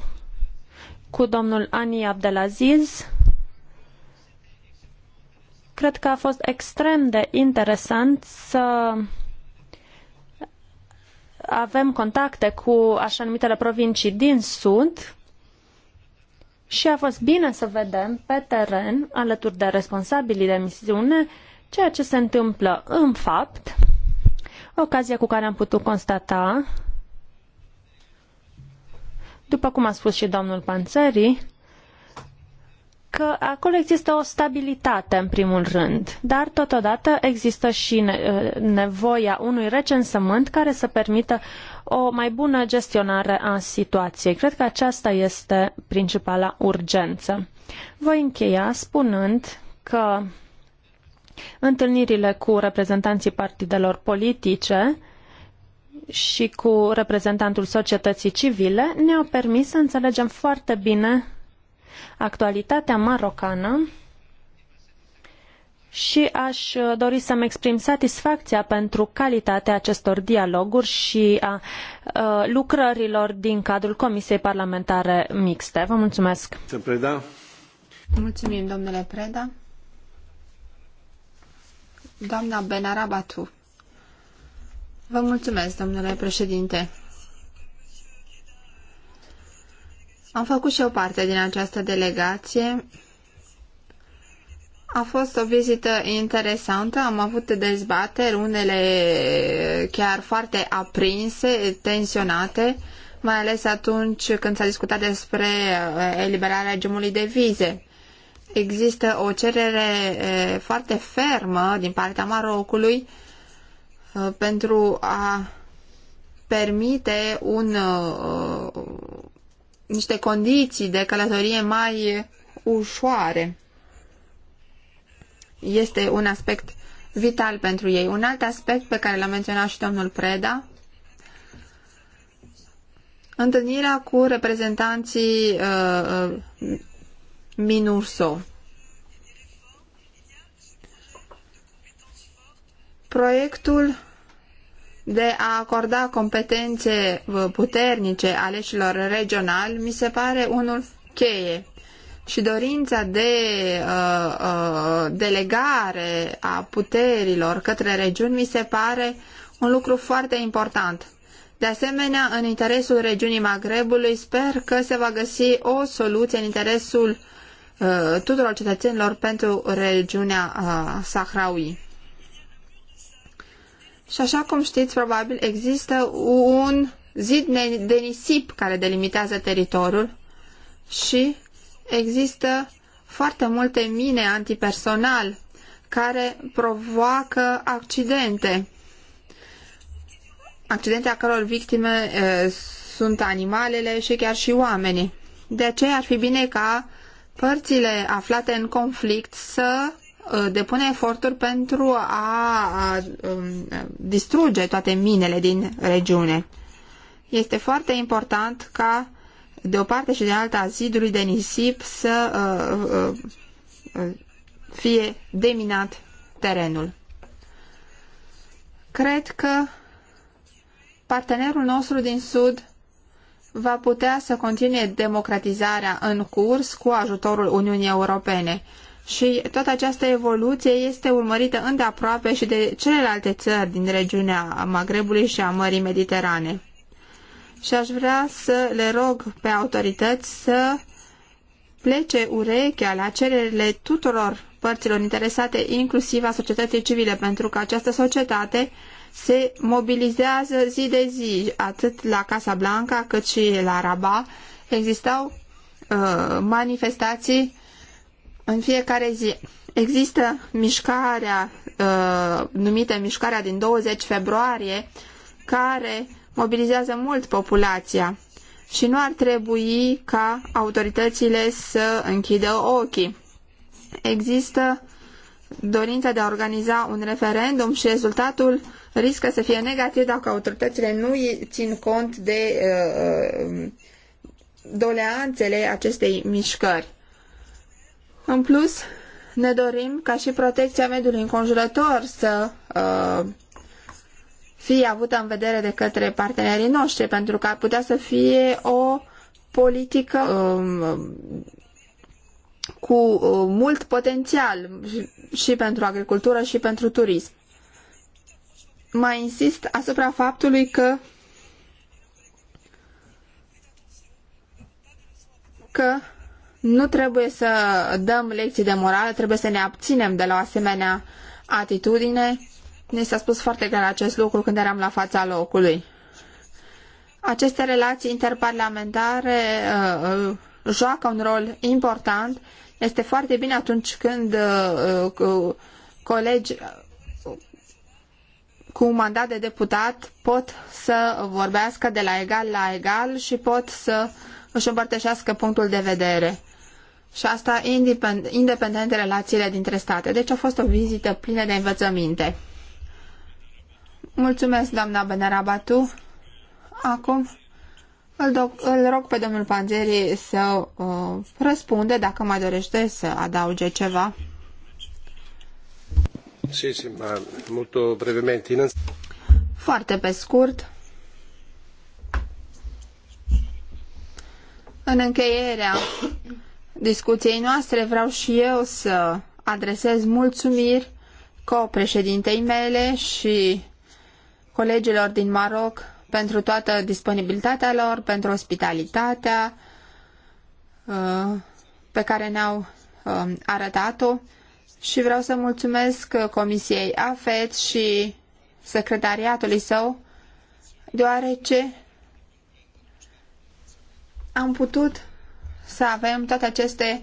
cu domnul Ani Abdelaziz. Cred că a fost extrem de interesant să avem contacte cu așa numitele provincii din Sud și a fost bine să vedem pe teren, alături de responsabilii de misiune, ceea ce se întâmplă în fapt, ocazia cu care am putut constata, după cum a spus și domnul Panțării, că acolo există o stabilitate, în primul rând, dar totodată există și nevoia unui recensământ care să permită o mai bună gestionare a situației. Cred că aceasta este principala urgență. Voi încheia spunând că întâlnirile cu reprezentanții partidelor politice și cu reprezentantul societății civile ne-au permis să înțelegem foarte bine actualitatea marocană și aș dori să-mi exprim satisfacția pentru calitatea acestor dialoguri și a, a lucrărilor din cadrul Comisiei Parlamentare Mixte. Vă mulțumesc! Preda. Mulțumim, domnule Preda. Doamna Benarabatu. Vă mulțumesc, domnule președinte. Am făcut și o parte din această delegație. A fost o vizită interesantă, am avut dezbateri, unele chiar foarte aprinse, tensionate, mai ales atunci când s-a discutat despre eh, eliberarea regimului de vize. Există o cerere eh, foarte fermă din partea Marocului eh, pentru a permite un, niște condiții de călătorie mai ușoare. Este un aspect vital pentru ei. Un alt aspect pe care l-a menționat și domnul Preda, întâlnirea cu reprezentanții uh, uh, Minurso. Proiectul de a acorda competențe uh, puternice aleșilor regionali mi se pare unul cheie și dorința de uh, uh, delegare a puterilor către regiuni mi se pare un lucru foarte important. De asemenea, în interesul regiunii Magrebului, sper că se va găsi o soluție în interesul uh, tuturor cetățenilor pentru regiunea uh, Sahraui. Și așa cum știți, probabil există un zid de nisip care delimitează teritoriul și există foarte multe mine antipersonal care provoacă accidente. Accidente a căror victime e, sunt animalele și chiar și oamenii. De aceea ar fi bine ca părțile aflate în conflict să Uh, depune eforturi pentru a um, distruge toate minele din regiune. Este foarte important ca de o parte și de alta zidului de nisip să uh, uh, fie deminat terenul. Cred că partenerul nostru din Sud va putea să continue democratizarea în curs cu ajutorul Uniunii Europene și toată această evoluție este urmărită îndeaproape și de celelalte țări din regiunea Magrebului și a Mării Mediterane. Și aș vrea să le rog pe autorități să plece urechea la cererile tuturor părților interesate, inclusiv a societății civile, pentru că această societate se mobilizează zi de zi, atât la Casa Blanca cât și la Rabat. Existau uh, manifestații în fiecare zi. Există mișcarea uh, numită mișcarea din 20 februarie care mobilizează mult populația și nu ar trebui ca autoritățile să închidă ochii. Există dorința de a organiza un referendum și rezultatul riscă să fie negativ dacă autoritățile nu țin cont de uh, uh doleanțele acestei mișcări. În plus, ne dorim ca și protecția mediului înconjurător să uh, fie avută în vedere de către partenerii noștri, pentru că ar putea să fie o politică um, cu uh, mult potențial și pentru agricultură și pentru turism. Mai insist asupra faptului că că nu trebuie să dăm lecții de morală, trebuie să ne abținem de la o asemenea atitudine. Ne s-a spus foarte clar acest lucru când eram la fața locului. Aceste relații interparlamentare uh, uh joacă un rol important. Este foarte bine atunci când uh, uh, colegi uh, cu mandat de deputat pot să vorbească de la egal la egal și pot să își împărtășească punctul de vedere și asta independent de relațiile dintre state. Deci a fost o vizită plină de învățăminte. Mulțumesc, doamna Benarabatu. Acum îl, do, îl rog pe domnul Pangeri să uh, răspunde dacă mai dorește să adauge ceva. Sì, sì, ma molto brevemente. Foarte pe scurt. În încheierea discuției noastre vreau și eu să adresez mulțumiri co-președintei mele și colegilor din Maroc pentru toată disponibilitatea lor, pentru ospitalitatea uh, pe care ne-au um, arătat-o și vreau să mulțumesc uh, Comisiei AFET și secretariatului său, deoarece am putut să avem toate aceste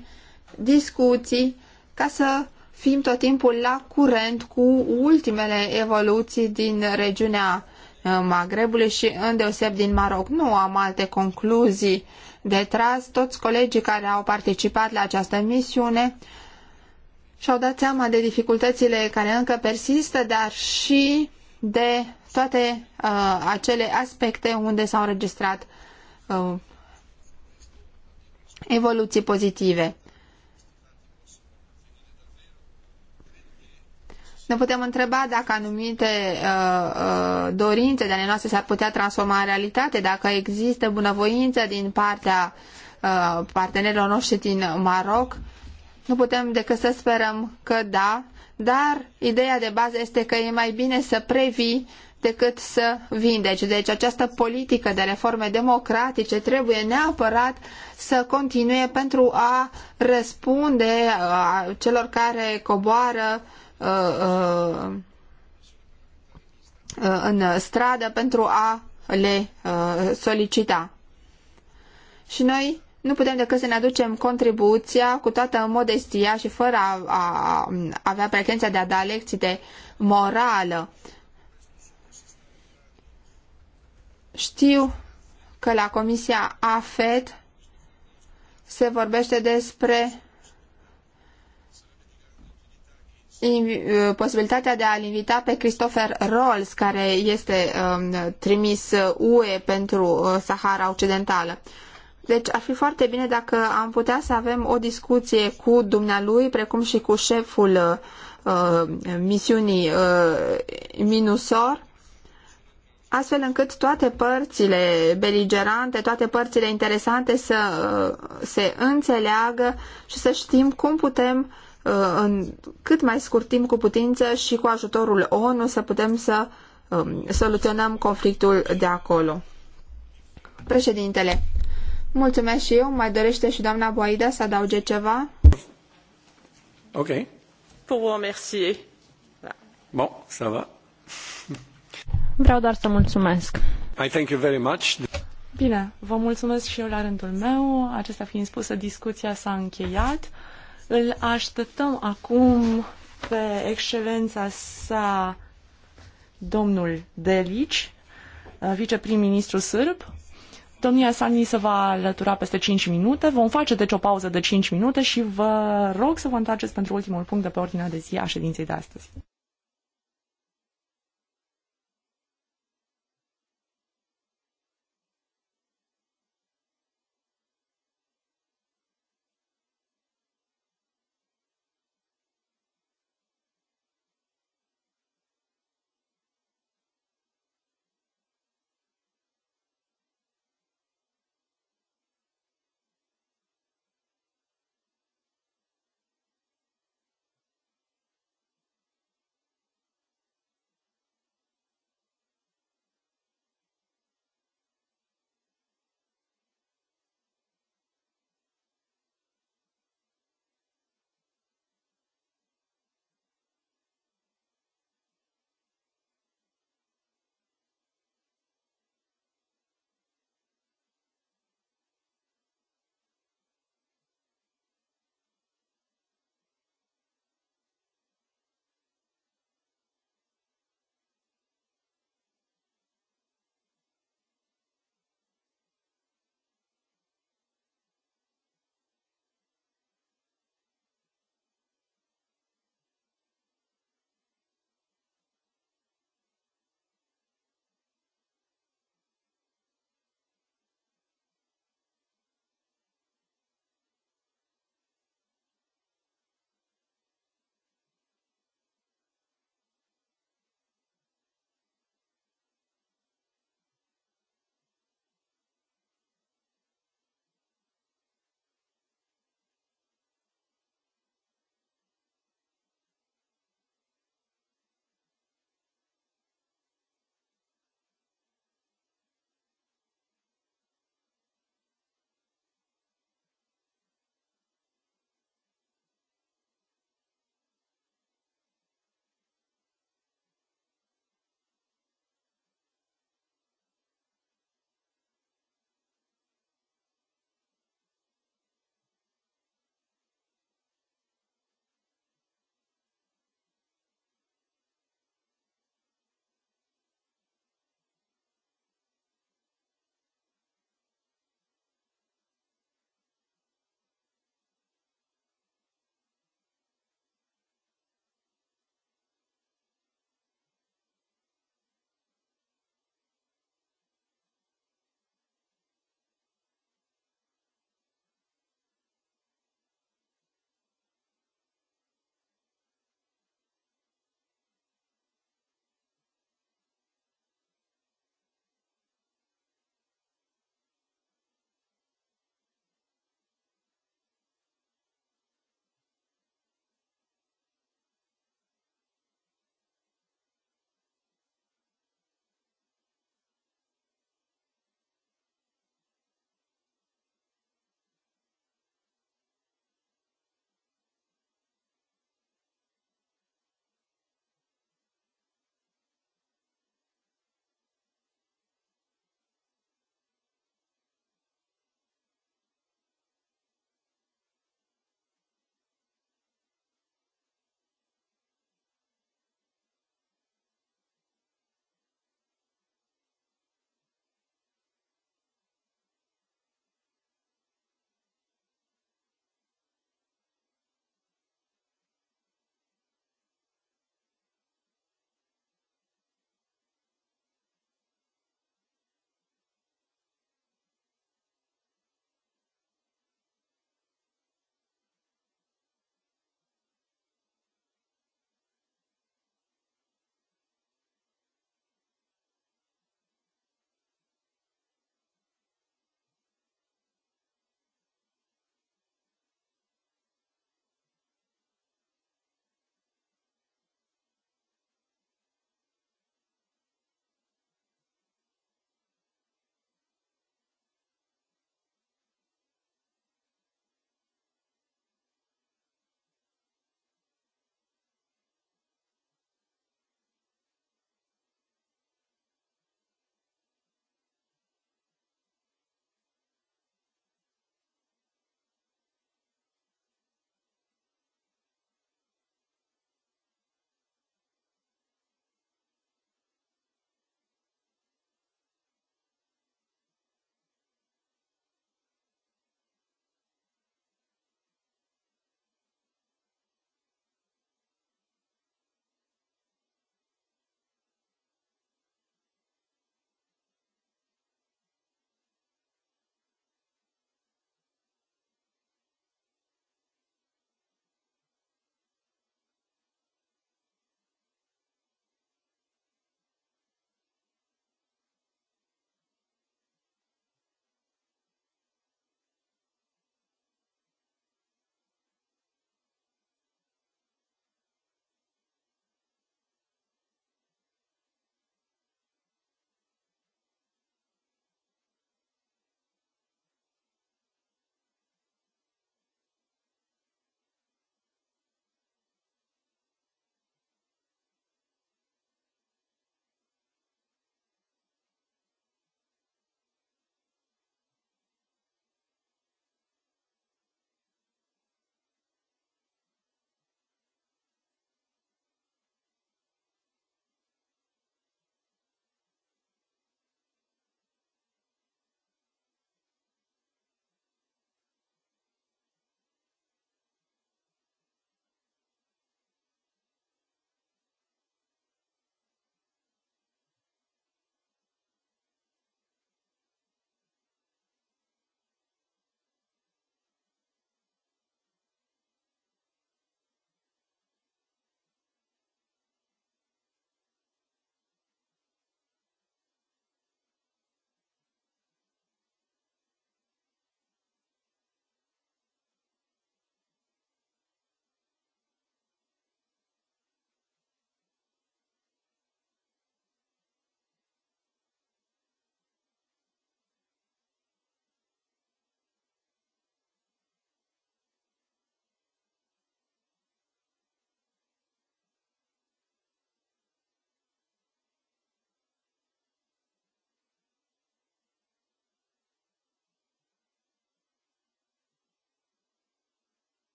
discuții ca să fim tot timpul la curent cu ultimele evoluții din regiunea uh, Magrebului și îndeoseb din Maroc. Nu am alte concluzii de tras. Toți colegii care au participat la această misiune și-au dat seama de dificultățile care încă persistă, dar și de toate uh, acele aspecte unde s-au înregistrat uh, evoluții pozitive. Ne putem întreba dacă anumite uh, uh, dorințe de ale noastre s-ar putea transforma în realitate, dacă există bunăvoință din partea uh, partenerilor noștri din Maroc. Nu putem decât să sperăm că da, dar ideea de bază este că e mai bine să previi decât să vindeci. Deci această politică de reforme democratice trebuie neapărat să continue pentru a răspunde a celor care coboară uh, uh, uh, în stradă pentru a le uh, solicita. Și noi nu putem decât să ne aducem contribuția cu toată modestia și fără a, a, a avea pretenția de a da lecții de morală Știu că la Comisia AFET se vorbește despre uh, posibilitatea de a-l invita pe Christopher Rolls, care este um, trimis UE uh, pentru uh, Sahara Occidentală. Deci ar fi foarte bine dacă am putea să avem o discuție cu dumnealui, precum și cu șeful uh, misiunii uh, Minusor, astfel încât toate părțile beligerante, toate părțile interesante să uh, se înțeleagă și să știm cum putem uh, în cât mai scurt timp cu putință și cu ajutorul ONU să putem să um, soluționăm conflictul de acolo. Președintele, mulțumesc și eu. Mai dorește și doamna Boaida să adauge ceva? Ok. Pour vous remercier. Bon, ça va. Vreau doar să mulțumesc. I thank you very much. Bine, vă mulțumesc și eu la rândul meu. Acestea fiind spusă, discuția s-a încheiat. Îl așteptăm acum pe excelența sa domnul Delici, viceprim-ministru sârb. Domnia sa ni se va alătura peste 5 minute. Vom face deci o pauză de 5 minute și vă rog să vă întoarceți pentru ultimul punct de pe ordinea de zi a ședinței de astăzi.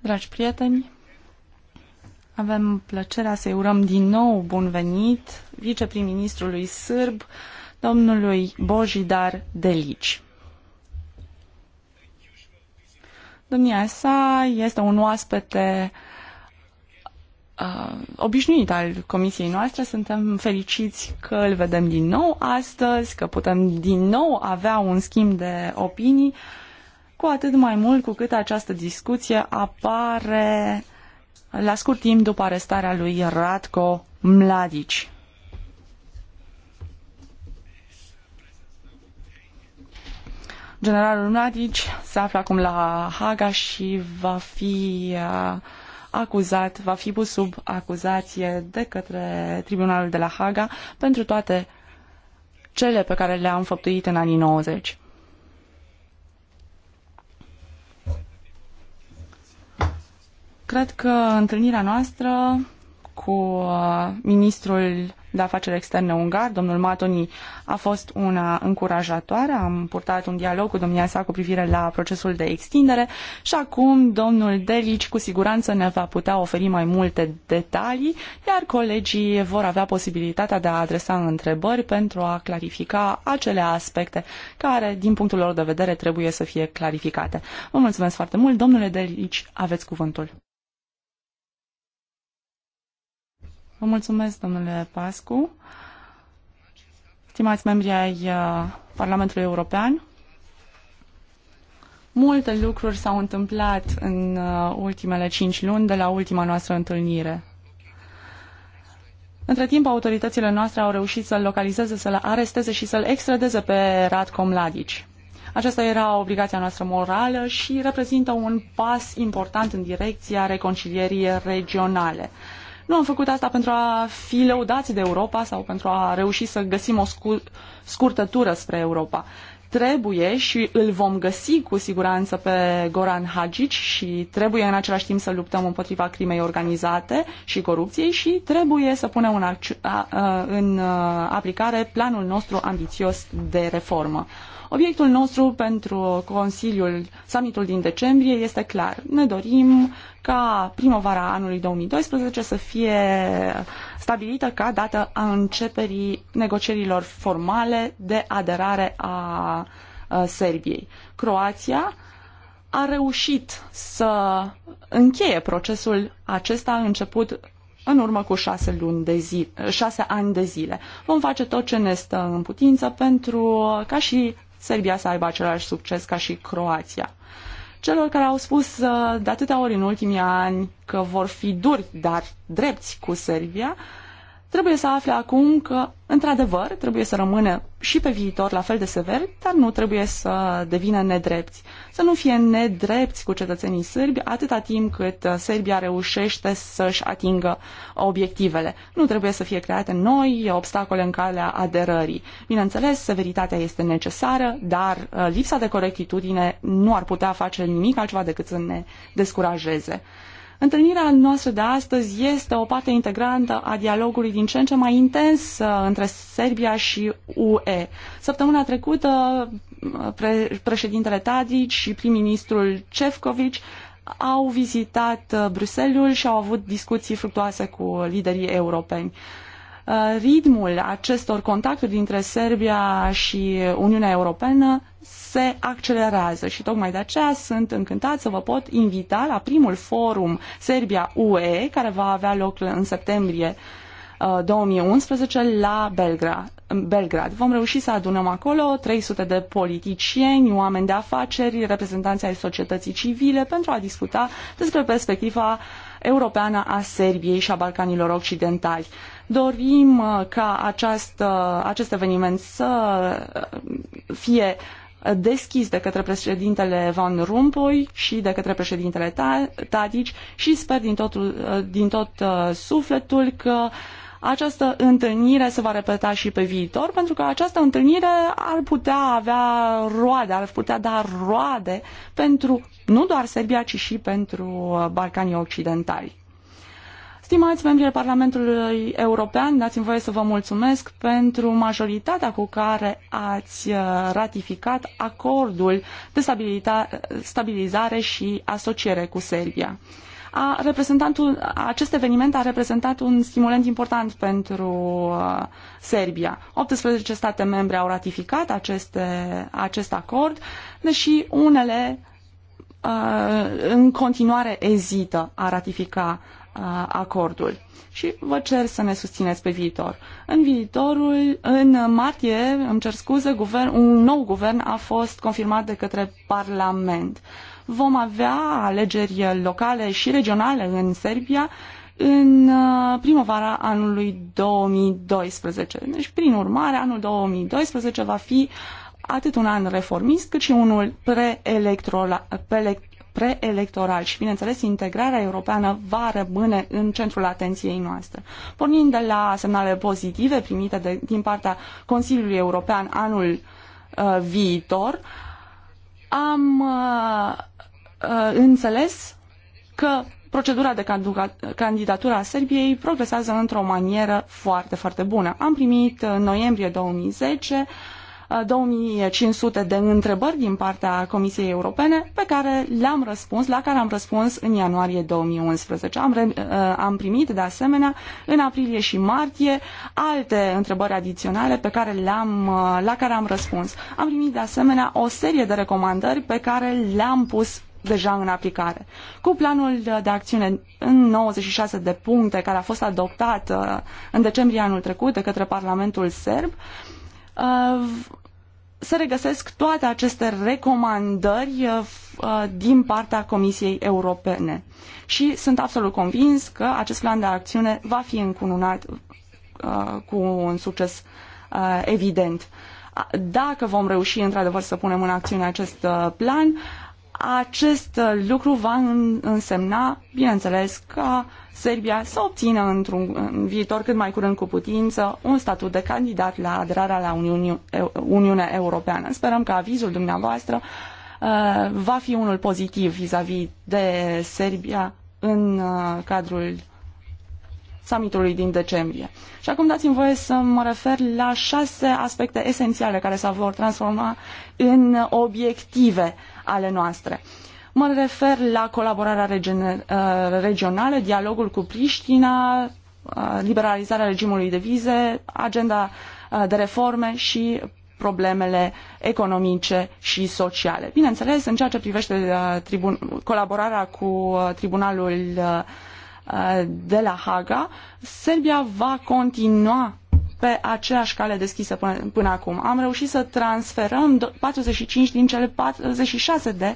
Dragi prieteni, avem plăcerea să-i urăm din nou bun venit viceprim-ministrului sârb, domnului Bojidar Delici. Domnia sa este un oaspete uh, uh, obișnuit al comisiei noastre. Suntem fericiți că îl vedem din nou astăzi, că putem din nou avea un schimb de opinii, cu atât mai mult cu cât această discuție apare la scurt timp după arestarea lui Radko Mladic. Generalul Mladic se află acum la Haga și va fi uh, acuzat, va fi pus sub acuzație de către Tribunalul de la Haga pentru toate cele pe care le-a înfăptuit în anii 90. Cred că întâlnirea noastră cu uh, ministrul de afaceri externe ungar, domnul Matoni, a fost una încurajatoare. Am purtat un dialog cu domnia sa cu privire la procesul de extindere și acum domnul Delici cu siguranță ne va putea oferi mai multe detalii, iar colegii vor avea posibilitatea de a adresa întrebări pentru a clarifica acele aspecte care, din punctul lor de vedere, trebuie să fie clarificate. Vă mulțumesc foarte mult. Domnule Delici, aveți cuvântul. Vă mulțumesc, domnule Pascu. Stimați membri ai uh, Parlamentului European, multe lucruri s-au întâmplat în uh, ultimele cinci luni de la ultima noastră întâlnire. Între timp, autoritățile noastre au reușit să-l localizeze, să-l aresteze și să-l extradeze pe Ratko Mladic. Aceasta era obligația noastră morală și reprezintă un pas important în direcția reconcilierii regionale. Nu am făcut asta pentru a fi lăudați de Europa sau pentru a reuși să găsim o scur- scurtătură spre Europa. Trebuie și îl vom găsi cu siguranță pe Goran Hagic și trebuie în același timp să luptăm împotriva crimei organizate și corupției și trebuie să punem în, în aplicare planul nostru ambițios de reformă. Obiectul nostru pentru Consiliul, summitul din decembrie este clar. Ne dorim ca primăvara anului 2012 să fie stabilită ca dată a începerii negocierilor formale de aderare a Serbiei. Croația a reușit să încheie procesul acesta început în urmă cu șase, luni de zi, șase ani de zile. Vom face tot ce ne stă în putință pentru ca și Serbia să aibă același succes ca și Croația. Celor care au spus uh, de atâtea ori în ultimii ani că vor fi duri, dar drepți cu Serbia, trebuie să afle acum că, într-adevăr, trebuie să rămână și pe viitor la fel de severi, dar nu trebuie să devină nedrepti. Să nu fie nedrepti cu cetățenii sârbi atâta timp cât uh, Serbia reușește să-și atingă obiectivele. Nu trebuie să fie create noi obstacole în calea aderării. Bineînțeles, severitatea este necesară, dar uh, lipsa de corectitudine nu ar putea face nimic altceva decât să ne descurajeze. Întâlnirea noastră de astăzi este o parte integrantă a dialogului din ce în ce mai intens uh, între Serbia și UE. Săptămâna trecută, uh, pre- președintele Tadic și prim-ministrul Cefcovici au vizitat uh, Bruselul și au avut discuții fructuoase cu liderii europeni. Uh, ritmul acestor contacte dintre Serbia și Uniunea Europeană se accelerează și tocmai de aceea sunt încântat să vă pot invita la primul forum Serbia-UE care va avea loc în septembrie 2011 uh, la Belgrad. Belgrad. Vom reuși să adunăm acolo 300 de politicieni, oameni de afaceri, reprezentanții ai societății civile pentru a discuta despre perspectiva europeană a Serbiei și a Balcanilor Occidentali. Dorim uh, ca acest uh, acest eveniment să uh, fie deschis de către președintele Van Rompuy și de către președintele Tadic și sper din, totul, din tot sufletul că uh, această întâlnire se va repeta și pe viitor, pentru că această întâlnire ar putea avea roade, ar putea da roade pentru nu doar Serbia, ci și pentru uh, Balcanii Occidentali. Stimați membrii Parlamentului European, dați-mi voie să vă mulțumesc pentru majoritatea cu care ați uh, ratificat acordul de stabilizare și asociere cu Serbia a reprezentat un, acest eveniment a reprezentat un stimulant important pentru uh, Serbia. 18 state membre au ratificat aceste, acest acord, deși unele uh, în continuare ezită a ratifica uh, acordul. Și vă cer să ne susțineți pe viitor. În viitorul, în martie, îmi cer scuze, guvern, un nou guvern a fost confirmat de către Parlament. Uh, vom avea alegeri locale și regionale în Serbia în uh, primăvara anului 2012. Deci, prin urmare, anul 2012 va fi atât un an reformist, cât și unul preelectoral, pre și, bineînțeles, integrarea europeană va rămâne în centrul atenției noastre. Pornind de la semnale pozitive primite de, din partea Consiliului European anul uh, viitor, am uh, Uh, înțeles că procedura de candidatură a Serbiei progresează într-o manieră foarte, foarte bună. Am primit în uh, noiembrie 2010 2500 uh, de întrebări din partea Comisiei Europene pe care le-am răspuns, la care am răspuns în ianuarie 2011. Am, re, am primit de asemenea în aprilie și martie alte întrebări adiționale pe care le-am, la care am răspuns. Am primit de asemenea o serie de recomandări pe care le-am pus deja în aplicare. Cu planul de acțiune în 96 de puncte care a fost adoptat uh, în decembrie anul trecut de către Parlamentul Serb, uh, se regăsesc toate aceste recomandări uh, din partea Comisiei Europene. Și sunt absolut convins că acest plan de acțiune va fi încununat cu un succes evident. Dacă vom reuși într-adevăr să punem în acțiune acest plan, acest uh, lucru va însemna, bineînțeles, ca Serbia să obțină într-un în viitor cât mai curând cu putință un statut de candidat la aderarea la Uniune, Uniunea Europeană. Sperăm că avizul dumneavoastră uh, va fi unul pozitiv vis a -vis de Serbia în uh, cadrul summitului din decembrie. Și acum dați-mi voie să mă refer la șase aspecte esențiale care se vor transforma în obiective uh, ale noastre. Mă refer la colaborarea uh, regională, dialogul cu Priștina, uh, liberalizarea regimului de vize, agenda uh, de reforme și problemele economice și sociale. Bineînțeles, în ceea ce privește colaborarea cu Tribunalul de la Haga, Serbia va continua pe aceeași cale deschisă până, până acum. Am reușit să transferăm 45 din cele 46 de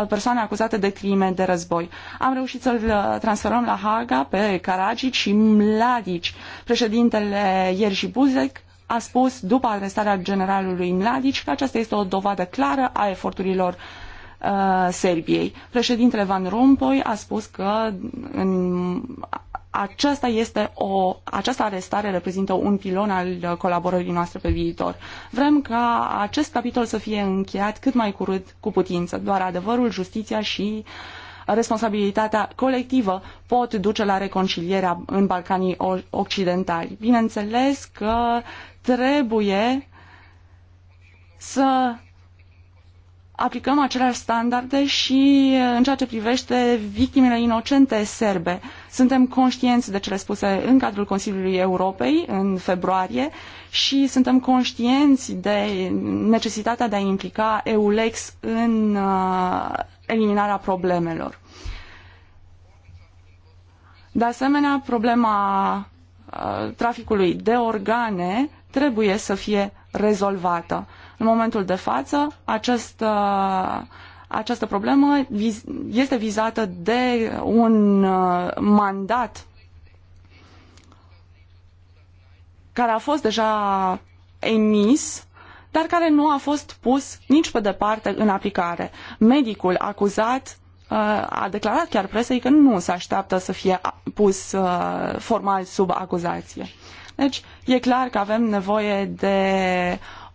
uh, persoane acuzate de crime de război. Am reușit să-l uh, transferăm la Haga pe Caragici și Mladici. Președintele și Buzek a spus, după arestarea generalului Mladici că aceasta este o dovadă clară a eforturilor uh, Serbiei. Președintele Van Rompuy a spus că în aceasta, este o, această arestare reprezintă un pilon al colaborării noastre pe viitor. Vrem ca acest capitol să fie încheiat cât mai curând cu putință. Doar adevărul, justiția și responsabilitatea colectivă pot duce la reconcilierea în Balcanii Occidentali. Bineînțeles că trebuie să aplicăm aceleași standarde și uh, în ceea ce privește victimele inocente serbe. Suntem conștienți de cele spuse în cadrul Consiliului Europei în februarie și suntem conștienți de necesitatea de a implica EULEX în uh, eliminarea problemelor. De asemenea, problema uh, traficului de organe trebuie să fie rezolvată. În momentul de față, acest, uh, această problemă este vizată de un uh, mandat care a fost deja emis dar care nu a fost pus nici pe departe în aplicare. Medicul acuzat uh, a declarat chiar presei că nu se așteaptă să fie pus formal sub acuzație. Deci, e clar că avem nevoie de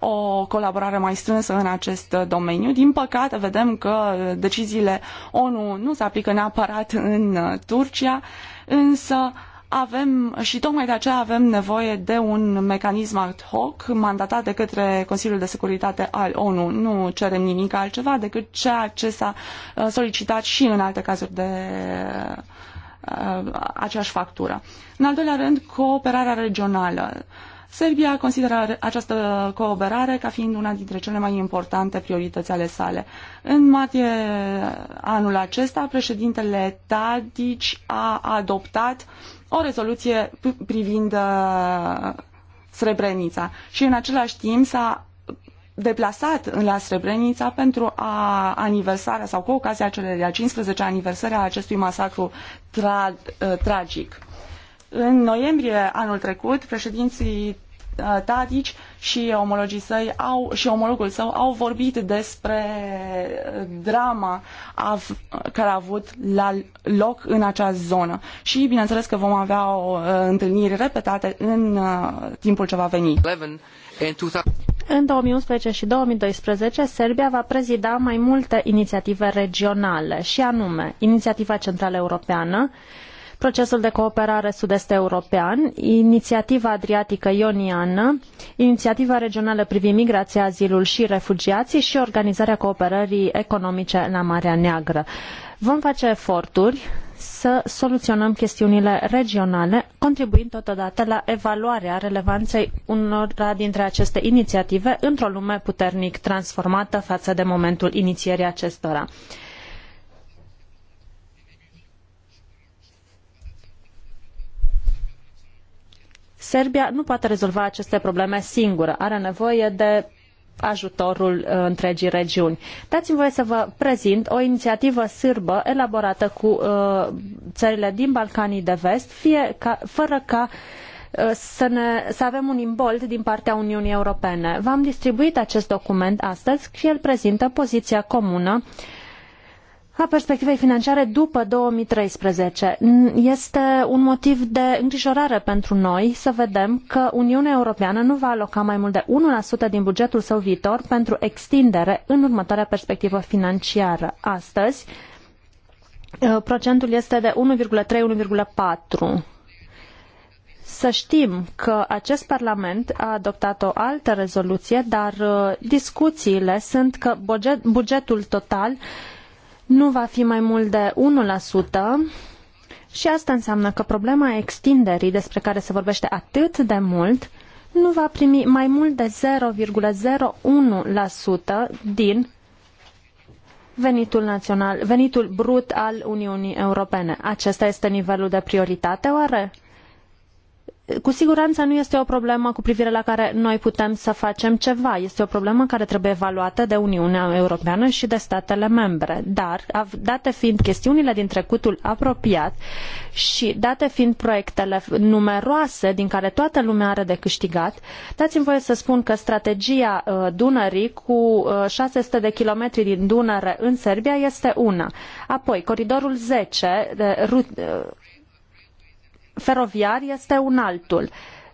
o colaborare mai strânsă în acest domeniu. Din păcate, vedem că deciziile ONU nu se aplică neapărat în Turcia, însă avem și tocmai de aceea avem nevoie de un mecanism ad hoc mandatat de către Consiliul de Securitate al ONU. Nu cerem nimic altceva decât ceea ce s-a uh, solicitat și în alte cazuri de uh, aceeași factură. În al doilea rând, cooperarea regională. Serbia consideră această cooperare ca fiind una dintre cele mai importante priorități ale sale. În martie anul acesta, președintele Tadic a adoptat o rezoluție privind uh, Srebrenica și în același timp s-a deplasat la Srebrenica pentru a aniversarea sau cu ocazia celei de-a 15 aniversare a acestui masacru tra- uh, tragic. În noiembrie anul trecut, președinții uh, Tadici și omologii săi au, și omologul său au vorbit despre uh, drama av, care a avut la loc în acea zonă. Și bineînțeles că vom avea o uh, întâlniri repetate în timpul ce va veni. În 2011 și 2012, Serbia va prezida mai multe inițiative regionale, și anume Inițiativa Centrală Europeană, procesul de cooperare sud-est european, inițiativa adriatică ioniană, inițiativa regională privind migrația, azilul și refugiații și organizarea cooperării economice la Marea Neagră. Vom face eforturi să soluționăm chestiunile regionale, contribuind totodată la evaluarea relevanței unora dintre aceste inițiative într-o lume puternic transformată față de momentul inițierii acestora. Serbia nu poate rezolva aceste probleme singură, are nevoie de ajutorul uh, întregii regiuni. Dați-mi voie să vă prezint o inițiativă sârbă elaborată cu uh, țările din Balcanii de Vest, fie ca, fără ca uh, să, ne, să avem un imbold din partea Uniunii Europene. V-am distribuit acest document astăzi și el prezintă poziția comună uh, a perspectivei financiare după 2013. Este un motiv de îngrijorare pentru noi să vedem că Uniunea Europeană nu va aloca mai mult de 1% din bugetul său viitor pentru extindere în următoarea perspectivă financiară. Astăzi, ă, procentul este de 1,3-1,4. Să știm că acest Parlament a adoptat o altă rezoluție, dar ă, discuțiile sunt că bugetul total nu va fi mai mult de 1% și asta înseamnă că problema extinderii despre care se vorbește atât de mult nu va primi mai mult de 0,01% din venitul, național, venitul brut al Uniunii Europene. Acesta este nivelul de prioritate, oare? cu siguranță nu este o problemă cu privire la care noi putem să facem ceva. Este o problemă care trebuie evaluată de Uniunea Europeană și de statele membre. Dar, date fiind chestiunile din trecutul apropiat și date fiind proiectele numeroase din care toată lumea are de câștigat, dați-mi voie să spun că strategia uh, Dunării cu 600 uh, de kilometri din Dunăre în Serbia este una. Apoi, coridorul 10, feroviar este un altul.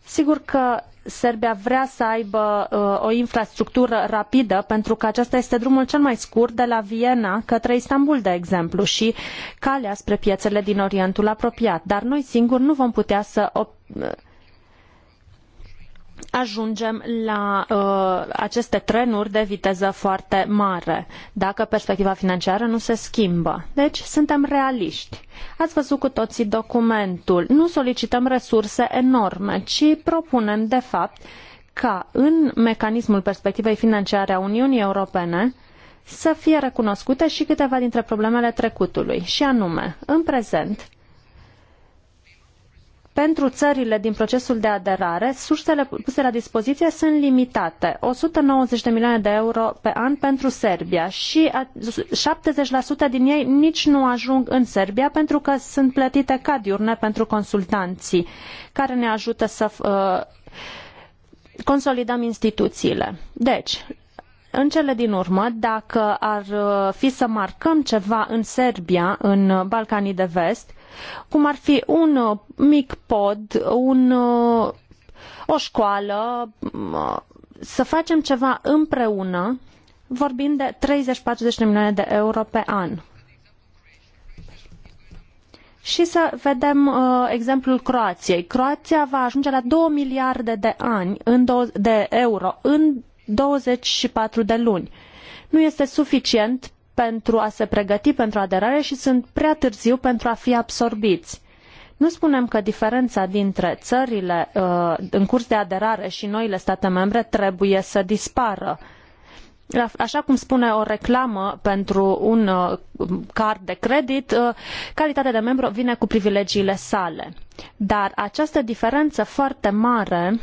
Sigur că Serbia vrea să aibă uh, o infrastructură rapidă, pentru că acesta este drumul cel mai scurt de la Viena către Istanbul, de exemplu, și calea spre piețele din Orientul apropiat. Dar noi singuri nu vom putea să ajungem la uh, aceste trenuri de viteză foarte mare, dacă perspectiva financiară nu se schimbă. Deci, suntem realiști. Ați văzut cu toții documentul. Nu solicităm resurse enorme, ci propunem, de fapt, ca în mecanismul perspectivei financiare a Uniunii Europene să fie recunoscute și câteva dintre problemele trecutului, și anume, în prezent, pentru țările din procesul de aderare, sursele puse la dispoziție sunt limitate. 190 de milioane de euro pe an pentru Serbia și 70% din ei nici nu ajung în Serbia pentru că sunt plătite ca diurne pentru consultanții care ne ajută să uh, consolidăm instituțiile. Deci, în cele din urmă, dacă ar uh, fi să marcăm ceva în Serbia, în Balcanii de Vest, cum ar fi un uh, mic pod, un, uh, o școală, mm, uh, să facem ceva împreună, vorbim de 30-40 de milioane de euro pe an. Și să vedem uh, exemplul Croației. Croația va ajunge la 2 miliarde de, ani în de euro în 24 de luni. Nu este suficient pentru a se pregăti pentru aderare și sunt prea târziu pentru a fi absorbiți. Nu spunem că diferența dintre țările uh, în curs de aderare și noile state membre trebuie să dispară. Așa cum spune o reclamă pentru un uh, card de credit, uh, calitatea de membru vine cu privilegiile sale. Dar această diferență foarte mare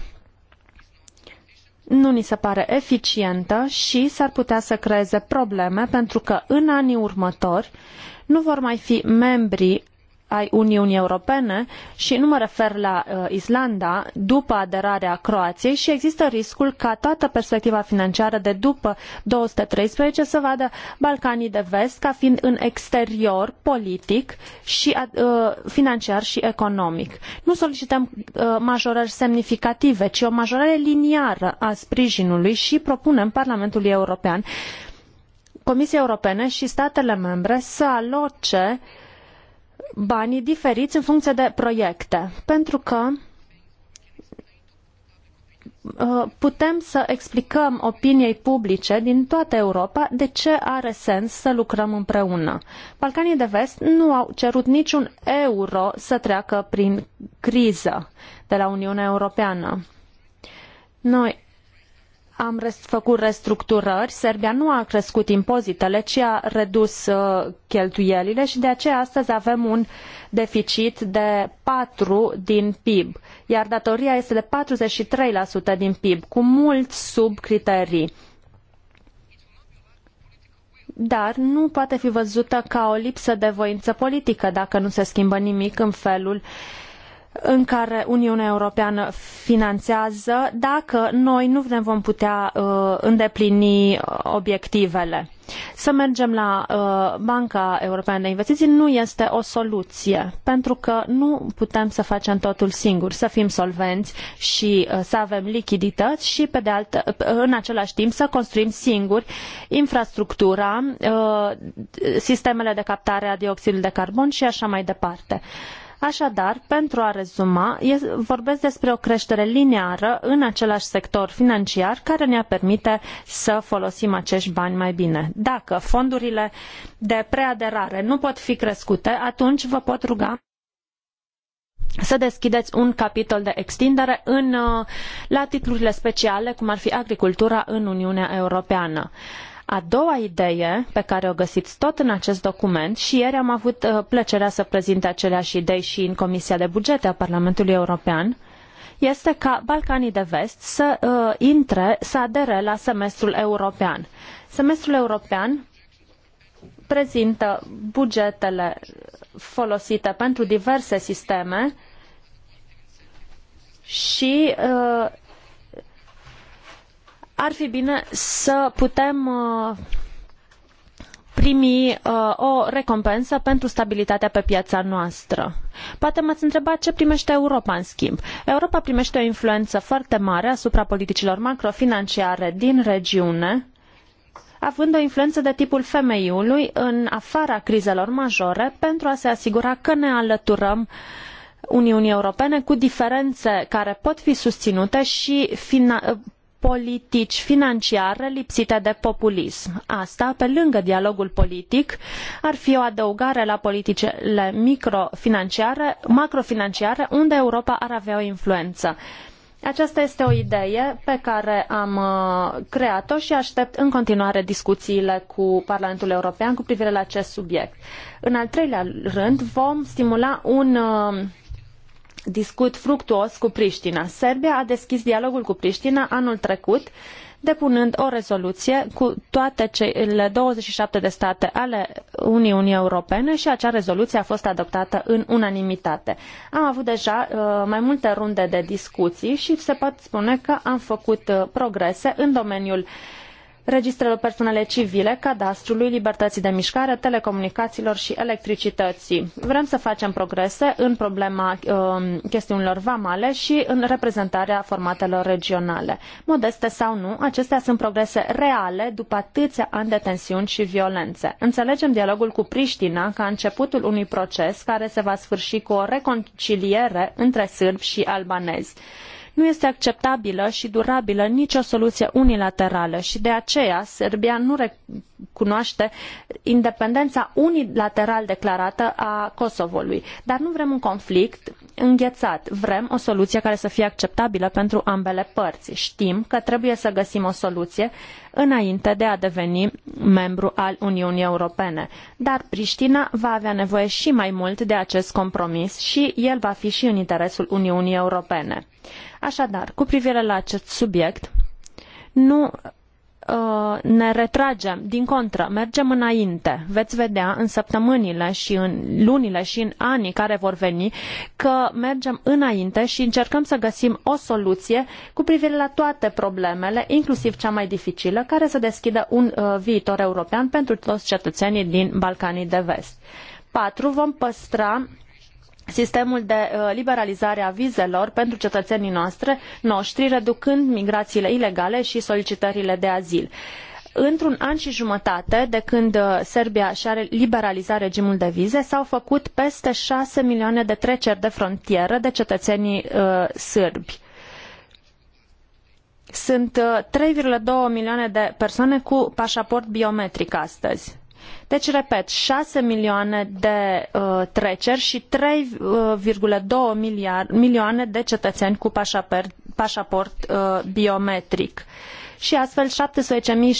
nu ni se pare eficientă și s-ar putea să creeze probleme pentru că în anii următori nu vor mai fi membri ai Uniunii Europene și nu mă refer la uh, Islanda după aderarea Croației și există riscul ca toată perspectiva financiară de după 213 să vadă Balcanii de vest ca fiind în exterior politic și uh, financiar și economic. Nu solicităm uh, majorări semnificative, ci o majorare liniară a sprijinului și propunem Parlamentului European Comisiei Europene și statele membre să aloce banii diferiți în funcție de proiecte, pentru că uh, putem să explicăm opiniei publice din toată Europa de ce are sens să lucrăm împreună. Balcanii de vest nu au cerut niciun euro să treacă prin criză de la Uniunea Europeană. Noi am făcut restructurări, Serbia nu a crescut impozitele, ci a redus uh, cheltuielile și de aceea astăzi avem un deficit de 4 din PIB, iar datoria este de 43% din PIB, cu mult sub criterii dar nu poate fi văzută ca o lipsă de voință politică dacă nu se schimbă nimic în felul în care Uniunea Europeană finanțează dacă noi nu ne vom putea uh, îndeplini uh, obiectivele. Să mergem la uh, Banca Europeană de Investiții nu este o soluție, pentru că nu putem să facem totul singur, să fim solvenți și să avem lichidități și pe de altă, în același timp să construim singuri infrastructura, sistemele de captare a dioxidului de carbon și așa mai departe. Uh, Așadar, pentru a rezuma, vorbesc despre o creștere lineară în același sector financiar care ne-a permite să folosim acești bani mai bine. Dacă fondurile de preaderare nu pot fi crescute, atunci vă pot ruga să deschideți un capitol de extindere în, uh, la titlurile speciale, cum ar fi agricultura în Uniunea Europeană. A doua idee pe care o găsiți tot în acest document și ieri am avut uh, plăcerea să prezint aceleași idei și în Comisia de Bugete a Parlamentului European, este ca Balcanii de Vest să uh, intre, să adere la semestrul european. Semestrul european prezintă bugetele folosite pentru diverse sisteme și uh, ar fi bine să putem uh, primi uh, o recompensă pentru stabilitatea pe piața noastră. Poate m-ați întrebat ce primește Europa în schimb. Europa primește o influență foarte mare asupra politicilor macrofinanciare din regiune, având o influență de tipul femeiului în afara crizelor majore pentru a se asigura că ne alăturăm Uniunii Europene cu diferențe care pot fi susținute și politici financiare lipsite de populism. Asta, pe lângă dialogul politic, ar fi o adăugare la politicile microfinanciare, macrofinanciare, unde Europa ar avea o influență. Aceasta este o idee pe care am uh, creat-o și aștept în continuare discuțiile cu Parlamentul European cu privire la acest subiect. În al treilea rând, vom stimula un uh, discut fructuos cu Priștina. Serbia a deschis dialogul cu Priștina anul trecut, depunând o rezoluție cu toate cele 27 de state ale Uniunii Europene și acea rezoluție a fost adoptată în unanimitate. Am avut deja uh, mai multe runde de discuții și se poate spune că am făcut uh, progrese în domeniul uh, registrelor persoanelor civile, cadastrului, libertății de mișcare, telecomunicațiilor și electricității. Vrem să facem progrese în problema um, chestiunilor vamale și în reprezentarea formatelor regionale. Modeste sau nu, acestea sunt progrese reale după atâția ani de tensiuni și violențe. Înțelegem dialogul cu Priștina ca începutul unui proces care se va sfârși cu o reconciliere între sârbi și albanezi. Nu este acceptabilă și durabilă nicio soluție unilaterală și de aceea Serbia nu recunoaște independența unilateral declarată a Kosovoului. Dar nu vrem un conflict înghețat, vrem o soluție care să fie acceptabilă pentru ambele părți. Știm că trebuie să găsim o soluție înainte de a deveni membru al Uniunii Europene. Dar Priștina va avea nevoie și mai mult de acest compromis și el va fi și în interesul Uniunii Europene. Așadar, cu privire la acest subiect, nu uh, ne retragem, din contră, mergem înainte. Veți vedea în săptămânile și în lunile și în anii care vor veni că mergem înainte și încercăm să găsim o soluție cu privire la toate problemele, inclusiv cea mai dificilă, care să deschidă un uh, viitor european pentru toți cetățenii din Balcanii de Vest. Patru Vom păstra sistemul de uh, liberalizare a vizelor pentru cetățenii noastre, noștri, reducând migrațiile ilegale și solicitările de azil. Într-un an și jumătate de când uh, Serbia și-a liberalizat regimul de vize, s-au făcut peste 6 milioane de treceri de frontieră de cetățenii uh, sârbi sunt uh, trei doi milioane de persoane cu pașaport biometric astăzi. Deci, repet, 6 milioane de uh, treceri și 3,2 uh, milioane de cetățeni cu pașaport, pașaport uh, biometric. Și astfel, 17.700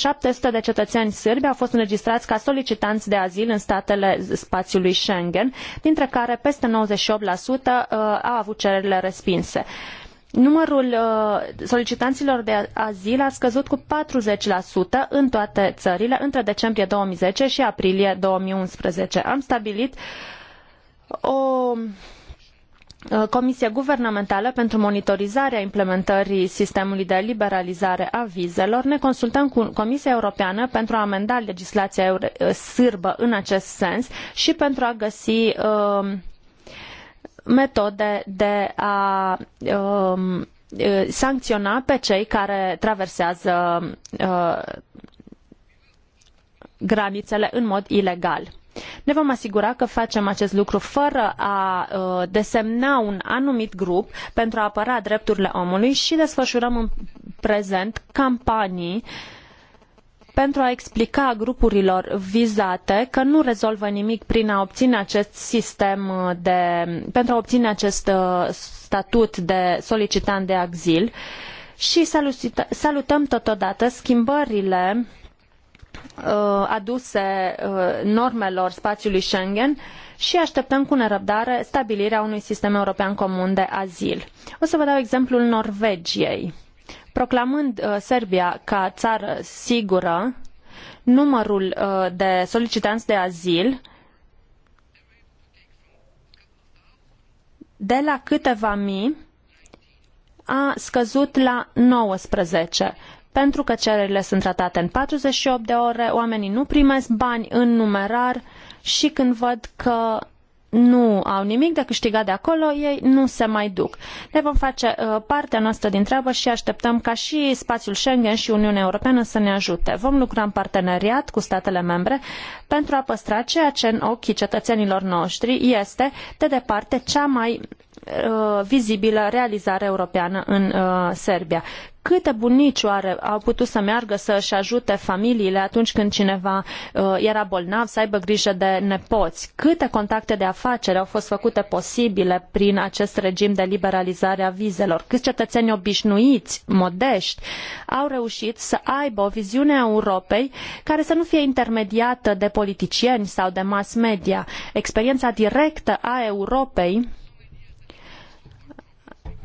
de cetățeni sârbi au fost înregistrați ca solicitanți de azil în statele spațiului Schengen, dintre care peste 98% uh, au avut cererile respinse. Numărul uh, solicitanților de azil a scăzut cu 40% în toate țările între decembrie 2010 și aprilie 2011. Am stabilit o uh, comisie guvernamentală pentru monitorizarea implementării sistemului de liberalizare a vizelor. Ne consultăm cu Comisia Europeană pentru a amenda legislația uh, sârbă în acest sens și pentru a găsi uh, metode de a um, sancționa pe cei care traversează uh, granițele în mod ilegal. Ne vom asigura că facem acest lucru fără a uh, desemna un anumit grup pentru a apăra drepturile omului și desfășurăm în prezent campanii uh, pentru a explica grupurilor vizate că nu rezolvă nimic prin a obține acest sistem uh, de, pentru a obține acest uh, statut de solicitant de azil și salutăm totodată schimbările uh, aduse normelor spațiului Schengen și așteptăm cu nerăbdare stabilirea unui sistem european comun de azil. O să vă dau exemplul Norvegiei proclamând uh, Serbia ca țară sigură, numărul uh, de solicitanți de azil de la câteva mii a scăzut la 19 pentru că cererile sunt tratate în 48 de ore, oamenii nu primesc bani în numerar și când văd că nu au nimic de câștigat de acolo, ei nu se mai duc. Ne vom face uh, partea noastră din treabă și așteptăm ca și spațiul Schengen și Uniunea Europeană să ne ajute. Vom lucra în parteneriat cu statele membre pentru a păstra ceea ce în ochii cetățenilor noștri este, de departe, cea mai Uh, vizibilă realizare europeană în uh, Serbia. Câte bunicioare au putut să meargă să-și ajute familiile atunci când cineva uh, era bolnav, să aibă grijă de nepoți? Câte contacte de afaceri au fost făcute posibile prin acest regim de liberalizare a vizelor? Câți cetățeni obișnuiți, modești, au reușit să aibă o viziune a Europei care să nu fie intermediată de politicieni sau de mass media? Experiența directă a Europei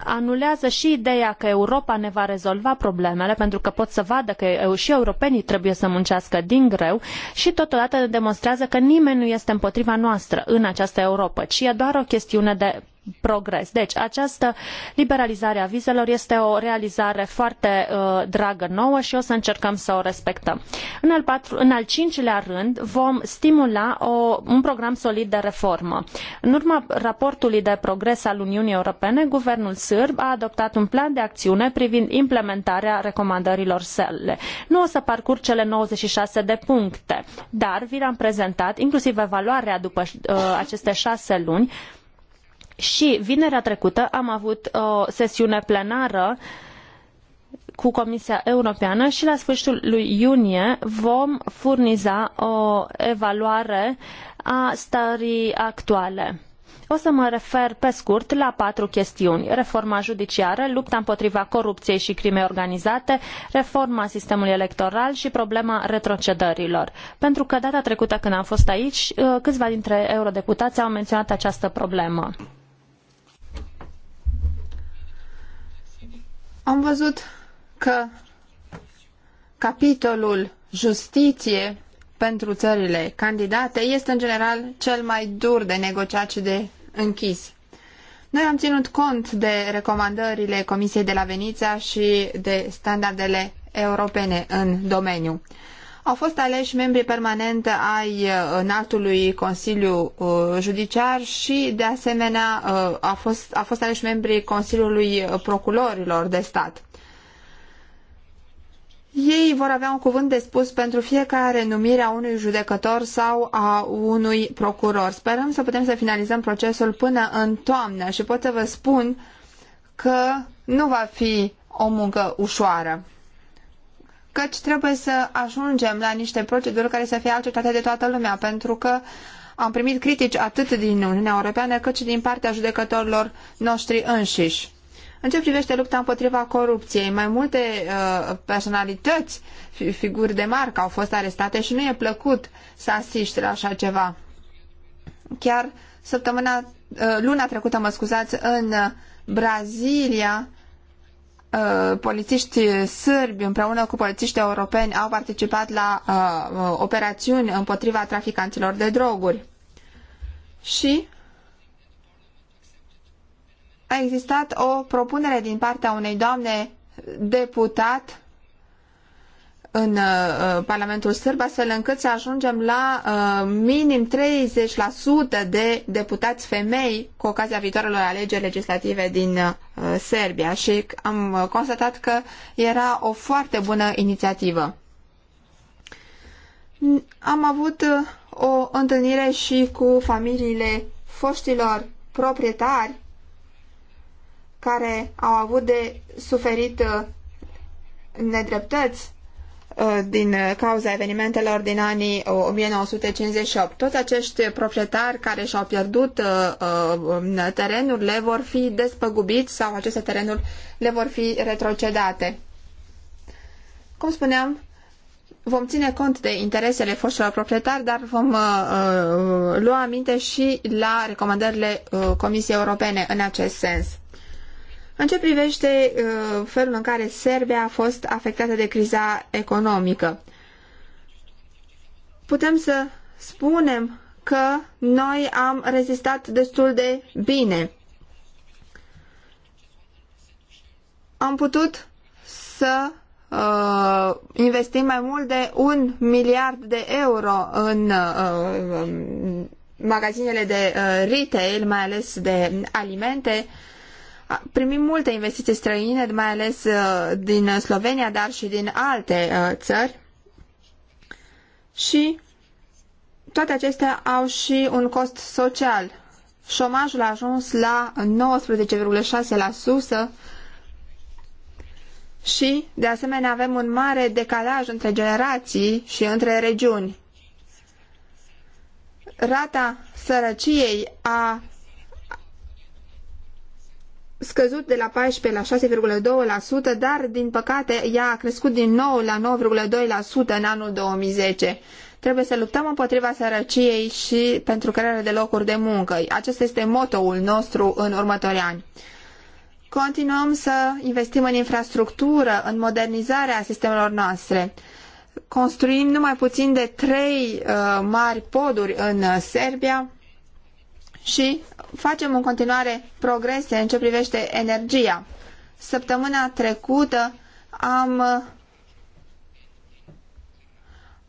anulează și ideea că Europa ne va rezolva problemele, pentru că pot să vadă că eu, și europenii trebuie să muncească din greu și totodată demonstrează că nimeni nu este împotriva noastră în această Europa, ci e doar o chestiune de progres. Deci, această liberalizare a vizelor este o realizare foarte uh, dragă nouă și o să încercăm să o respectăm. În al, patru, în al cincilea rând, vom stimula o, un program solid de reformă. În urma raportului de progres al Uniunii Europene, guvernul sârb a adoptat un plan de acțiune privind implementarea recomandărilor sale. Nu o să parcurg cele 96 de puncte, dar vi le-am prezentat, inclusiv evaluarea după uh, aceste șase luni, și vinerea trecută am avut o uh, sesiune plenară cu Comisia Europeană și la sfârșitul lui iunie vom furniza o evaluare a stării actuale. O să mă refer pe scurt la patru chestiuni. Reforma judiciară, lupta împotriva corupției și crimei organizate, reforma sistemului electoral și problema retrocedărilor. Pentru că data trecută când am fost aici, uh, câțiva dintre eurodeputați au menționat această problemă. Am văzut că capitolul justiție pentru țările candidate este în general cel mai dur de negociat și de închis. Noi am ținut cont de recomandările Comisiei de la Venița și de standardele europene în domeniu. Au fost aleși membri permanent ai uh, înaltului Consiliu uh, Judiciar și, de asemenea, uh, au fost, au fost aleși membrii Consiliului Procurorilor de Stat. Ei vor avea un cuvânt de spus pentru fiecare numire a unui judecător sau a unui procuror. Sperăm să putem să finalizăm procesul până în toamnă și pot să vă spun că nu va fi o muncă ușoară căci trebuie să ajungem la niște proceduri care să fie acceptate de toată lumea, pentru că am primit critici atât din Uniunea Europeană cât și din partea judecătorilor noștri înșiși. În ce privește lupta împotriva corupției, mai multe uh, personalități, figuri de marcă au fost arestate și nu e plăcut să asiști la așa ceva. Chiar săptămâna, uh, luna trecută, mă scuzați, în Brazilia, Uh, polițiști sârbi împreună cu polițiști europeni au participat la uh, operațiuni împotriva traficanților de droguri. Și a existat o propunere din partea unei doamne deputat în uh, Parlamentul Sârb, astfel încât să ajungem la uh, minim 30% de deputați femei cu ocazia viitoarelor alegeri legislative din uh, Serbia și am constatat că era o foarte bună inițiativă. Am avut o întâlnire și cu familiile foștilor proprietari care au avut de suferit nedreptăți Uh, din cauza evenimentelor din anii 1958. Uh, Toți acești proprietari care și-au pierdut uh, terenurile vor fi despăgubiți sau aceste terenuri le vor fi retrocedate. Cum spuneam, vom ține cont de interesele foștilor proprietari, dar vom lua aminte și la recomandările Comisiei Europene în acest sens. În ce privește uh, felul în care Serbia a fost afectată de criza economică, putem să spunem că noi am rezistat destul de bine. Am putut să uh, investim mai mult de un miliard de euro în uh, magazinele de uh, retail, mai ales de alimente, uh, primim multe investiții străine, mai ales uh, din Slovenia, dar și din alte uh, țări. Și toate acestea au și un cost social. Șomajul a ajuns la 19,6% și, de asemenea, avem un mare decalaj între generații și între regiuni. Rata sărăciei a scăzut de la 14 la 6,2%, dar din păcate ea a crescut din nou la 9,2% în anul 2010. Trebuie să luptăm împotriva sărăciei și pentru crearea de locuri de muncă. Acesta este motoul nostru în următorii ani. Continuăm să investim în infrastructură, în modernizarea sistemelor noastre. Construim numai puțin de trei uh, mari poduri în Serbia și facem în continuare progrese în ce privește energia. Săptămâna trecută am uh,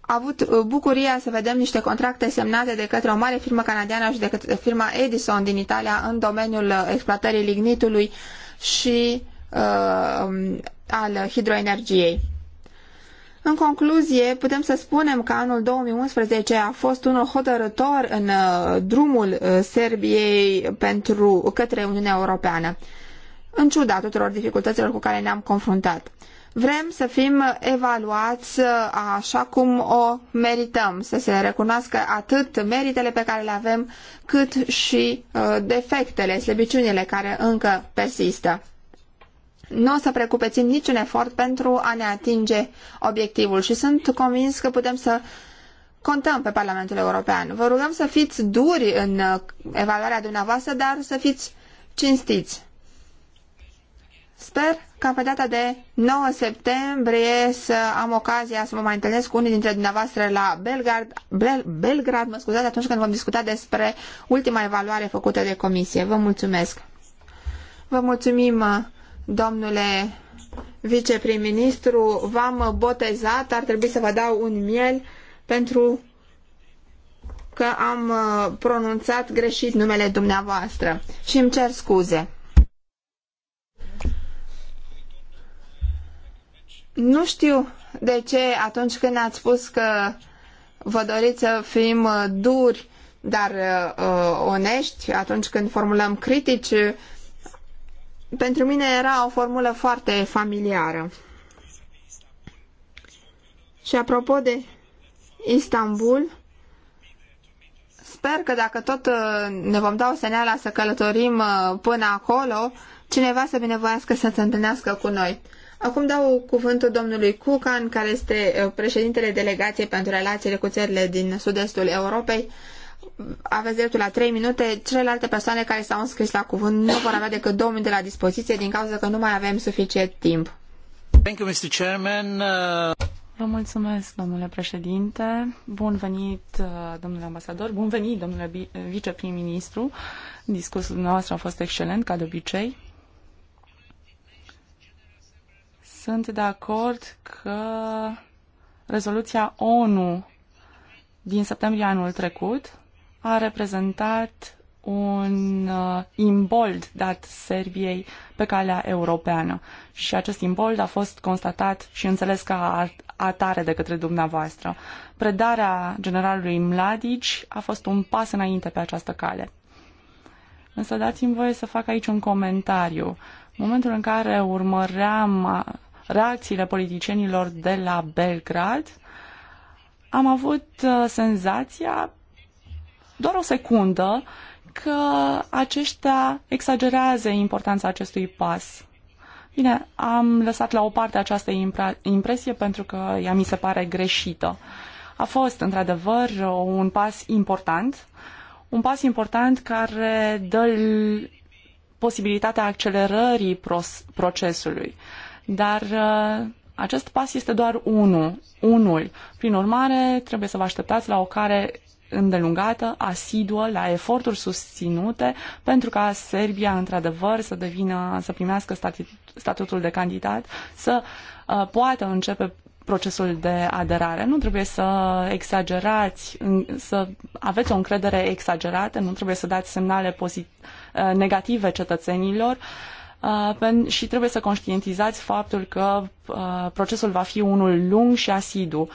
avut bucuria să vedem niște contracte semnate de către o mare firmă canadiană și de către firma Edison din Italia în domeniul uh, exploatării lignitului și uh, um, al hidroenergiei. În concluzie, putem să spunem că anul 2011 a fost unul hotărător în uh, drumul uh, Serbiei pentru către Uniunea Europeană, în ciuda tuturor dificultăților cu care ne-am confruntat. Vrem să fim evaluați uh, așa cum o merităm, să se recunoască atât meritele pe care le avem, cât și defectele, slăbiciunile care încă persistă nu o să precupețim niciun efort pentru a ne atinge obiectivul și sunt convins că putem să contăm pe Parlamentul European. Vă rugăm să fiți duri în uh, evaluarea dumneavoastră, dar să fiți cinstiți. Sper ca pe data de 9 septembrie să am ocazia să mă mai întâlnesc cu unii dintre dumneavoastră la Belgrad, Bel, Belgrad mă scuzați, atunci când vom discuta despre ultima evaluare făcută de comisie. Vă mulțumesc! Vă mulțumim uh, domnule viceprim-ministru, v-am botezat, ar trebui să vă dau un miel pentru că am uh, pronunțat greșit numele dumneavoastră și îmi cer scuze. Nu știu de ce atunci când ați spus că vă doriți să fim uh, duri, dar uh, uh, onești atunci când formulăm critici, pentru mine era o formulă foarte familiară. Și apropo de Istanbul, sper că dacă tot uh, ne vom da o seneala să călătorim uh, până acolo, cineva să binevoiască să se întâlnească cu noi. Acum dau cuvântul domnului Cucan, care este uh, președintele delegației pentru relațiile cu țările din sud-estul Europei aveți dreptul la 3 minute, celelalte persoane care s-au înscris la cuvânt nu vor avea decât 2 minute la dispoziție din cauza că nu mai avem suficient timp. Thank you, Mr. Chairman. Uh, Vă mulțumesc, domnule președinte. Bun venit, uh, domnule ambasador. Bun venit, domnule viceprim-ministru. Discursul dumneavoastră a fost excelent, ca de obicei. Sunt de acord că rezoluția ONU din septembrie anul trecut a reprezentat un uh, imbold dat Serbiei pe calea europeană. Și acest imbold a fost constatat și înțeles ca atare de către dumneavoastră. Predarea generalului Mladic a fost un pas înainte pe această cale. Însă dați-mi voie să fac aici un comentariu. În momentul în care urmăream uh, reacțiile politicienilor de la Belgrad, am avut uh, senzația doar o secundă că aceștia exagerează importanța acestui pas. Bine, am lăsat la o parte această impresie pentru că ea mi se pare greșită. A fost, într-adevăr, un pas important, un pas important care dă posibilitatea accelerării procesului. Dar uh, acest pas este doar unul. unul. Prin urmare, trebuie să vă așteptați la o, care, îndelungată, asiduă, la eforturi susținute pentru ca Serbia, într-adevăr, să devină, să primească statutul de candidat, să uh, poată începe procesul de aderare. Nu trebuie să exagerați, să aveți o încredere exagerată, nu trebuie să dați semnale uh, negative cetățenilor uh, și trebuie să conștientizați faptul că uh, procesul va fi unul lung și asidu.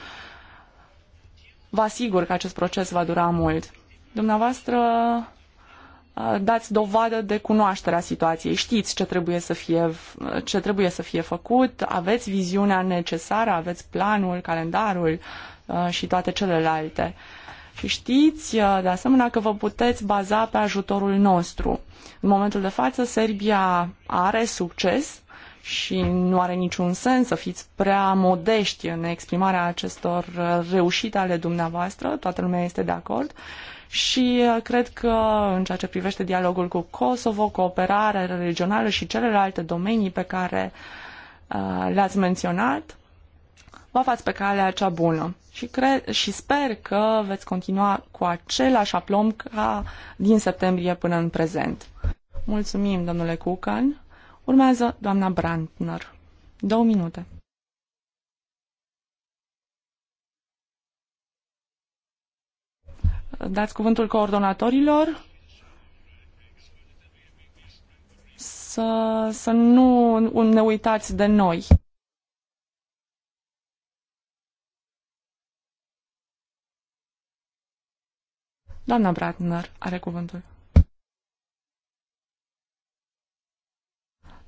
Vă asigur că acest proces va dura mult. Dumneavoastră dați dovadă de cunoașterea situației, știți ce trebuie să fie, ce trebuie să fie făcut, aveți viziunea necesară, aveți planul, calendarul și toate celelalte. Și știți, de asemenea, că vă puteți baza pe ajutorul nostru. În momentul de față, Serbia are succes, și nu are niciun sens să fiți prea modești în exprimarea acestor reușite ale dumneavoastră, toată lumea este de acord și uh, cred că în ceea ce privește dialogul cu Kosovo, cooperarea regională și celelalte domenii pe care uh, le-ați menționat, vă fați pe calea cea bună și, cred, și sper că veți continua cu același aplom ca din septembrie până în prezent. Mulțumim, domnule Cucan. Urmează doamna Brandner. Două minute. Dați cuvântul coordonatorilor să, să nu ne uitați de noi. Doamna Bratner are cuvântul.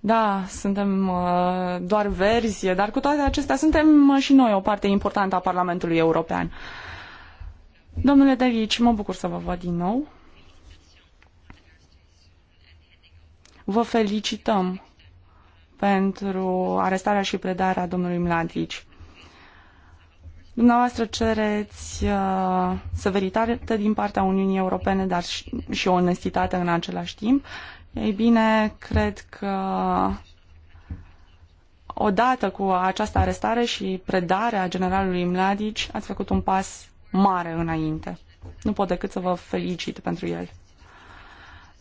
Da, suntem uh, doar verzi, dar cu toate acestea suntem uh, și noi o parte importantă a Parlamentului European. Domnule Delici, mă bucur să vă văd din nou. Vă felicităm pentru arestarea și predarea domnului Mladic. Dumneavoastră cereți uh, severitate din partea Uniunii Europene, dar și, și onestitate în același timp ei bine, cred că odată cu această arestare și predarea generalului Mladici, ați făcut un pas mare înainte. Nu pot decât să vă felicit pentru el.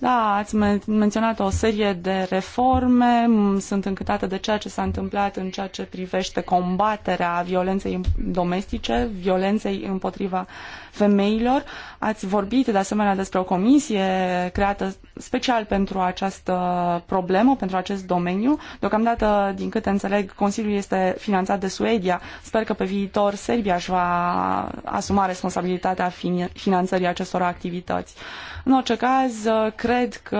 Da, ați men- menționat o serie de reforme, sunt încântată de ceea ce s-a întâmplat în ceea ce privește combaterea violenței domestice, violenței împotriva femeilor. Ați vorbit de asemenea despre o comisie creată special pentru această problemă, pentru acest domeniu. Deocamdată, din câte înțeleg, Consiliul este finanțat de Suedia. Sper că pe viitor Serbia își va asuma responsabilitatea finanțării acestor activități. În orice caz, cred că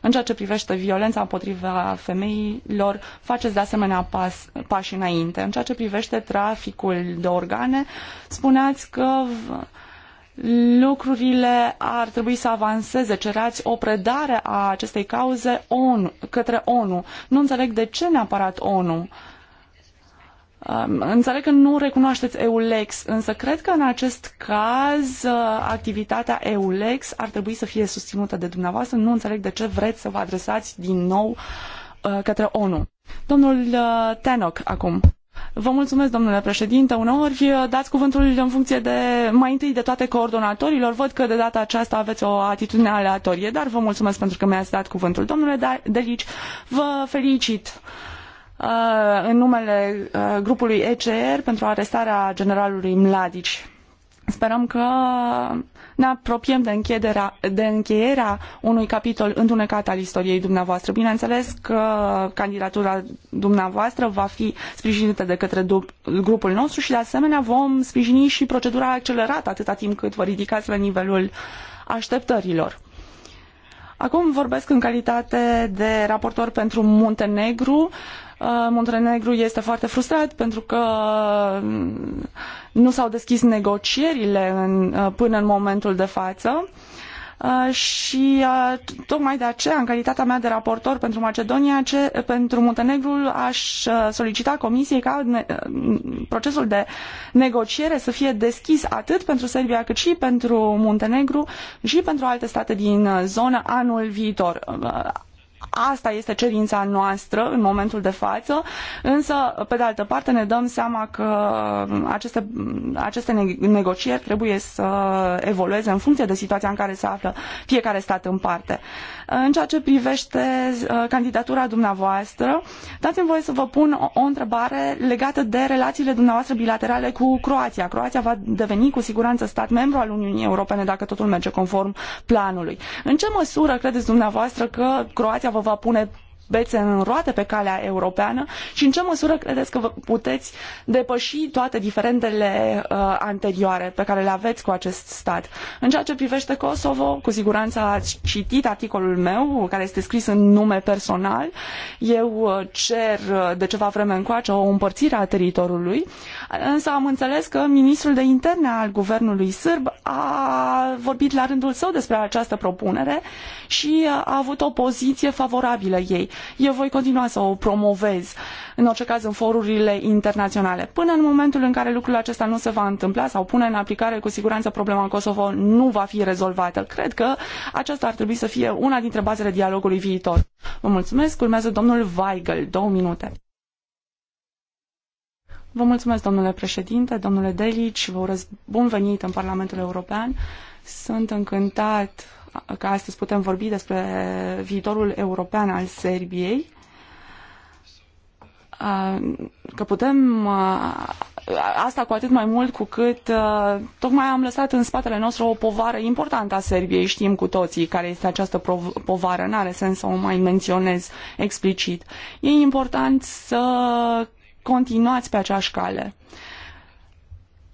în ceea ce privește violența împotriva femeilor, faceți de asemenea pas, pași înainte. În ceea ce privește traficul de organe, spuneați că lucrurile ar trebui să avanseze, cereați o predare a acestei cauze ONU, către ONU. Nu înțeleg de ce neapărat ONU. Um, înțeleg că nu recunoașteți EULEX, însă cred că în acest caz uh, activitatea EULEX ar trebui să fie susținută de dumneavoastră. Nu înțeleg de ce vreți să vă adresați din nou uh, către ONU. Domnul uh, Tenoc, acum. Vă mulțumesc, domnule președinte. Uneori eh, dați cuvântul în funcție de, mai întâi de toate coordonatorilor. Văd că de data aceasta aveți o atitudine aleatorie, dar vă mulțumesc pentru că mi-ați dat cuvântul. Domnule da, Delici, vă felicit eh, în numele eh, grupului ECR pentru arestarea generalului Mladici. Sperăm că ne apropiem de, închiderea, de încheierea unui capitol întunecat al istoriei dumneavoastră. Bineînțeles că candidatura dumneavoastră va fi sprijinită de către grupul nostru și de asemenea vom sprijini și procedura accelerată atâta timp cât vă ridicați la nivelul așteptărilor. Acum vorbesc în calitate de raportor pentru Muntenegru. Uh, Uh, Muntenegru este foarte frustrat pentru că mm, nu s-au deschis negocierile în, uh, până în momentul de față uh, și tocmai de aceea, în calitatea mea de raportor pentru Macedonia, ce, pentru Muntenegru, aș solicita Comisiei ca ne, procesul de negociere să fie deschis atât pentru Serbia cât și pentru Muntenegru și pentru alte state din zonă anul viitor. Asta este cerința noastră în momentul de față, însă, pe de altă parte, ne dăm seama că aceste, aceste negocieri trebuie să evolueze în funcție de situația în care se află fiecare stat în parte. În ceea ce privește uh, candidatura dumneavoastră, dați-mi voie să vă pun o, o întrebare legată de relațiile dumneavoastră bilaterale cu Croația. Croația va deveni cu siguranță stat membru al Uniunii Europene dacă totul merge conform planului. În ce măsură credeți dumneavoastră că Croația situația vă va pune bețe în roate pe calea europeană și în ce măsură credeți că vă puteți depăși toate diferendele uh, anterioare pe care le aveți cu acest stat? În ceea ce privește Kosovo, cu siguranță ați citit articolul meu, care este scris în nume personal. Eu uh, cer uh, de ceva vreme încoace o împărțire a teritoriului, însă am înțeles că ministrul de interne al guvernului sârb a vorbit la rândul său despre această propunere și uh, a avut o poziție favorabilă ei eu voi continua să o promovez, în orice caz în forurile internaționale. Până în momentul în care lucrul acesta nu se va întâmpla sau pune în aplicare, cu siguranță problema Kosovo nu va fi rezolvată. Cred că aceasta ar trebui să fie una dintre bazele dialogului viitor. Vă mulțumesc, urmează domnul Weigel, două minute. Vă mulțumesc, domnule președinte, domnule Delici, vă urez bun venit în Parlamentul European. Sunt încântat că astăzi putem vorbi despre viitorul european al Serbiei, uh, că putem uh, asta cu atât mai mult cu cât uh, tocmai am lăsat în spatele nostru o povară importantă a Serbiei, știm cu toții care este această povară, n-are sens să o mai menționez explicit. E important să continuați pe aceeași cale.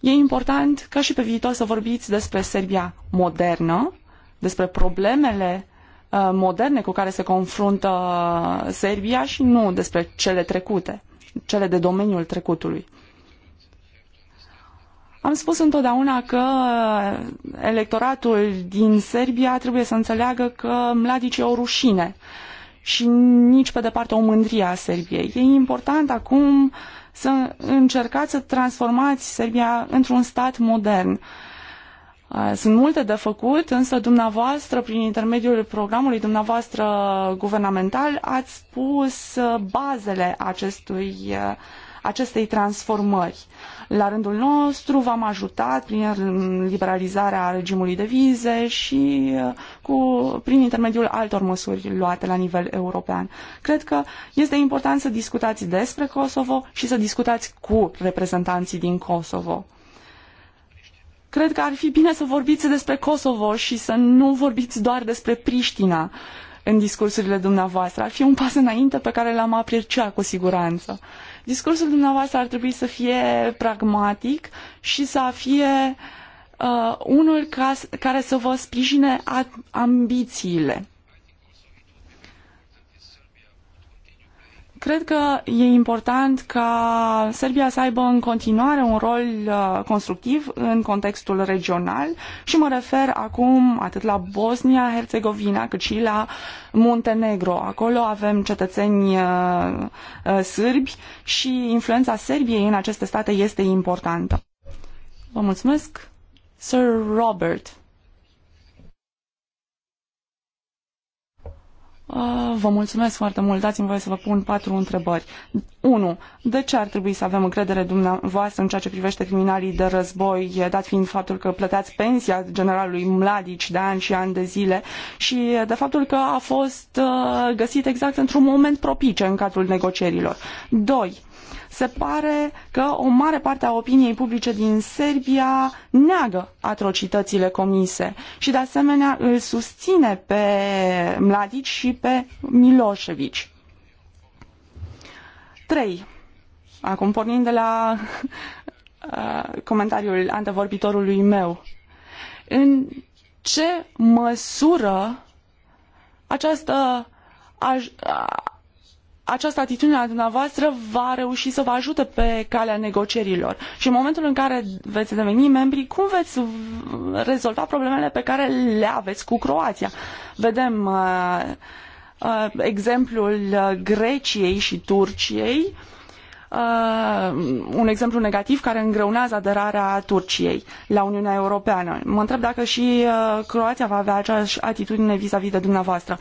E important ca și pe viitor să vorbiți despre Serbia modernă, despre problemele uh, moderne cu care se confruntă uh, Serbia și nu despre cele trecute, cele de domeniul trecutului. Am spus întotdeauna că electoratul din Serbia trebuie să înțeleagă că Mladic e o rușine și nici pe departe o mândrie a Serbiei. E important acum să încercați să transformați Serbia într-un stat modern. Uh, sunt multe de făcut, însă dumneavoastră, prin intermediul programului dumneavoastră guvernamental, ați pus uh, bazele acestui, uh, acestei transformări. La rândul nostru v-am ajutat prin liberalizarea regimului de vize și uh, cu, prin intermediul altor măsuri luate la nivel european. Cred că este important să discutați despre Kosovo și să discutați cu reprezentanții din Kosovo. Cred că ar fi bine să vorbiți despre Kosovo și să nu vorbiți doar despre Priștina în discursurile dumneavoastră. Ar fi un pas înainte pe care l-am aprecia cu siguranță. Discursul dumneavoastră ar trebui să fie pragmatic și să fie uh, unul ca, care să vă sprijine ambițiile. Cred că e important ca Serbia să aibă în continuare un rol uh, constructiv în contextul regional și mă refer acum atât la Bosnia-Herzegovina cât și la Muntenegro. Acolo avem cetățeni uh, uh, sârbi și influența Serbiei în aceste state este importantă. Vă mulțumesc, Sir Robert. Uh, vă mulțumesc foarte mult. Dați-mi voie să vă pun patru întrebări. 1. De ce ar trebui să avem încredere dumneavoastră în ceea ce privește criminalii de război, dat fiind faptul că plăteați pensia generalului Mladic de ani și ani de zile și de faptul că a fost uh, găsit exact într-un moment propice în cadrul negocierilor? 2 se pare că o mare parte a opiniei publice din Serbia neagă atrocitățile comise și de asemenea îl susține pe Mladic și pe Milošević. 3. Acum pornind de la uh, comentariul antevorbitorului meu. În ce măsură această această atitudine a dumneavoastră va reuși să vă ajute pe calea negocierilor. Și în momentul în care veți deveni membri, cum veți rezolva problemele pe care le aveți cu Croația? Vedem uh, uh, exemplul uh, Greciei și Turciei, uh, un exemplu negativ care îngreunează aderarea Turciei la Uniunea Europeană. Mă întreb dacă și uh, Croația va avea aceeași atitudine vis a -vis de dumneavoastră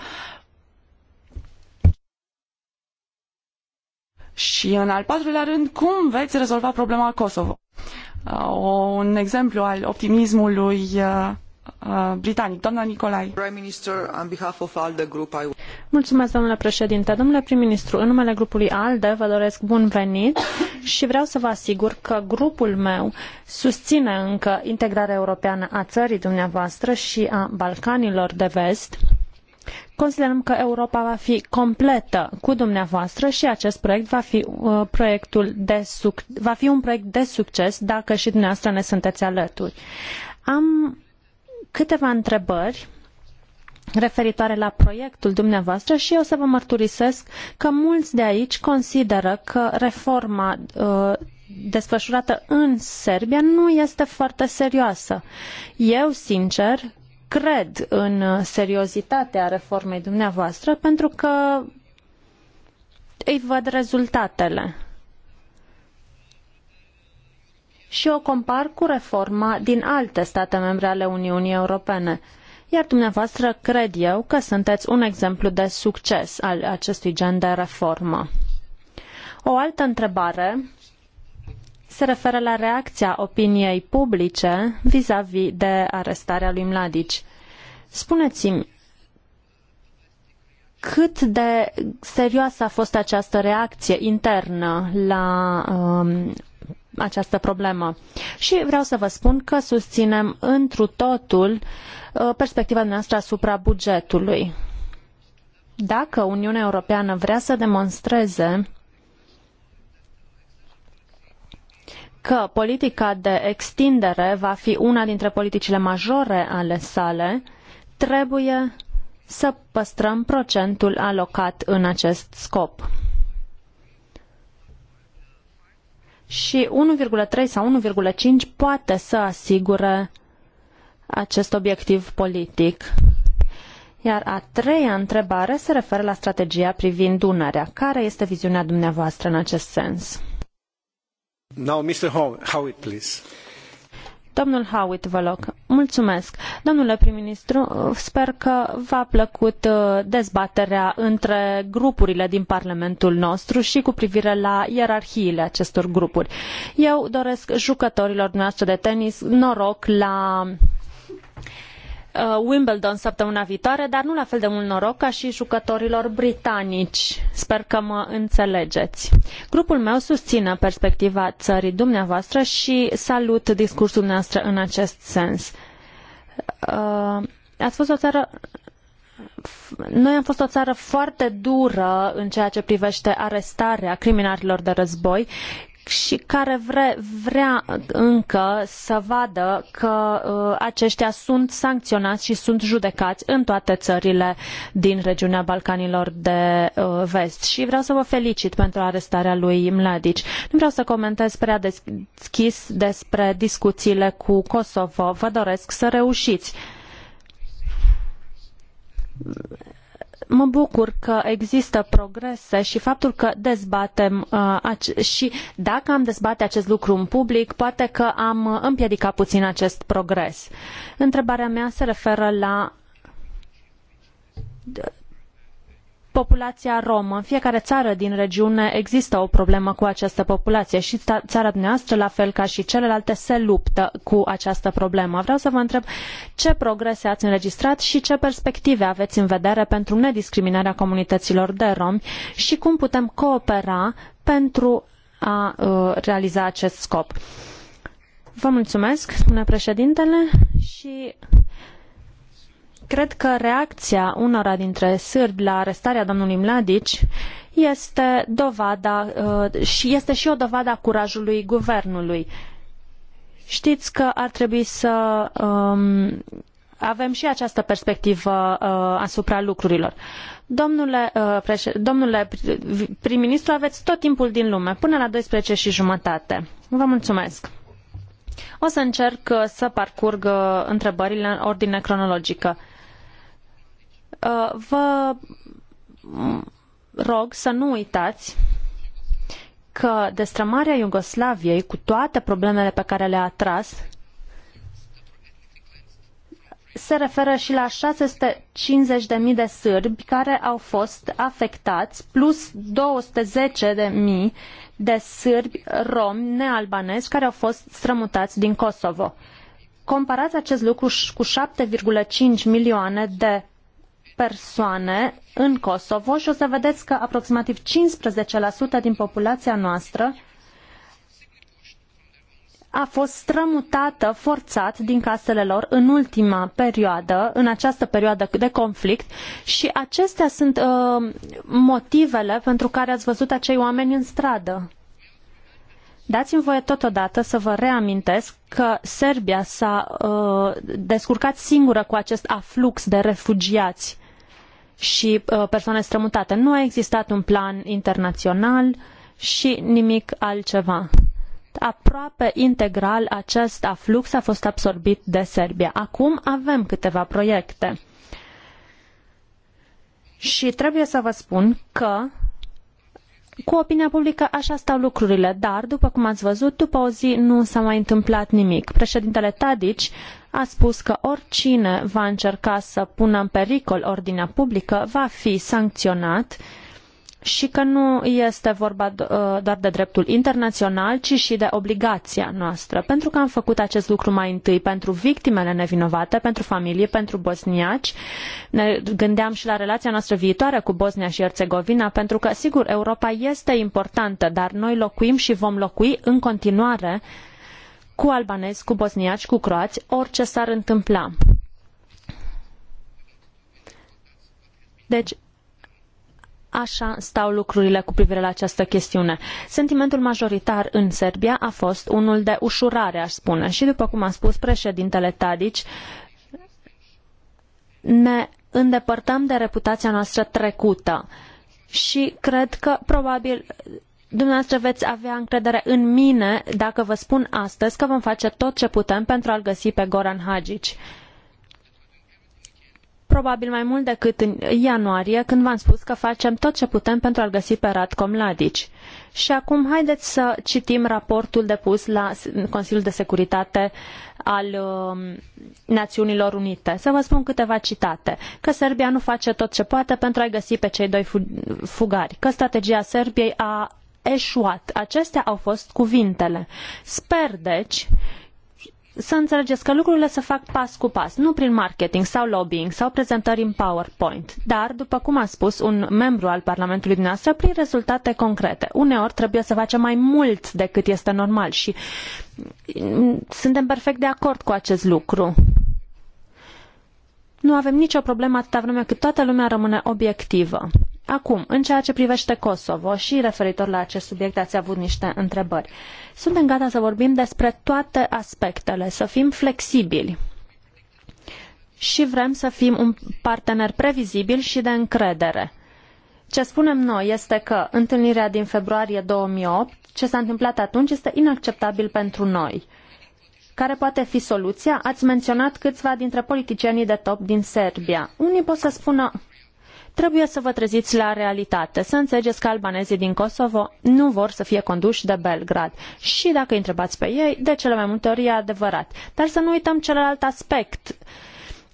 Și în al patrulea rând, cum veți rezolva problema Kosovo? Uh, un exemplu al optimismului uh, uh, britanic. Doamna Nicolai. Mulțumesc, domnule președinte. Domnule prim-ministru, în numele grupului ALDE vă doresc bun venit și vreau să vă asigur că grupul meu susține încă integrarea europeană a țării dumneavoastră și a Balcanilor de vest considerăm că Europa va fi completă cu dumneavoastră și acest proiect va fi, uh, proiectul de va fi un proiect de succes dacă și dumneavoastră ne sunteți alături. Am câteva întrebări referitoare la proiectul dumneavoastră și eu să vă mărturisesc că mulți de aici consideră că reforma uh, desfășurată în Serbia nu este foarte serioasă. Eu, sincer, cred în uh, seriozitatea reformei dumneavoastră pentru că îi văd rezultatele. Și o compar cu reforma din alte state membre ale Uniunii Europene. Iar dumneavoastră cred eu că sunteți un exemplu de succes al acestui gen de reformă. O altă întrebare se referă la reacția opiniei publice vis-a-vis de arestarea lui Mladici. Spuneți-mi, cât de serioasă a fost această reacție internă la um, această problemă. Și vreau să vă spun că susținem întru totul uh, perspectiva noastră asupra bugetului. Dacă Uniunea Europeană vrea să demonstreze că politica de extindere va fi una dintre politicile majore ale sale, trebuie să păstrăm procentul alocat în acest scop. Și 1,3 sau 1,5 poate să asigure acest obiectiv politic. Iar a treia întrebare se referă la strategia privind Dunărea. Care este viziunea dumneavoastră în acest sens? Now, Mr. Howitt, please. Domnul Howitt, vă rog. Mulțumesc. Domnule prim-ministru, sper că v-a plăcut uh, dezbaterea între grupurile din Parlamentul nostru și cu privire la ierarhiile acestor grupuri. Eu doresc jucătorilor noastre de tenis noroc la Uh, Wimbledon săptămâna viitoare, dar nu la fel de mult noroc ca și jucătorilor britanici. Sper că mă înțelegeți. Grupul meu susține perspectiva țării dumneavoastră și salut discursul dumneavoastră în acest sens. Uh, ați fost o țară noi am fost o țară foarte dură în ceea ce privește arestarea criminalilor de război și care vre, vrea încă să vadă că uh, aceștia sunt sancționați și sunt judecați în toate țările din regiunea Balcanilor de uh, vest. Și vreau să vă felicit pentru arestarea lui Mladic. Nu vreau să comentez prea deschis despre discuțiile cu Kosovo. Vă doresc să reușiți Mă bucur că există progrese și faptul că dezbatem uh, și dacă am dezbate acest lucru în public, poate că am împiedicat puțin acest progres. Întrebarea mea se referă la populația romă. În fiecare țară din regiune există o problemă cu această populație și țara dumneavoastră, la fel ca și celelalte, se luptă cu această problemă. Vreau să vă întreb ce progrese ați înregistrat și ce perspective aveți în vedere pentru nediscriminarea comunităților de romi și cum putem coopera pentru a uh, realiza acest scop. Vă mulțumesc, spune președintele, și Cred că reacția unora dintre sârbi la arestarea domnului Mladic este dovada uh, și este și o dovadă a curajului guvernului. Știți că ar trebui să um, avem și această perspectivă uh, asupra lucrurilor. Domnule, uh, domnule prim-ministru, aveți tot timpul din lume, până la 12 și jumătate. Vă mulțumesc. O să încerc să parcurg uh, întrebările în ordine cronologică. Uh, vă rog să nu uitați că destrămarea Iugoslaviei, cu toate problemele pe care le-a atras, se referă și la 650.000 de sârbi care au fost afectați, plus 210.000 de sârbi romi nealbanezi care au fost strămutați din Kosovo. Comparați acest lucru cu 7,5 milioane de persoane în Kosovo și o să vedeți că aproximativ 15% din populația noastră a fost strămutată forțat din casele lor în ultima perioadă, în această perioadă de conflict și acestea sunt uh, motivele pentru care ați văzut acei oameni în stradă. Dați-mi voie totodată să vă reamintesc că Serbia s-a uh, descurcat singură cu acest aflux de refugiați și uh, persoane strămutate. Nu a existat un plan internațional și nimic altceva. Aproape integral acest aflux a fost absorbit de Serbia. Acum avem câteva proiecte. Și trebuie să vă spun că cu opinia publică așa stau lucrurile, dar, după cum ați văzut, după o zi nu s-a mai întâmplat nimic. Președintele Tadic a spus că oricine va încerca să pună în pericol ordinea publică va fi sancționat și că nu este vorba uh, doar de dreptul internațional, ci și de obligația noastră. Pentru că am făcut acest lucru mai întâi pentru victimele nevinovate, pentru familie, pentru bosniaci. Ne gândeam și la relația noastră viitoare cu Bosnia și Herțegovina, pentru că, sigur, Europa este importantă, dar noi locuim și vom locui în continuare cu albanezi, cu bosniaci, cu croați, orice s-ar întâmpla. Deci, Așa stau lucrurile cu privire la această chestiune. Sentimentul majoritar în Serbia a fost unul de ușurare, aș spune, și după cum a spus președintele Tadici, ne îndepărtăm de reputația noastră trecută și cred că probabil dumneavoastră veți avea încredere în mine dacă vă spun astăzi că vom face tot ce putem pentru a-l găsi pe Goran Hagici. Probabil mai mult decât în ianuarie, când v-am spus că facem tot ce putem pentru a-l găsi pe Radko Mladic. Și acum haideți să citim raportul depus la Consiliul de Securitate al um, Națiunilor Unite. Să vă spun câteva citate. Că Serbia nu face tot ce poate pentru a-i găsi pe cei doi fugari. Că strategia Serbiei a eșuat. Acestea au fost cuvintele. Sper, deci, să înțelegeți că lucrurile se fac pas cu pas, nu prin marketing sau lobbying sau prezentări în PowerPoint, dar, după cum a spus un membru al Parlamentului dumneavoastră, prin rezultate concrete. Uneori trebuie să facem mai mult decât este normal și mm, suntem perfect de acord cu acest lucru. Nu avem nicio problemă atâta vreme cât toată lumea rămâne obiectivă. Acum, în ceea ce privește Kosovo și referitor la acest subiect ați avut niște întrebări. Suntem gata să vorbim despre toate aspectele, să fim flexibili și vrem să fim un partener previzibil și de încredere. Ce spunem noi este că întâlnirea din februarie 2008, ce s-a întâmplat atunci, este inacceptabil pentru noi. Care poate fi soluția? Ați menționat câțiva dintre politicienii de top din Serbia. Unii pot să spună Trebuie să vă treziți la realitate, să înțelegeți că albanezii din Kosovo nu vor să fie conduși de Belgrad. Și dacă îi întrebați pe ei, de cele mai multe ori e adevărat. Dar să nu uităm celălalt aspect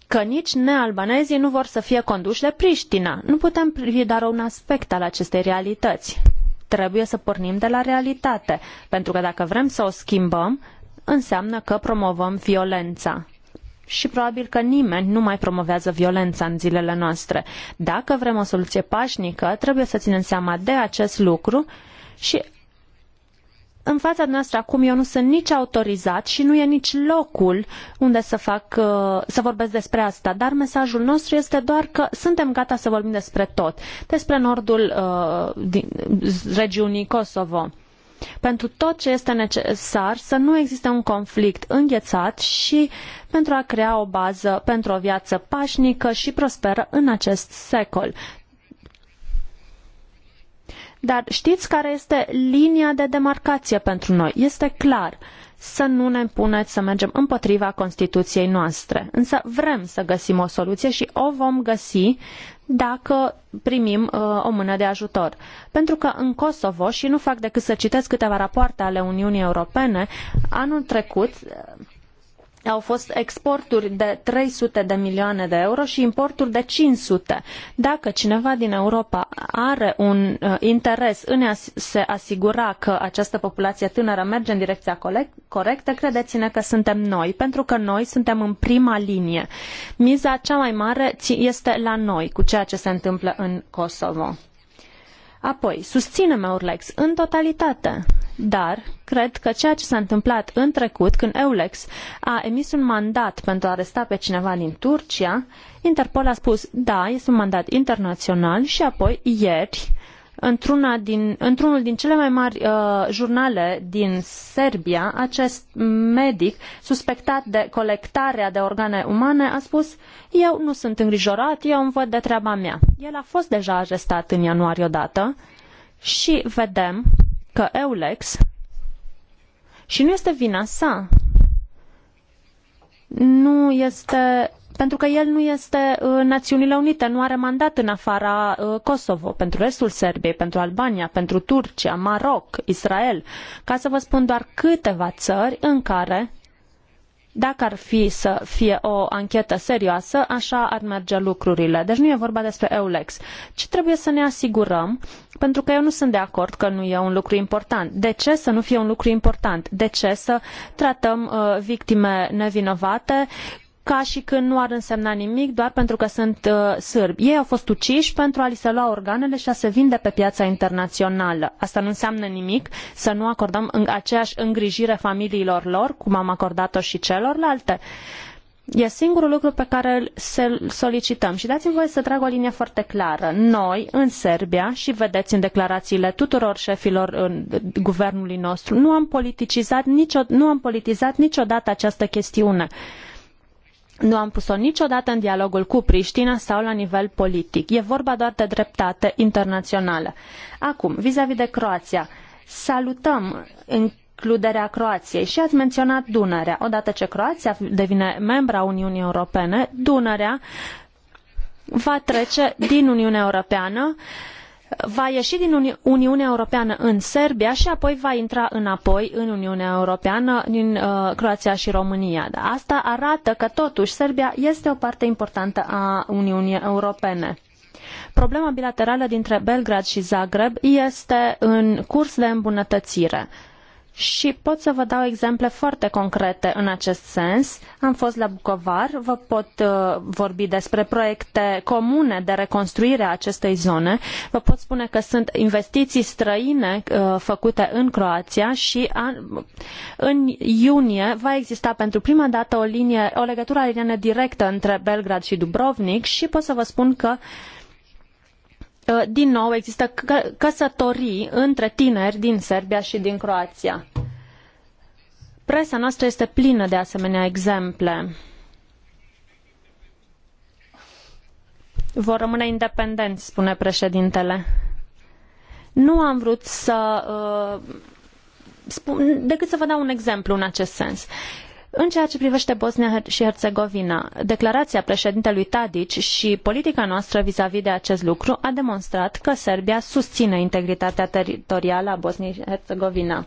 că nici nealbanezii nu vor să fie conduși de Priștina. Nu putem privi doar un aspect al acestei realități. Trebuie să pornim de la realitate, pentru că dacă vrem să o schimbăm, înseamnă că promovăm violența și probabil că nimeni nu mai promovează violența în zilele noastre. Dacă vrem o soluție pașnică, trebuie să ținem seama de acest lucru și în fața noastră acum eu nu sunt nici autorizat și nu e nici locul unde să fac uh, să vorbesc despre asta, dar mesajul nostru este doar că suntem gata să vorbim despre tot, despre nordul uh, din, regiunii Kosovo pentru tot ce este necesar să nu existe un conflict înghețat și pentru a crea o bază pentru o viață pașnică și prosperă în acest secol. Dar știți care este linia de demarcație pentru noi? Este clar să nu ne impuneți să mergem împotriva Constituției noastre. Însă vrem să găsim o soluție și o vom găsi dacă primim uh, o mână de ajutor. Pentru că în Kosovo, și nu fac decât să citesc câteva rapoarte ale Uniunii Europene, anul trecut uh, au fost exporturi de 300 de milioane de euro și importuri de 500. Dacă cineva din Europa are un uh, interes în a se asigura că această populație tânără merge în direcția corectă, credeți-ne că suntem noi, pentru că noi suntem în prima linie. Miza cea mai mare este la noi cu ceea ce se întâmplă în Kosovo. Apoi, susținem Eurlex în totalitate dar cred că ceea ce s-a întâmplat în trecut, când Eulex a emis un mandat pentru a aresta pe cineva din Turcia, Interpol a spus, da, este un mandat internațional și apoi ieri, într-una din, într-unul din cele mai mari uh, jurnale din Serbia, acest medic suspectat de colectarea de organe umane a spus Eu nu sunt îngrijorat, eu îmi văd de treaba mea. El a fost deja arestat în ianuarie odată și vedem că Eulex și nu este vina sa. Nu este pentru că el nu este în uh, Națiunile Unite, nu are mandat în afara uh, Kosovo, pentru restul Serbiei, pentru Albania, pentru Turcia, Maroc, Israel, ca să vă spun doar câteva țări în care dacă ar fi să fie o anchetă serioasă, așa ar merge lucrurile. Deci nu e vorba despre Eulex, ci trebuie să ne asigurăm, pentru că eu nu sunt de acord că nu e un lucru important. De ce să nu fie un lucru important? De ce să tratăm uh, victime nevinovate ca și când nu ar însemna nimic doar pentru că sunt uh, sârbi. Ei au fost uciși pentru a li se lua organele și a se vinde pe piața internațională. Asta nu înseamnă nimic să nu acordăm în aceeași îngrijire familiilor lor, cum am acordat-o și celorlalte. E singurul lucru pe care îl solicităm și dați-mi voie să trag o linie foarte clară. Noi, în Serbia, și vedeți în declarațiile tuturor șefilor în, guvernului nostru, nu am politicizat, nicio, nu am politizat niciodată această chestiune. Nu am pus-o niciodată în dialogul cu Priștina sau la nivel politic. E vorba doar de dreptate internațională. Acum, vis-a-vis -vis de Croația, salutăm includerea Croației și ați menționat Dunărea. Odată ce Croația devine membra Uniunii Europene, Dunărea va trece din Uniunea Europeană uh, va ieși din Uni Uniunea Europeană în Serbia și apoi va intra înapoi în Uniunea Europeană din uh, Croația și România. asta arată că totuși Serbia este o parte importantă a Uniunii Europene. Problema bilaterală dintre Belgrad și Zagreb este în curs de îmbunătățire și pot să vă dau exemple foarte concrete în acest sens. Am fost la Bucovar, vă pot uh, vorbi despre proiecte comune de reconstruire a acestei zone. Vă pot spune că sunt investiții străine uh, făcute în Croația și în iunie va exista pentru prima dată o, linie, o legătură aeriană directă între Belgrad și Dubrovnik și pot să vă spun că uh, Uh, din nou există căsătorii între tineri din Serbia și din Croația. Presa noastră este plină de asemenea exemple. Vor rămâne independenți, spune președintele. Nu am vrut să uh, spun, decât să vă dau un exemplu în acest sens. În ceea ce privește Bosnia și Herțegovina, declarația președintelui Tadic și politica noastră vis-a-vis -vis de acest lucru a demonstrat că Serbia susține integritatea teritorială a Bosniei și Herțegovina.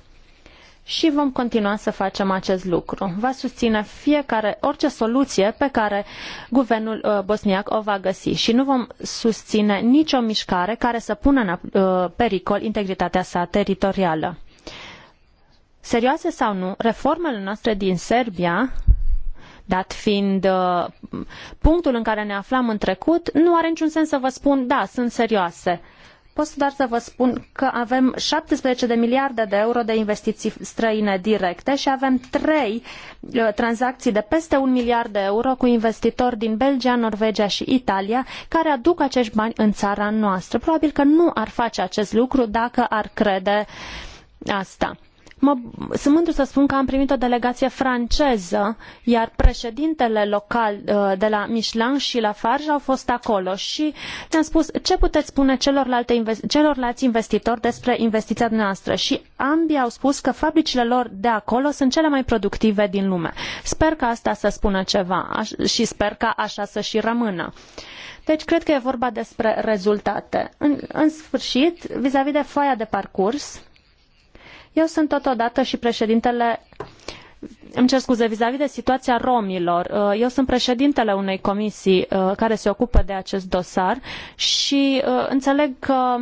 Și vom continua să facem acest lucru. Va susține fiecare, orice soluție pe care guvernul uh, bosniac o va găsi și nu vom susține nicio mișcare care să pună în uh, pericol integritatea sa teritorială serioase sau nu, reformele noastre din Serbia, dat fiind uh, punctul în care ne aflam în trecut, nu are niciun sens să vă spun, da, sunt serioase. Pot doar să vă spun că avem 17 de miliarde de euro de investiții străine directe și avem trei uh, tranzacții de peste un miliard de euro cu investitori din Belgia, Norvegia și Italia care aduc acești bani în țara noastră. Probabil că nu ar face acest lucru dacă ar crede asta. Mă, sunt mândru să spun că am primit o delegație franceză, iar președintele local uh, de la Michelin și la Farge au fost acolo și ne-am spus ce puteți spune celorlalte investi- celorlalți investitori despre investiția noastră și ambii au spus că fabricile lor de acolo sunt cele mai productive din lume. Sper că asta să spună ceva și sper că așa să și rămână. Deci cred că e vorba despre rezultate. În, în sfârșit, vis-a-vis -vis de foaia de parcurs, eu sunt totodată și președintele îmi cer scuze, vis-a-vis de situația romilor. Uh, eu sunt președintele unei comisii uh, care se ocupă de acest dosar și uh, înțeleg că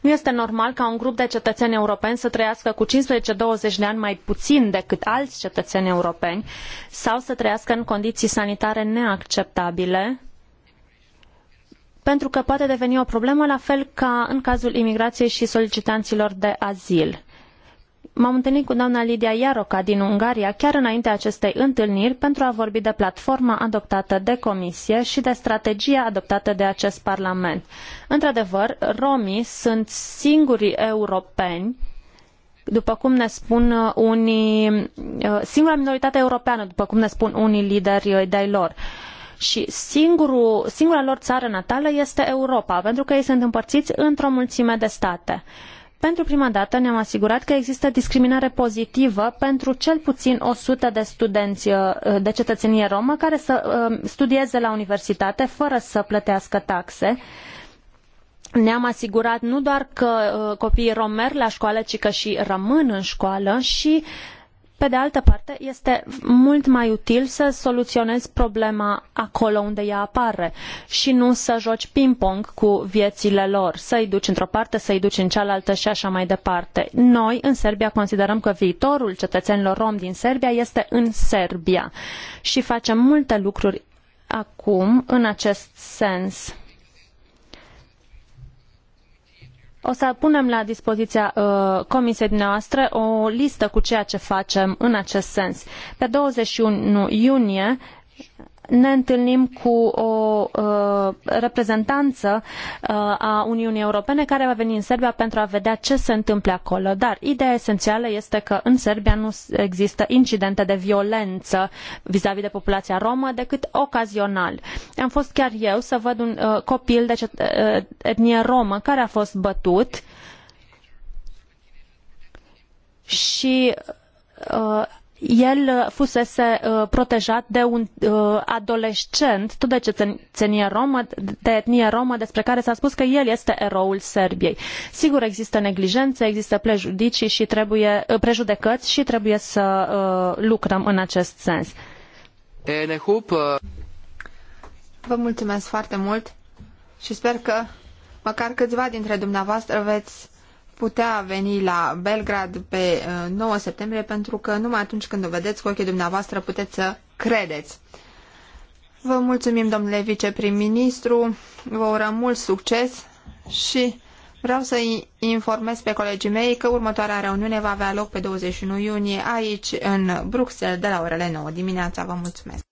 nu este normal ca un grup de cetățeni europeni să trăiască cu 15-20 de ani mai puțin decât alți cetățeni europeni sau să trăiască în condiții sanitare neacceptabile pentru că poate deveni o problemă la fel ca în cazul imigrației și solicitanților de azil. M-am întâlnit cu doamna Lidia Iaroca din Ungaria chiar înainte acestei întâlniri pentru a vorbi de platforma adoptată de Comisie și de strategia adoptată de acest Parlament. Într-adevăr, romii sunt singurii europeni după cum ne spun uh, unii, uh, singura minoritate europeană, după cum ne spun unii lideri uh, de-ai lor. Uh, și singurul, singura lor țară natală este Europa, pentru că ei sunt împărțiți într-o mulțime de state. Pentru prima dată ne-am asigurat că există discriminare pozitivă pentru cel puțin 100 de studenți uh, de cetățenie romă care să uh, studieze la universitate fără să plătească taxe ne-am asigurat nu doar că uh, copiii romeri merg la școală, ci că și rămân în școală și pe de altă parte, este mult mai util să soluționezi problema acolo unde ea apare și nu să joci ping-pong cu viețile lor, să-i duci într-o parte, să-i duci în cealaltă și așa mai departe. Noi, în Serbia, considerăm că viitorul cetățenilor rom din Serbia este în Serbia și facem multe lucruri acum în acest sens. O să punem la dispoziția uh, comisiei noastre o listă cu ceea ce facem în acest sens. Pe 21 iunie ne întâlnim cu o uh, reprezentanță uh, a Uniunii Europene care va veni în Serbia pentru a vedea ce se întâmplă acolo. Dar ideea esențială este că în Serbia nu există incidente de violență vis-a-vis -vis de populația romă decât ocazional. Am fost chiar eu să văd un uh, copil de cet- uh, etnie romă care a fost bătut și uh, el uh, fusese uh, protejat de un uh, adolescent, tot de cetățenie romă, de etnie romă, despre care s-a spus că el este eroul Serbiei. Sigur, există neglijențe, există prejudicii și trebuie, prejudecăți și trebuie să lucrăm în acest sens. Vă mulțumesc foarte mult și sper că măcar câțiva dintre dumneavoastră veți putea veni la Belgrad pe 9 uh, septembrie pentru că numai atunci când o vedeți cu ochii dumneavoastră puteți să credeți. Vă mulțumim, domnule viceprim-ministru, vă urăm mult succes și vreau să-i informez pe colegii mei că următoarea reuniune va avea loc pe 21 iunie aici, în Bruxelles, de la orele 9 dimineața. Vă mulțumesc!